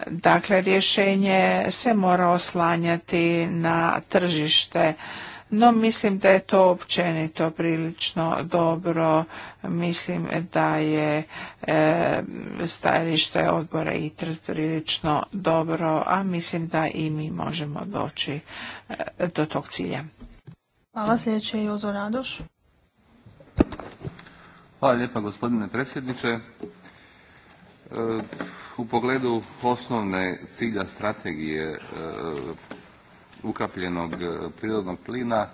Dakle, rješenje se mora oslanjati na tržište. No, mislim da je to općenito prilično dobro. Mislim da je e, stajalište odbora i prilično dobro, a mislim da i mi možemo doći do tog cilja. Hvala, sljedeće Jozo Radoš. Hvala gospodine predsjedniče. E, u pogledu osnovne cilja strategije e, ukapljenog e, prirodnog plina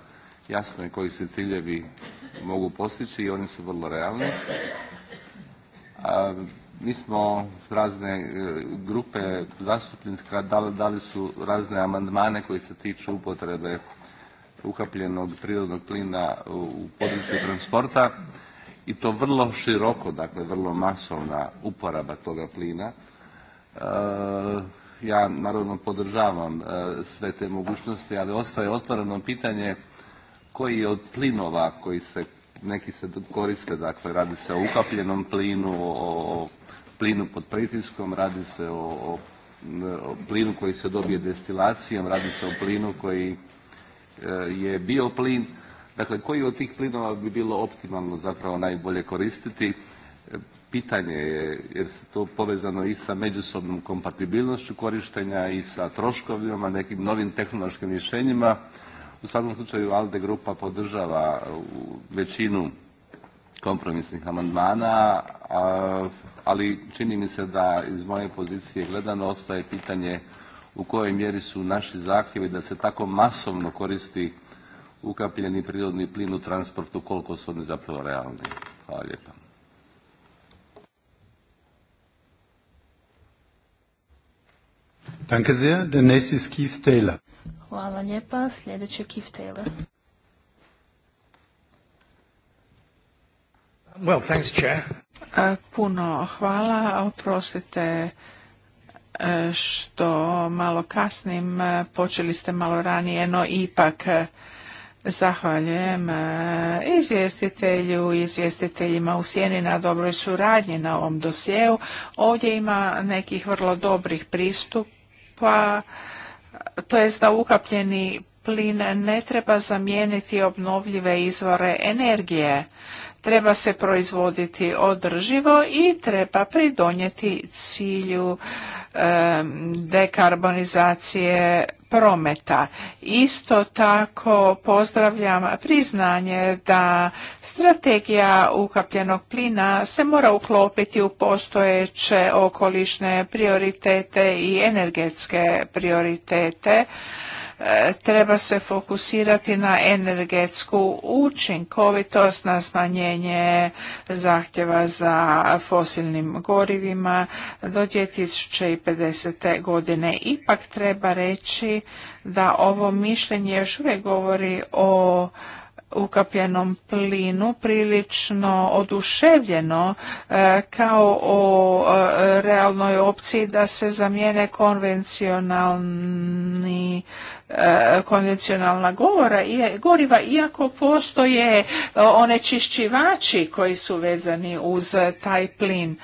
jasno je koji se ciljevi mogu postići i oni su vrlo realni. mi smo razne grupe zastupnika dali, dali su razne amandmane koji se tiču upotrebe ukapljenog prirodnog plina u području transporta i to vrlo široko, dakle vrlo masovna uporaba toga plina. E, ja naravno podržavam e, sve te mogućnosti, ali ostaje otvoreno pitanje koji od plinova koji se, neki se koriste, dakle radi se o ukapljenom plinu, o, plinu pod pritiskom, radi se o plinu koji se dobije destilacijom, radi se o plinu koji Eh, je bioplin, dakle koji od tih plinova bi bilo optimalno zapravo najbolje koristiti. Eh, pitanje je jer se to povezano i sa međusobnom kompatibilnošću korištenja i sa troškovima, nekim novim tehnološkim rješenjima. U svakom slučaju ALDE grupa podržava većinu kompromisnih amandmana, ali čini mi se da iz moje pozicije gledano ostaje pitanje u kojoj mjeri su naši zahtjevi da se tako masovno koristi ukapljeni prirodni plin u transportu, koliko su oni zapravo realni. Hvala lijepa. Danke sehr. Der nächste ist Keith Taylor. Hvala lijepa. Sljedeći je Keith Taylor. Well, thanks, Chair. E, puno hvala. Oprostite E, što malo kasnim, e, počeli ste malo ranije, no ipak e, zahvaljujem izvjestitelju izvjestiteljima u Sjeni na dobroj suradnji na ovom dosjeu. Ovdje ima nekih vrlo dobrih pristupa, to je da ukapljeni plin ne treba zamijeniti obnovljive izvore energije. Treba se proizvoditi održivo i treba pridonijeti cilju dekarbonizacije prometa. Isto tako pozdravljam priznanje da strategija ukapljenog plina se mora uklopiti u postojeće okolišne prioritete i energetske prioritete E, treba se fokusirati na energetsku učinkovitost, na smanjenje zahtjeva za fosilnim gorivima do 2050. godine. Ipak treba reći da ovo mišljenje još uvijek govori o ukapljenom plinu prilično oduševljeno e, kao o e, realnoj opciji da se zamijene konvencionalni E, konvencionalna govora, goriva, iako postoje e, onečišćivači koji su vezani uz taj plin.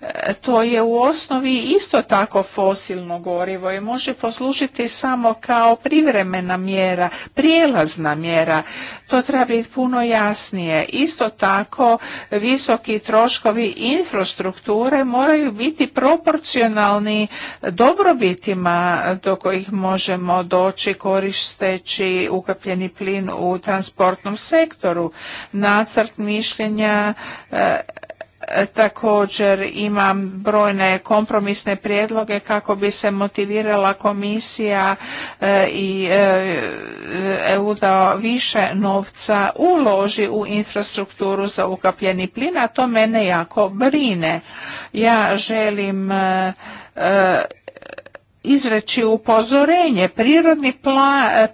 E, to je u osnovi isto tako fosilno gorivo i može poslužiti samo kao privremena mjera, prijelazna mjera. To treba biti puno jasnije. Isto tako visoki troškovi infrastrukture moraju biti proporcionalni dobrobitima do kojih možemo doći postići koristeći ukapljeni plin u transportnom sektoru. Nacrt mišljenja e, također imam brojne kompromisne prijedloge kako bi se motivirala komisija e, i e, EU da više novca uloži u infrastrukturu za ukapljeni plin, a to mene jako brine. Ja želim izreći upozorenje. Prirodni eh,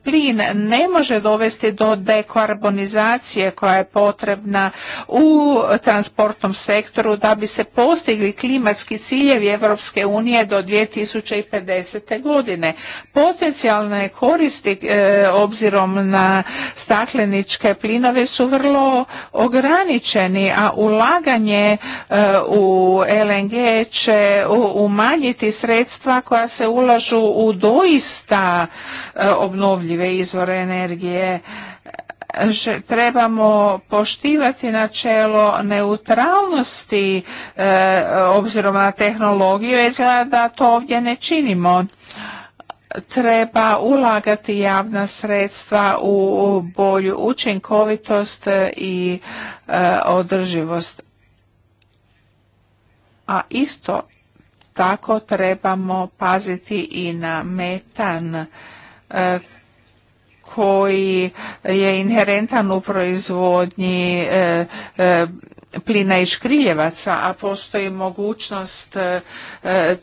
plin ne može dovesti do dekarbonizacije koja je potrebna u transportnom sektoru da bi se postigli klimatski ciljevi Europske unije do 2050. godine. Potencijalne koristi eh, obzirom na stakleničke plinove su vrlo ograničeni, a ulaganje eh, u LNG će umanjiti sredstva koja se ulažu u doista e, obnovljive izvore energije trebamo poštivati načelo neutralnosti e, obzirom na tehnologiju izgleda da to ovdje ne činimo treba ulagati javna sredstva u bolju učinkovitost i e, održivost a isto tako trebamo paziti i na metan e, koji je inherentan u proizvodnji e, e, plina i škriljevaca, a postoji mogućnost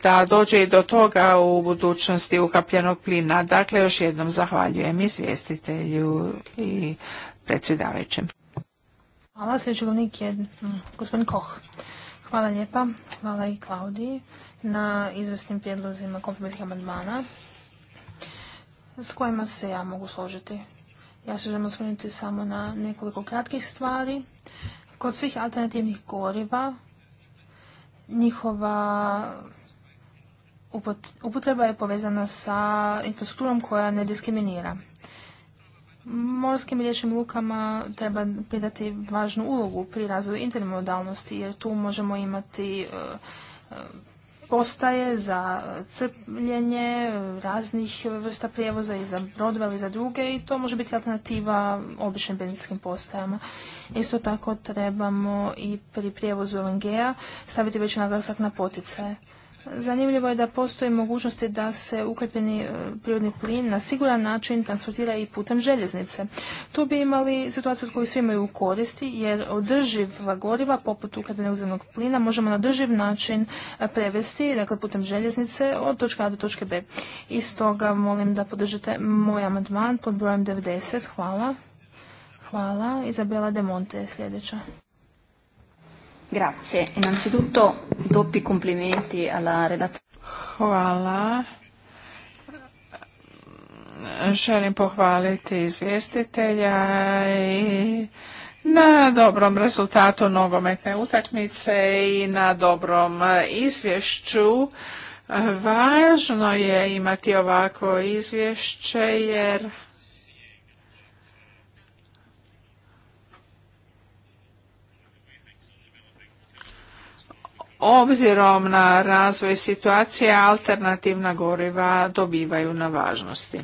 da dođe i do toga u budućnosti ukapljenog plina. Dakle, još jednom zahvaljujem izvjestitelju i predsjedavajućem. Hvala, sljedeći mm, gospodin Koh. Hvala lijepa. Hvala i Klaudiji na izvrsnim prijedlozima kompromisnih amandmana s kojima se ja mogu složiti. Ja se želim osvrnuti samo na nekoliko kratkih stvari. Kod svih alternativnih goriva njihova upotreba je povezana sa infrastrukturom koja ne diskriminira. Morskim riječnim lukama treba pridati važnu ulogu pri razvoju intermodalnosti jer tu možemo imati e, e, postaje za crpljenje raznih vrsta prijevoza i za brodove ali i za druge i to može biti alternativa običnim benzinskim postajama. Isto tako trebamo i pri prijevozu LNG-a staviti veći naglasak na poticaje. Zanimljivo je da postoje mogućnosti da se ukrepljeni e, prirodni plin na siguran način transportira i putem željeznice. Tu bi imali situaciju koju svi imaju u koristi, jer održiva goriva poput ukrepljenog zemnog plina možemo na održiv način e, prevesti, dakle putem željeznice, od točke A do točke B. I stoga molim da podržite moj amandman pod brojem 90. Hvala. Hvala. Izabela Demonte je sljedeća. Grazie. Innanzitutto doppi complimenti alla Hvala. Želim pohvaliti izvjestitelja i na dobrom rezultatu nogometne utakmice i na dobrom izvješću. Važno je imati ovako izvješće jer obzirom na razvoj situacije alternativna goriva dobivaju na važnosti.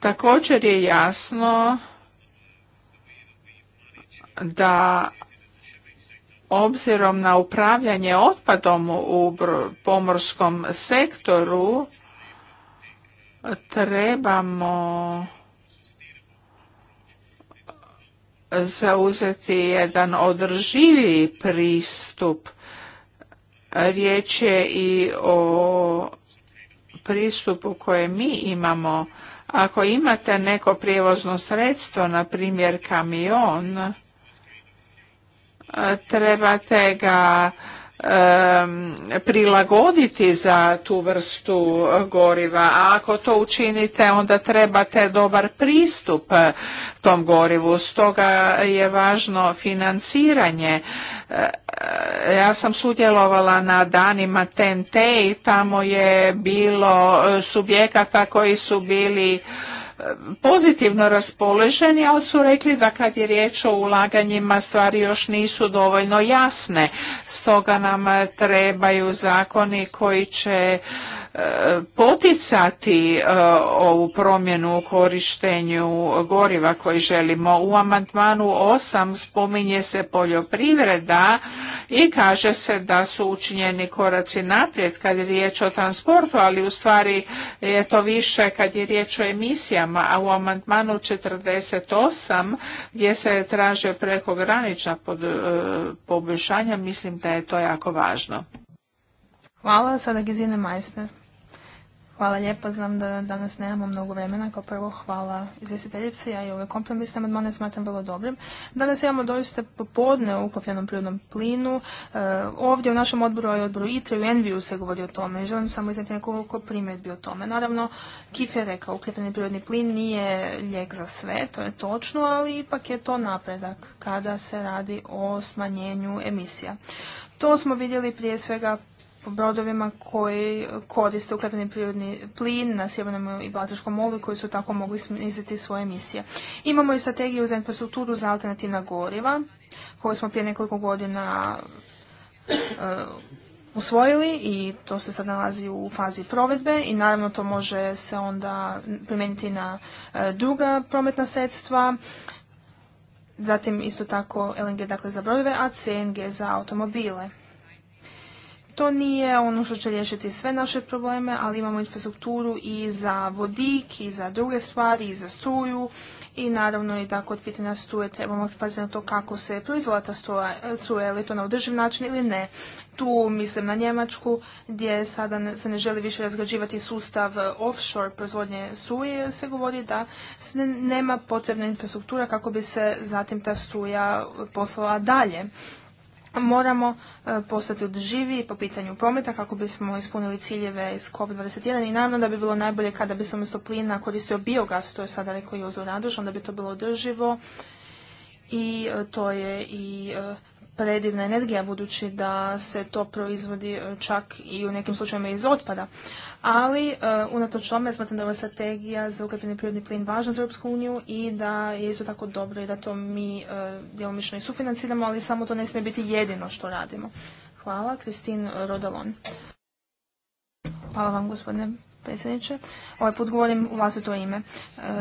Također je jasno da obzirom na upravljanje otpadom u pomorskom sektoru trebamo zauzeti jedan održivi pristup. Riječ je i o pristupu koje mi imamo. Ako imate neko prijevozno sredstvo, na primjer kamion, trebate ga prilagoditi za tu vrstu goriva, a ako to učinite onda trebate dobar pristup tom gorivu, stoga je važno financiranje. E, ja sam sudjelovala na danima TNT i tamo je bilo e, subjekata koji su bili pozitivno raspoloženi, ali su rekli da kad je riječ o ulaganjima stvari još nisu dovoljno jasne. Stoga nam trebaju zakoni koji će e, poticati e, ovu promjenu u korištenju goriva koji želimo. U amandmanu 8 spominje se poljoprivreda, i kaže se da su učinjeni koraci naprijed kad je riječ o transportu, ali u stvari je to više kad je riječ o emisijama, a u amandmanu 48 gdje se traže prekogranična e, poboljšanja, mislim da je to jako važno. Hvala, sada Gizine Majsner. Hvala lijepa, znam da danas nemamo mnogo vremena. Kao prvo hvala izvjestiteljici, a i ove kompromisne amandmane smatram vrlo dobrim. Danas imamo doista popodne u ukapljenom prirodnom plinu. E, ovdje u našem odboru, a i odboru ITRE, u Enviju se govori o tome. Želim samo izneti nekoliko primjedbi o tome. Naravno, Kif je rekao, ukapljeni prirodni plin nije lijek za sve, to je točno, ali ipak je to napredak kada se radi o smanjenju emisija. To smo vidjeli prije svega brodovima koji koriste ukapljeni prirodni plin na Sjevernom i Baltičkom molu koji su tako mogli sniziti svoje emisije. Imamo i strategiju za infrastrukturu za alternativna goriva koju smo prije nekoliko godina eh, usvojili i to se sad nalazi u fazi provedbe i naravno to može se onda primijeniti na eh, druga prometna sredstva, zatim isto tako LNG dakle za brodove, a CNG za automobile. To nije ono što će riješiti sve naše probleme, ali imamo infrastrukturu i za vodik, i za druge stvari, i za struju, i naravno i tako od pitanja struje trebamo paziti na to kako se proizvola ta struja, je to na održiv način ili ne. Tu mislim na Njemačku gdje sada se ne želi više razgrađivati sustav offshore proizvodnje struje jer se govori da nema potrebna infrastruktura kako bi se zatim ta struja poslala dalje moramo e, postati održiviji po pitanju prometa kako bismo ispunili ciljeve iz COP21 i naravno da bi bilo najbolje kada se umjesto plina koristio biogas, to je sada rekao Jozo Radoš, onda bi to bilo održivo i e, to je i e, predivna energija budući da se to proizvodi čak i u nekim slučajevima iz otpada ali uh, unatoč tome smatram da je ova strategija za ukrepljeni prirodni plin važna za Europsku uniju i da je isto tako dobro i da to mi uh, djelomično i sufinanciramo, ali samo to ne smije biti jedino što radimo. Hvala, Kristin Rodalon. Hvala vam, gospodine predsjedniče. Ovaj put govorim u vlastito ime. E,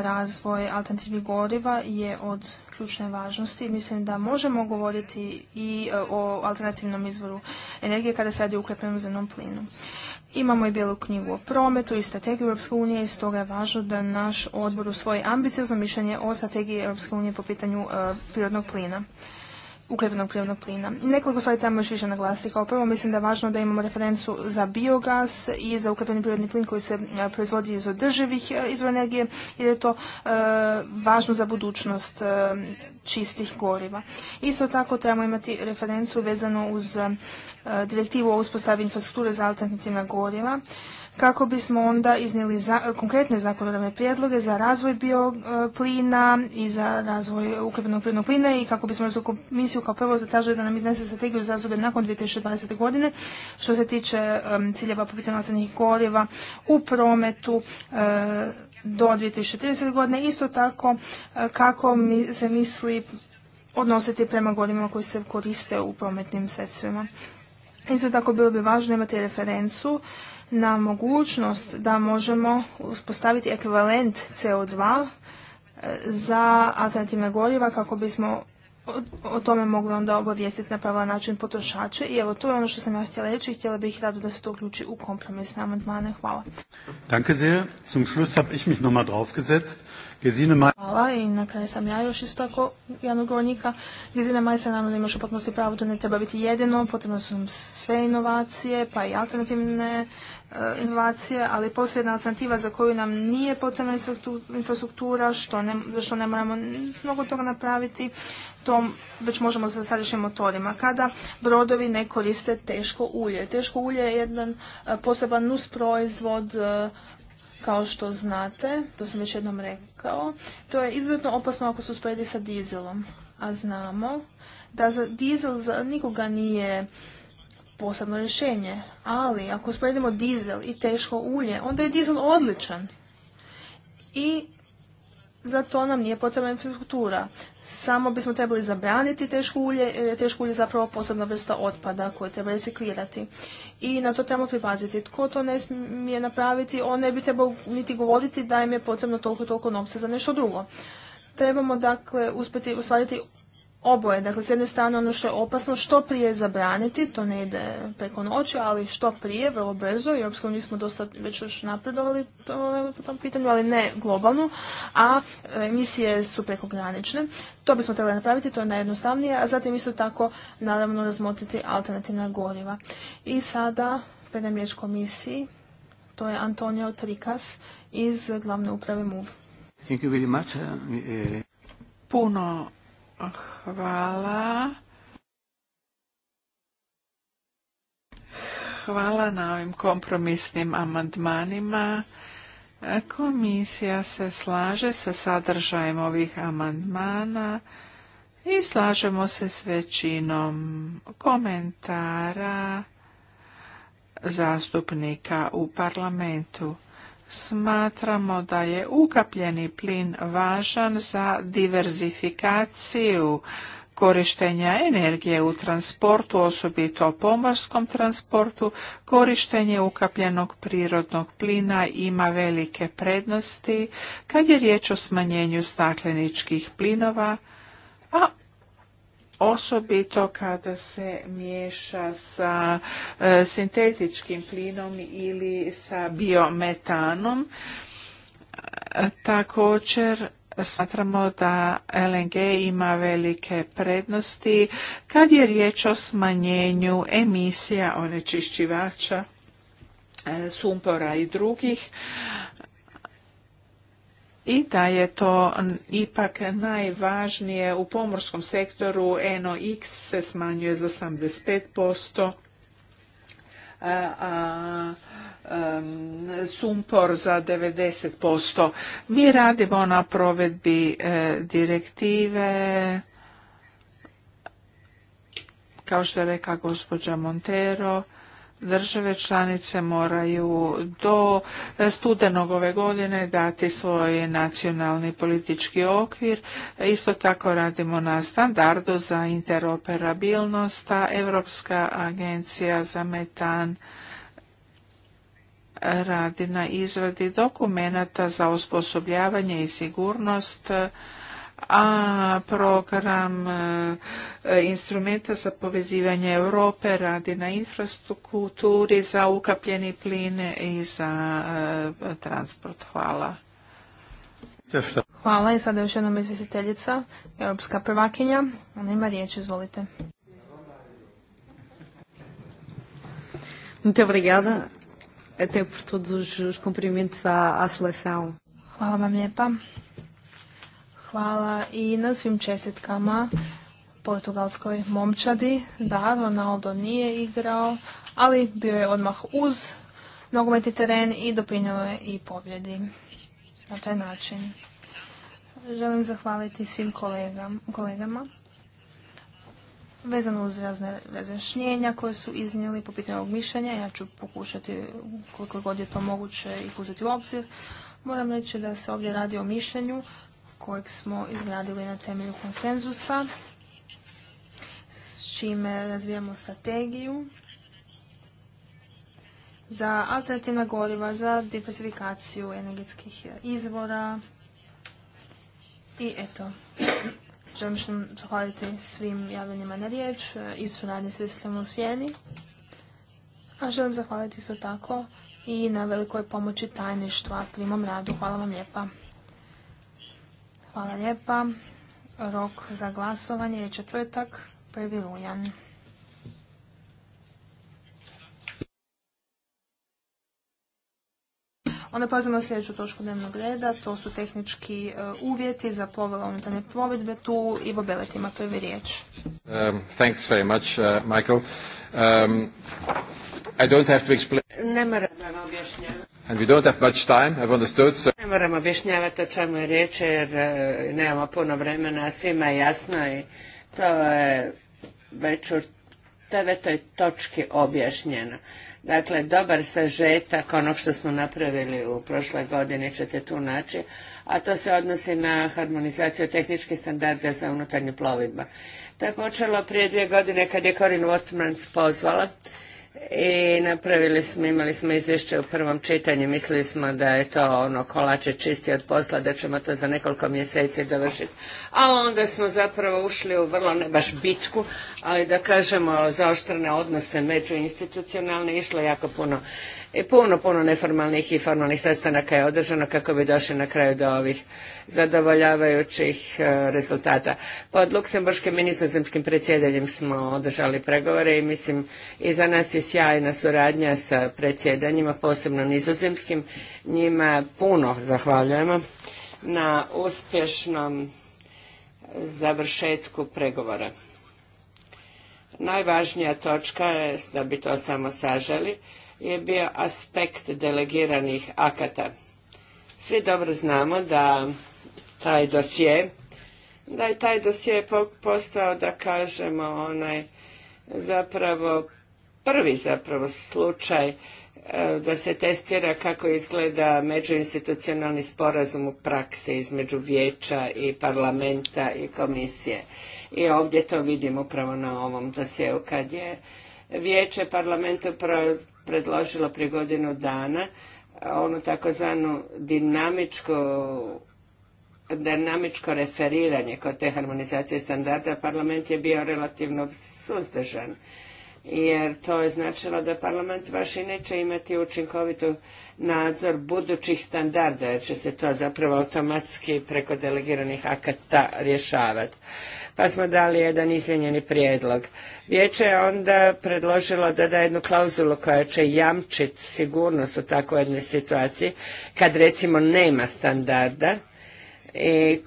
razvoj alternativnih goriva je od ključne važnosti. Mislim da možemo govoriti i o alternativnom izvoru energije kada se radi o ukrepenom zemnom plinu. Imamo i bijelu knjigu o prometu i strategiju Europske unije i stoga je važno da naš odbor usvoji ambiciozno mišljenje o strategiji Europske unije po pitanju e, prirodnog plina ukljepenog prirodnog plina. Nekoliko stvari trebamo još više naglasiti. Kao prvo mislim da je važno da imamo referencu za biogas i za ukljepeni prirodni plin koji se e, proizvodi iz održivih e, izvora energije jer je to e, važno za budućnost čistih goriva. Isto tako trebamo imati referencu vezanu uz direktivu o uspostavi infrastrukture za alternativna goriva kako bismo onda iznijeli konkretne zakonodavne prijedloge za razvoj bioplina e, i za razvoj ukapljenog prirodnog plina i kako bismo europsku komisiju kao prvo zatražili da nam iznese strategiju za razdoblje nakon 2020. godine što se tiče e, ciljeva po pitanju alternativnih goriva u prometu e, do 2030. godine. Isto tako kako se misli odnositi prema gorivima koji se koriste u prometnim sredstvima. Isto tako bilo bi važno imati referencu na mogućnost da možemo uspostaviti ekvivalent CO2 eh, za alternativna goriva kako bismo o tome mogli onda obavijestiti na pravilan način potrošače. I evo, to je ono što sam ja htjela reći i htjela bih rado da se to uključi u kompromisne amandmane. Hvala. Danke sehr. Zum Schluss habe ich mich Hvala i na kraju sam ja još isto tako jednog govornika. Gesine Majsa naravno imaš u pravo da ne treba biti jedino, potrebno su nam sve inovacije, pa i alternativne E, inovacije, ali postoji jedna alternativa za koju nam nije potrebna infrastruktura, što ne, za što ne moramo mnogo toga napraviti, to već možemo sa sadašnjim motorima. Kada brodovi ne koriste teško ulje. Teško ulje je jedan e, poseban nus proizvod e, kao što znate, to sam već jednom rekao, to je izuzetno opasno ako se usporedi sa dizelom. A znamo da za dizel za nikoga nije posebno rješenje. Ali ako usporedimo dizel i teško ulje, onda je dizel odličan. I za to nam nije potrebna infrastruktura. Samo bismo trebali zabraniti teško ulje, jer je teško ulje zapravo posebna vrsta otpada koje treba reciklirati. I na to trebamo pripaziti. Tko to ne smije napraviti, on ne bi trebao niti govoriti da im je potrebno toliko toliko novca za nešto drugo. Trebamo dakle uspjeti ostvariti oboje. Dakle, s jedne strane ono što je opasno, što prije zabraniti, to ne ide preko noći, ali što prije, vrlo brzo, i Europska mi smo dosta već još napredovali to, po tom pitanju, ali ne globalno, a e, emisije su prekogranične. To bismo trebali napraviti, to je najjednostavnije, a zatim isto tako, naravno, razmotriti alternativna goriva. I sada predam riječ komisiji, to je Antonio Trikas iz glavne uprave MUV. Uh, e, Puno Hvala. Hvala na ovim kompromisnim amandmanima. Komisija se slaže sa sadržajem ovih amandmana i slažemo se s većinom komentara zastupnika u parlamentu. Smatramo da je ukapljeni plin važan za diverzifikaciju korištenja energije u transportu, osobito pomorskom transportu, korištenje ukapljenog prirodnog plina ima velike prednosti kad je riječ o smanjenju stakleničkih plinova, a osobito kada se miješa sa e, sintetičkim plinom ili sa biometanom. E, također smatramo da LNG ima velike prednosti kad je riječ o smanjenju emisija onečišćivača e, sumpora i drugih i da je to ipak najvažnije u pomorskom sektoru NOx se smanjuje za 75%, a sumpor za 90%. Mi radimo na provedbi e, direktive, kao što je rekla gospođa Montero, države članice moraju do studenog ove godine dati svoj nacionalni politički okvir. Isto tako radimo na standardu za interoperabilnost, a Europska agencija za metan radi na izradi dokumenata za osposobljavanje i sigurnost a program e, e, instrumenta za povezivanje Europe radi na infrastrukturi za ukapljeni plin i za e, transport. Hvala. Hvala i sada još jednom izvjestiteljica, europska prvakinja. Ona ima riječ, izvolite. Muito obrigada, até por todos Hvala vam lijepa. Hvala i na svim čestitkama portugalskoj momčadi. Da, Ronaldo nije igrao, ali bio je odmah uz nogometni teren i doprinio je i pobjedi na taj način. Želim zahvaliti svim kolegama vezano uz razne razjašnjenja koje su iznijeli po pitanju ovog mišljenja. Ja ću pokušati koliko god je to moguće ih uzeti u obzir. Moram reći da se ovdje radi o mišljenju kojeg smo izgradili na temelju konsenzusa, s čime razvijamo strategiju za alternativna goriva, za diversifikaciju energetskih izvora i eto. Želim što zahvaliti svim javljanjima na riječ i suradnji svi Veselom u Sjeni. A želim zahvaliti isto tako i na velikoj pomoći tajništva primom radu. Hvala vam lijepa. Hvala lijepa. Rok za glasovanje je četvrtak, 1. rujan. Onda pazimo na sljedeću točku dnevnog reda, to su tehnički e, uvjeti za plovila unutarnje plovidbe. Tu Ivo Belet ima prvi riječ. Um, thanks very much, uh, Michael. Um, I don't have to explain... Ne moram vam And we don't have time, I've understood, Ne moram objašnjavati o čemu je riječ jer e, nemamo puno vremena, svima je jasno i to je već u devetoj točki objašnjeno. Dakle, dobar sažetak onog što smo napravili u prošloj godini ćete tu naći, a to se odnosi na harmonizaciju tehničkih standarda za unutarnju plovidba. To je počelo prije dvije godine kad je Corinne Wortmans pozvala i napravili smo, imali smo izvješće u prvom čitanju, mislili smo da je to ono kolače čisti od posla, da ćemo to za nekoliko mjeseci dovršiti. A onda smo zapravo ušli u vrlo ne baš bitku, ali da kažemo zaoštrane odnose međuinstitucionalne, išlo jako puno i e, puno, puno neformalnih i formalnih sastanaka je održano kako bi došli na kraju do ovih zadovoljavajućih e, rezultata. Pod luksemburškim i nizozemskim predsjedanjem smo održali pregovore i mislim i za nas je sjajna suradnja sa predsjedanjima, posebno nizozemskim. Njima puno zahvaljujemo na uspješnom završetku pregovora. Najvažnija točka je, da bi to samo saželi, je bio aspekt delegiranih akata. Svi dobro znamo da taj dosje, da je taj dosje postao, da kažemo, onaj zapravo prvi zapravo slučaj e, da se testira kako izgleda međuinstitucionalni sporazum u praksi između vijeća i parlamenta i komisije. I ovdje to vidim upravo na ovom dosjeu kad je vijeće parlamentu predložilo prije godinu dana onu takozvanu dinamičko dinamičko referiranje kod te harmonizacije standarda, parlament je bio relativno suzdržan jer to je značilo da parlament baš i neće imati učinkovitu nadzor budućih standarda, jer će se to zapravo automatski preko delegiranih akata rješavati. Pa smo dali jedan izmijenjeni prijedlog. Vijeće je onda predložilo da da jednu klauzulu koja će jamčiti sigurnost u takvoj jednoj situaciji, kad recimo nema standarda, i,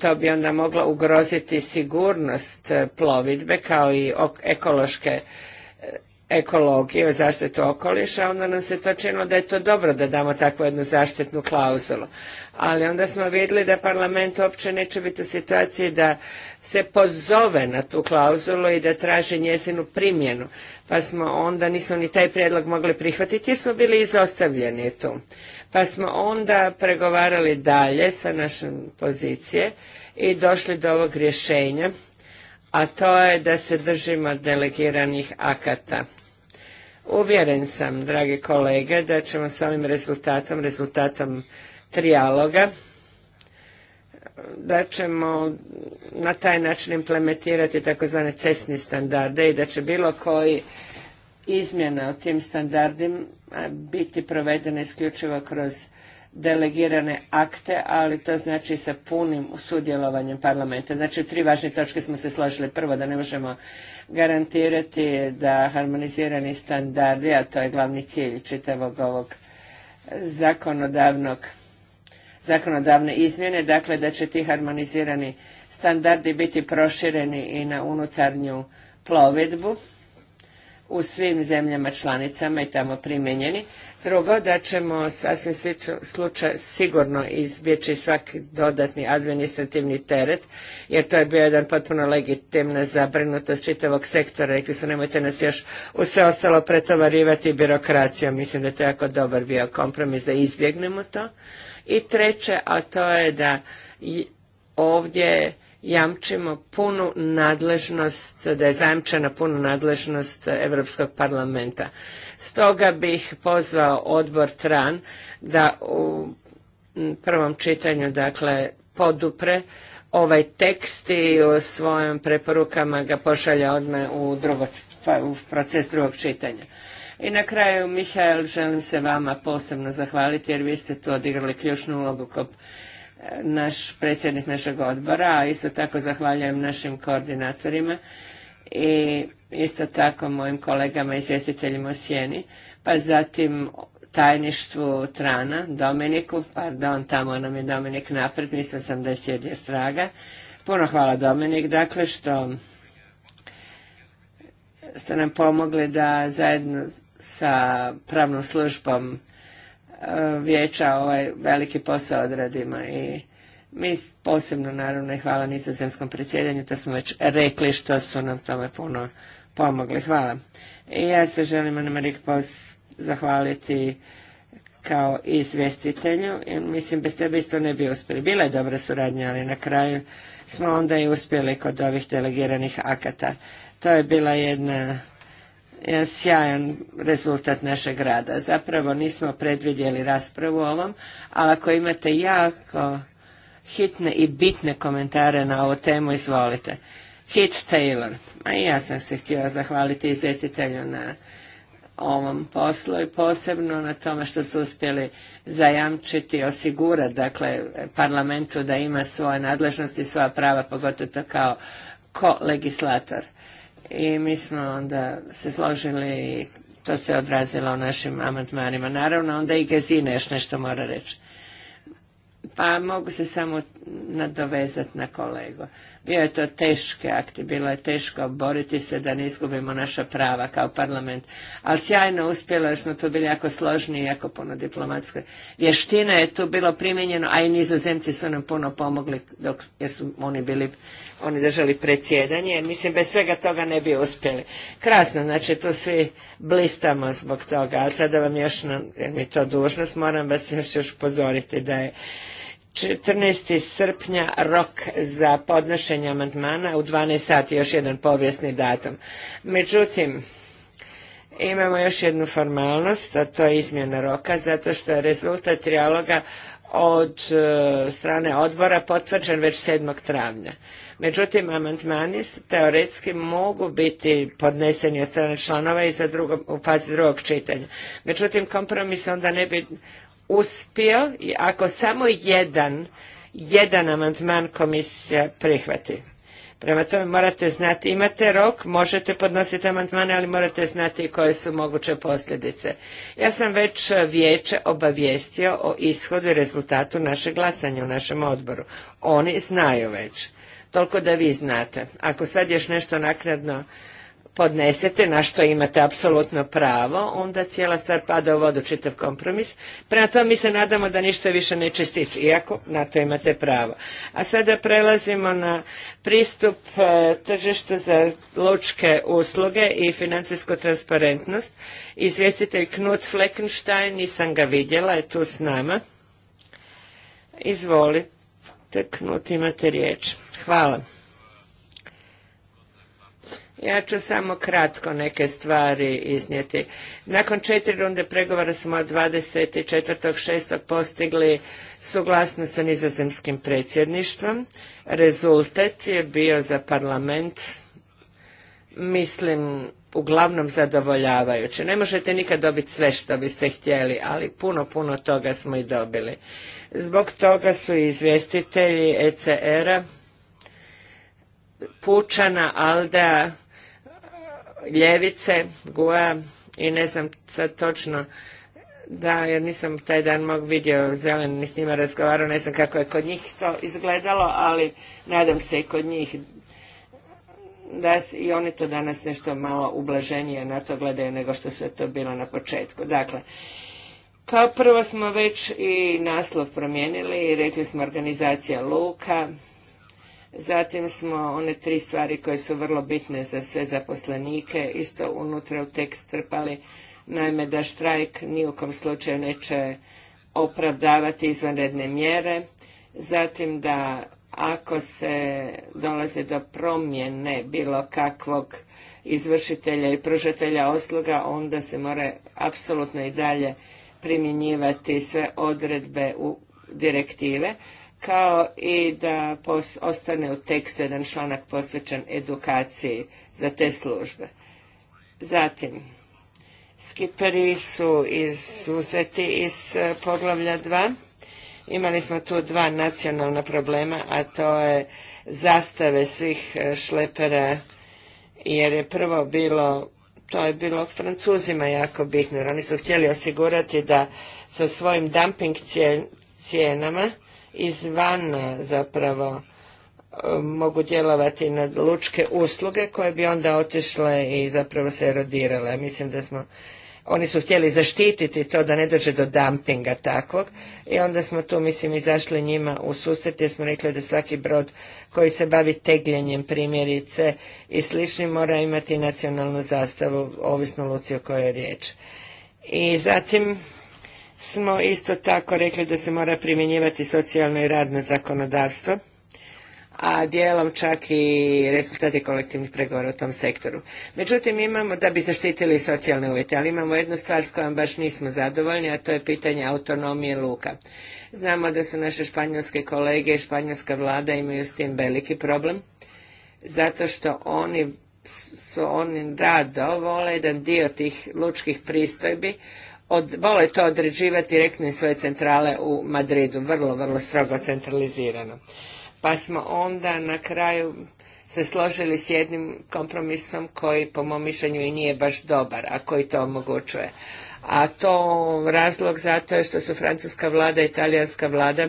to bi onda moglo ugroziti sigurnost plovidbe kao i ekološke ekologiju zaštitu okoliša, onda nam se to činilo da je to dobro da damo takvu jednu zaštitnu klauzulu. Ali onda smo vidjeli da parlament uopće neće biti u situaciji da se pozove na tu klauzulu i da traži njezinu primjenu. Pa smo onda, nismo ni taj prijedlog mogli prihvatiti jer smo bili izostavljeni tu. Pa smo onda pregovarali dalje sa naše pozicije i došli do ovog rješenja a to je da se držimo delegiranih akata. Uvjeren sam, drage kolege, da ćemo s ovim rezultatom, rezultatom trijaloga, da ćemo na taj način implementirati takozvane cesni standarde i da će bilo koji izmjena o tim standardima biti provedena isključivo kroz delegirane akte, ali to znači sa punim sudjelovanjem parlamenta. Znači, tri važne točke smo se složili. Prvo, da ne možemo garantirati da harmonizirani standardi, a to je glavni cilj čitavog ovog zakonodavnog zakonodavne izmjene, dakle da će ti harmonizirani standardi biti prošireni i na unutarnju plovidbu u svim zemljama članicama i tamo primjenjeni. Drugo, da ćemo sasvim slučaj sigurno izbjeći svaki dodatni administrativni teret, jer to je bio jedan potpuno legitimna zabrinutost čitavog sektora. Rekli su nemojte nas još u sve ostalo pretovarivati birokracijom. Mislim da je to jako dobar bio kompromis da izbjegnemo to. I treće, a to je da ovdje jamčimo punu nadležnost, da je zajamčena punu nadležnost Europskog parlamenta. Stoga bih pozvao odbor TRAN da u prvom čitanju, dakle, podupre ovaj tekst i u svojim preporukama ga pošalja odmah u, pa u proces drugog čitanja. I na kraju, Mihael, želim se vama posebno zahvaliti jer vi ste tu odigrali ključnu ulogu naš predsjednik našeg odbora, a isto tako zahvaljujem našim koordinatorima i isto tako mojim kolegama izvjestiteljima u Sjeni, pa zatim tajništvu Trana, Dominiku, pardon, tamo nam je Dominik napred, mislio sam da je sjedio straga. Puno hvala Dominik, dakle što ste nam pomogli da zajedno sa pravnom službom vijeća ovaj veliki posao odradimo i mi posebno naravno i hvala nizozemskom predsjedanju, to smo već rekli što su nam tome puno pomogli. Hvala. I ja se želim Marik Pos zahvaliti kao izvjestitelju. I mislim, bez tebe isto ne bi uspjeli. Bila je dobra suradnja, ali na kraju smo onda i uspjeli kod ovih delegiranih akata. To je bila jedna sjajan rezultat našeg rada. Zapravo nismo predvidjeli raspravu o ovom, ali ako imate jako hitne i bitne komentare na ovu temu, izvolite. Hit Taylor. A i ja sam se htjela zahvaliti izvjestitelju na ovom poslu i posebno na tome što su uspjeli zajamčiti, osigurati dakle, parlamentu da ima svoje nadležnosti, svoja prava, pogotovo kao ko legislator i mi smo onda se složili i to se odrazilo u našim amandmanima. Naravno, onda i gazine, još nešto mora reći. Pa mogu se samo nadovezati na kolegu. Bio je to teške akte, bilo je teško boriti se da ne izgubimo naša prava kao parlament. Ali sjajno uspjelo jer smo tu bili jako složni i jako puno diplomatske Vještina je tu bilo primijenjeno, a i nizozemci su nam puno pomogli dok, jer su oni bili oni držali predsjedanje, mislim bez svega toga ne bi uspjeli. Krasno, znači tu svi blistamo zbog toga, ali sada vam još, jer mi je to dužnost, moram vas još još upozoriti da je 14. srpnja rok za podnošenje amandmana u 12 sati, još jedan povijesni datum. Međutim, imamo još jednu formalnost, a to je izmjena roka, zato što je rezultat trijaloga od e, strane odbora potvrđen već 7. travnja. Međutim, amandmani teoretski mogu biti podneseni od strane članova i za u fazi drugog čitanja. Međutim, kompromis onda ne bi uspio i ako samo jedan, jedan amandman komisija prihvati. Prema tome morate znati, imate rok, možete podnositi amandmane, ali morate znati koje su moguće posljedice. Ja sam već vijeće obavijestio o ishodu i rezultatu našeg glasanja u našem odboru. Oni znaju već. Toliko da vi znate. Ako sad još nešto naknadno podnesete, na što imate apsolutno pravo, onda cijela stvar pada u vodu, čitav kompromis. Prema tome mi se nadamo da ništa više neće stići, iako na to imate pravo. A sada prelazimo na pristup e, tržišta za lučke usluge i financijsku transparentnost. Izvjestitelj Knut Fleckenstein, nisam ga vidjela, je tu s nama. Izvolite, Knut, imate riječ. Hvala. Ja ću samo kratko neke stvari iznijeti. Nakon četiri runde pregovora smo 24.6. postigli suglasnost sa nizozemskim predsjedništvom. Rezultat je bio za parlament, mislim, uglavnom zadovoljavajući. Ne možete nikad dobiti sve što biste htjeli, ali puno, puno toga smo i dobili. Zbog toga su izvjestitelji ECR-a Pučana, Alda, Ljevice, Guja i ne znam sad točno da, jer nisam taj dan mog vidio zelen, ni s njima razgovarao, ne znam kako je kod njih to izgledalo, ali nadam se i kod njih da i oni to danas nešto malo ublaženije na to gledaju nego što su to bilo na početku. Dakle, kao prvo smo već i naslov promijenili i rekli smo organizacija luka, Zatim smo one tri stvari koje su vrlo bitne za sve zaposlenike isto unutra u tekst trpali. Naime, da štrajk ni u kom slučaju neće opravdavati izvanredne mjere. Zatim da ako se dolaze do promjene bilo kakvog izvršitelja i pružatelja usluga, onda se mora apsolutno i dalje primjenjivati sve odredbe u direktive, kao i da ostane u tekstu jedan članak posvećen edukaciji za te službe. Zatim, skiperi su izuzeti iz e, poglavlja 2. Imali smo tu dva nacionalna problema, a to je zastave svih e, šlepera, jer je prvo bilo, to je bilo Francuzima jako bitno, jer oni su htjeli osigurati da sa svojim dumping cijenama izvana zapravo um, mogu djelovati na lučke usluge koje bi onda otišle i zapravo se erodirale. Mislim da smo, oni su htjeli zaštititi to da ne dođe do dumpinga takvog i onda smo tu mislim izašli njima u susret jer smo rekli da svaki brod koji se bavi tegljenjem primjerice i slični mora imati nacionalnu zastavu ovisno luci o kojoj je riječ. I zatim smo isto tako rekli da se mora primjenjivati socijalno i radno zakonodavstvo, a dijelom čak i rezultate kolektivnih pregovora u tom sektoru. Međutim, imamo, da bi zaštitili socijalne uvjete, ali imamo jednu stvar s kojom baš nismo zadovoljni, a to je pitanje autonomije luka. Znamo da su naše španjolske kolege i španjolska vlada imaju s tim veliki problem, zato što oni su oni rado vole jedan dio tih lučkih pristojbi od, vole to određivati direktno iz svoje centrale u Madridu, vrlo, vrlo strogo centralizirano. Pa smo onda na kraju se složili s jednim kompromisom koji po mom mišljenju i nije baš dobar, a koji to omogućuje. A to razlog zato je što su francuska vlada i italijanska vlada e,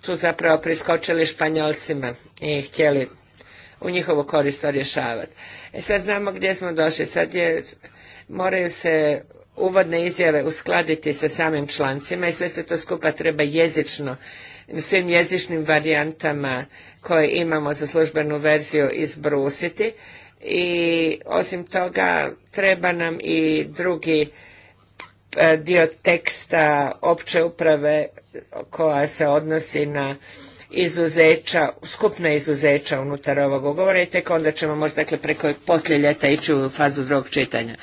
tu zapravo priskočili Španjolcima i htjeli u njihovo koristu rješavati. E sad znamo gdje smo došli. Sad je moraju se uvodne izjave uskladiti sa samim člancima i sve se to skupa treba jezično svim jezičnim varijantama koje imamo za službenu verziju izbrusiti i osim toga treba nam i drugi e, dio teksta opće uprave koja se odnosi na izuzeća, skupna izuzeća unutar ovog ugovora i tek onda ćemo možda dakle, preko poslije ljeta ići u fazu drugog čitanja.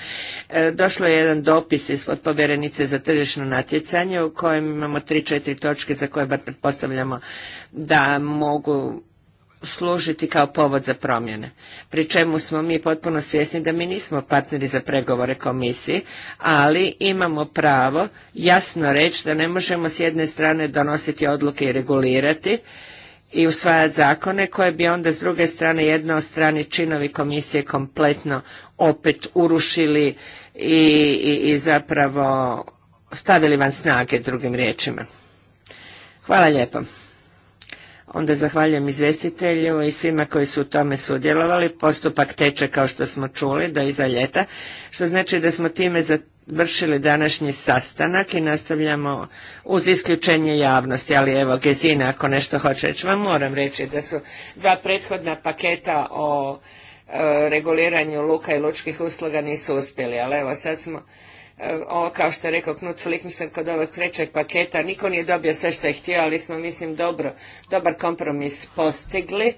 E, došlo je jedan dopis od povjerenice za tržišno natjecanje u kojem imamo tri, četiri točke za koje bar pretpostavljamo da mogu služiti kao povod za promjene. Pri čemu smo mi potpuno svjesni da mi nismo partneri za pregovore komisiji, ali imamo pravo jasno reći da ne možemo s jedne strane donositi odluke i regulirati i usvajati zakone koje bi onda s druge strane jedna od strani činovi komisije kompletno opet urušili i, i, i zapravo stavili van snage drugim riječima. Hvala lijepo. Onda zahvaljujem izvjestitelju i svima koji su u tome sudjelovali. Postupak teče kao što smo čuli do iza ljeta, što znači da smo time završili današnji sastanak i nastavljamo uz isključenje javnosti, ali evo Gezina ako nešto hoće reći vam moram reći da su dva prethodna paketa o e, reguliranju luka i lučkih usluga nisu uspjeli, ali evo sad smo ovo kao što je rekao Knut Flicknstein kod ovog trećeg paketa, niko nije dobio sve što je htio, ali smo mislim dobro, dobar kompromis postigli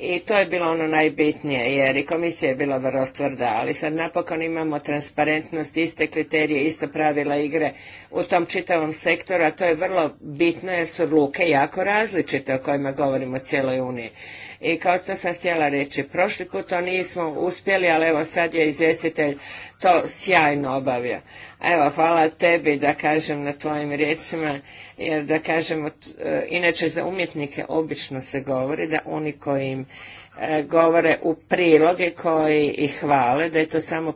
i to je bilo ono najbitnije, jer i komisija je bila vrlo tvrda, ali sad napokon imamo transparentnost, iste kriterije, iste pravila igre u tom čitavom sektoru, a to je vrlo bitno jer su luke jako različite o kojima govorimo o cijeloj Uniji. I kao što sam htjela reći, prošli put to nismo uspjeli, ali evo sad je izvjestitelj to sjajno obavio. Evo, hvala tebi da kažem na tvojim riječima jer da kažemo, e, inače za umjetnike obično se govori da oni koji im e, govore u priloge koji ih hvale, da je to samo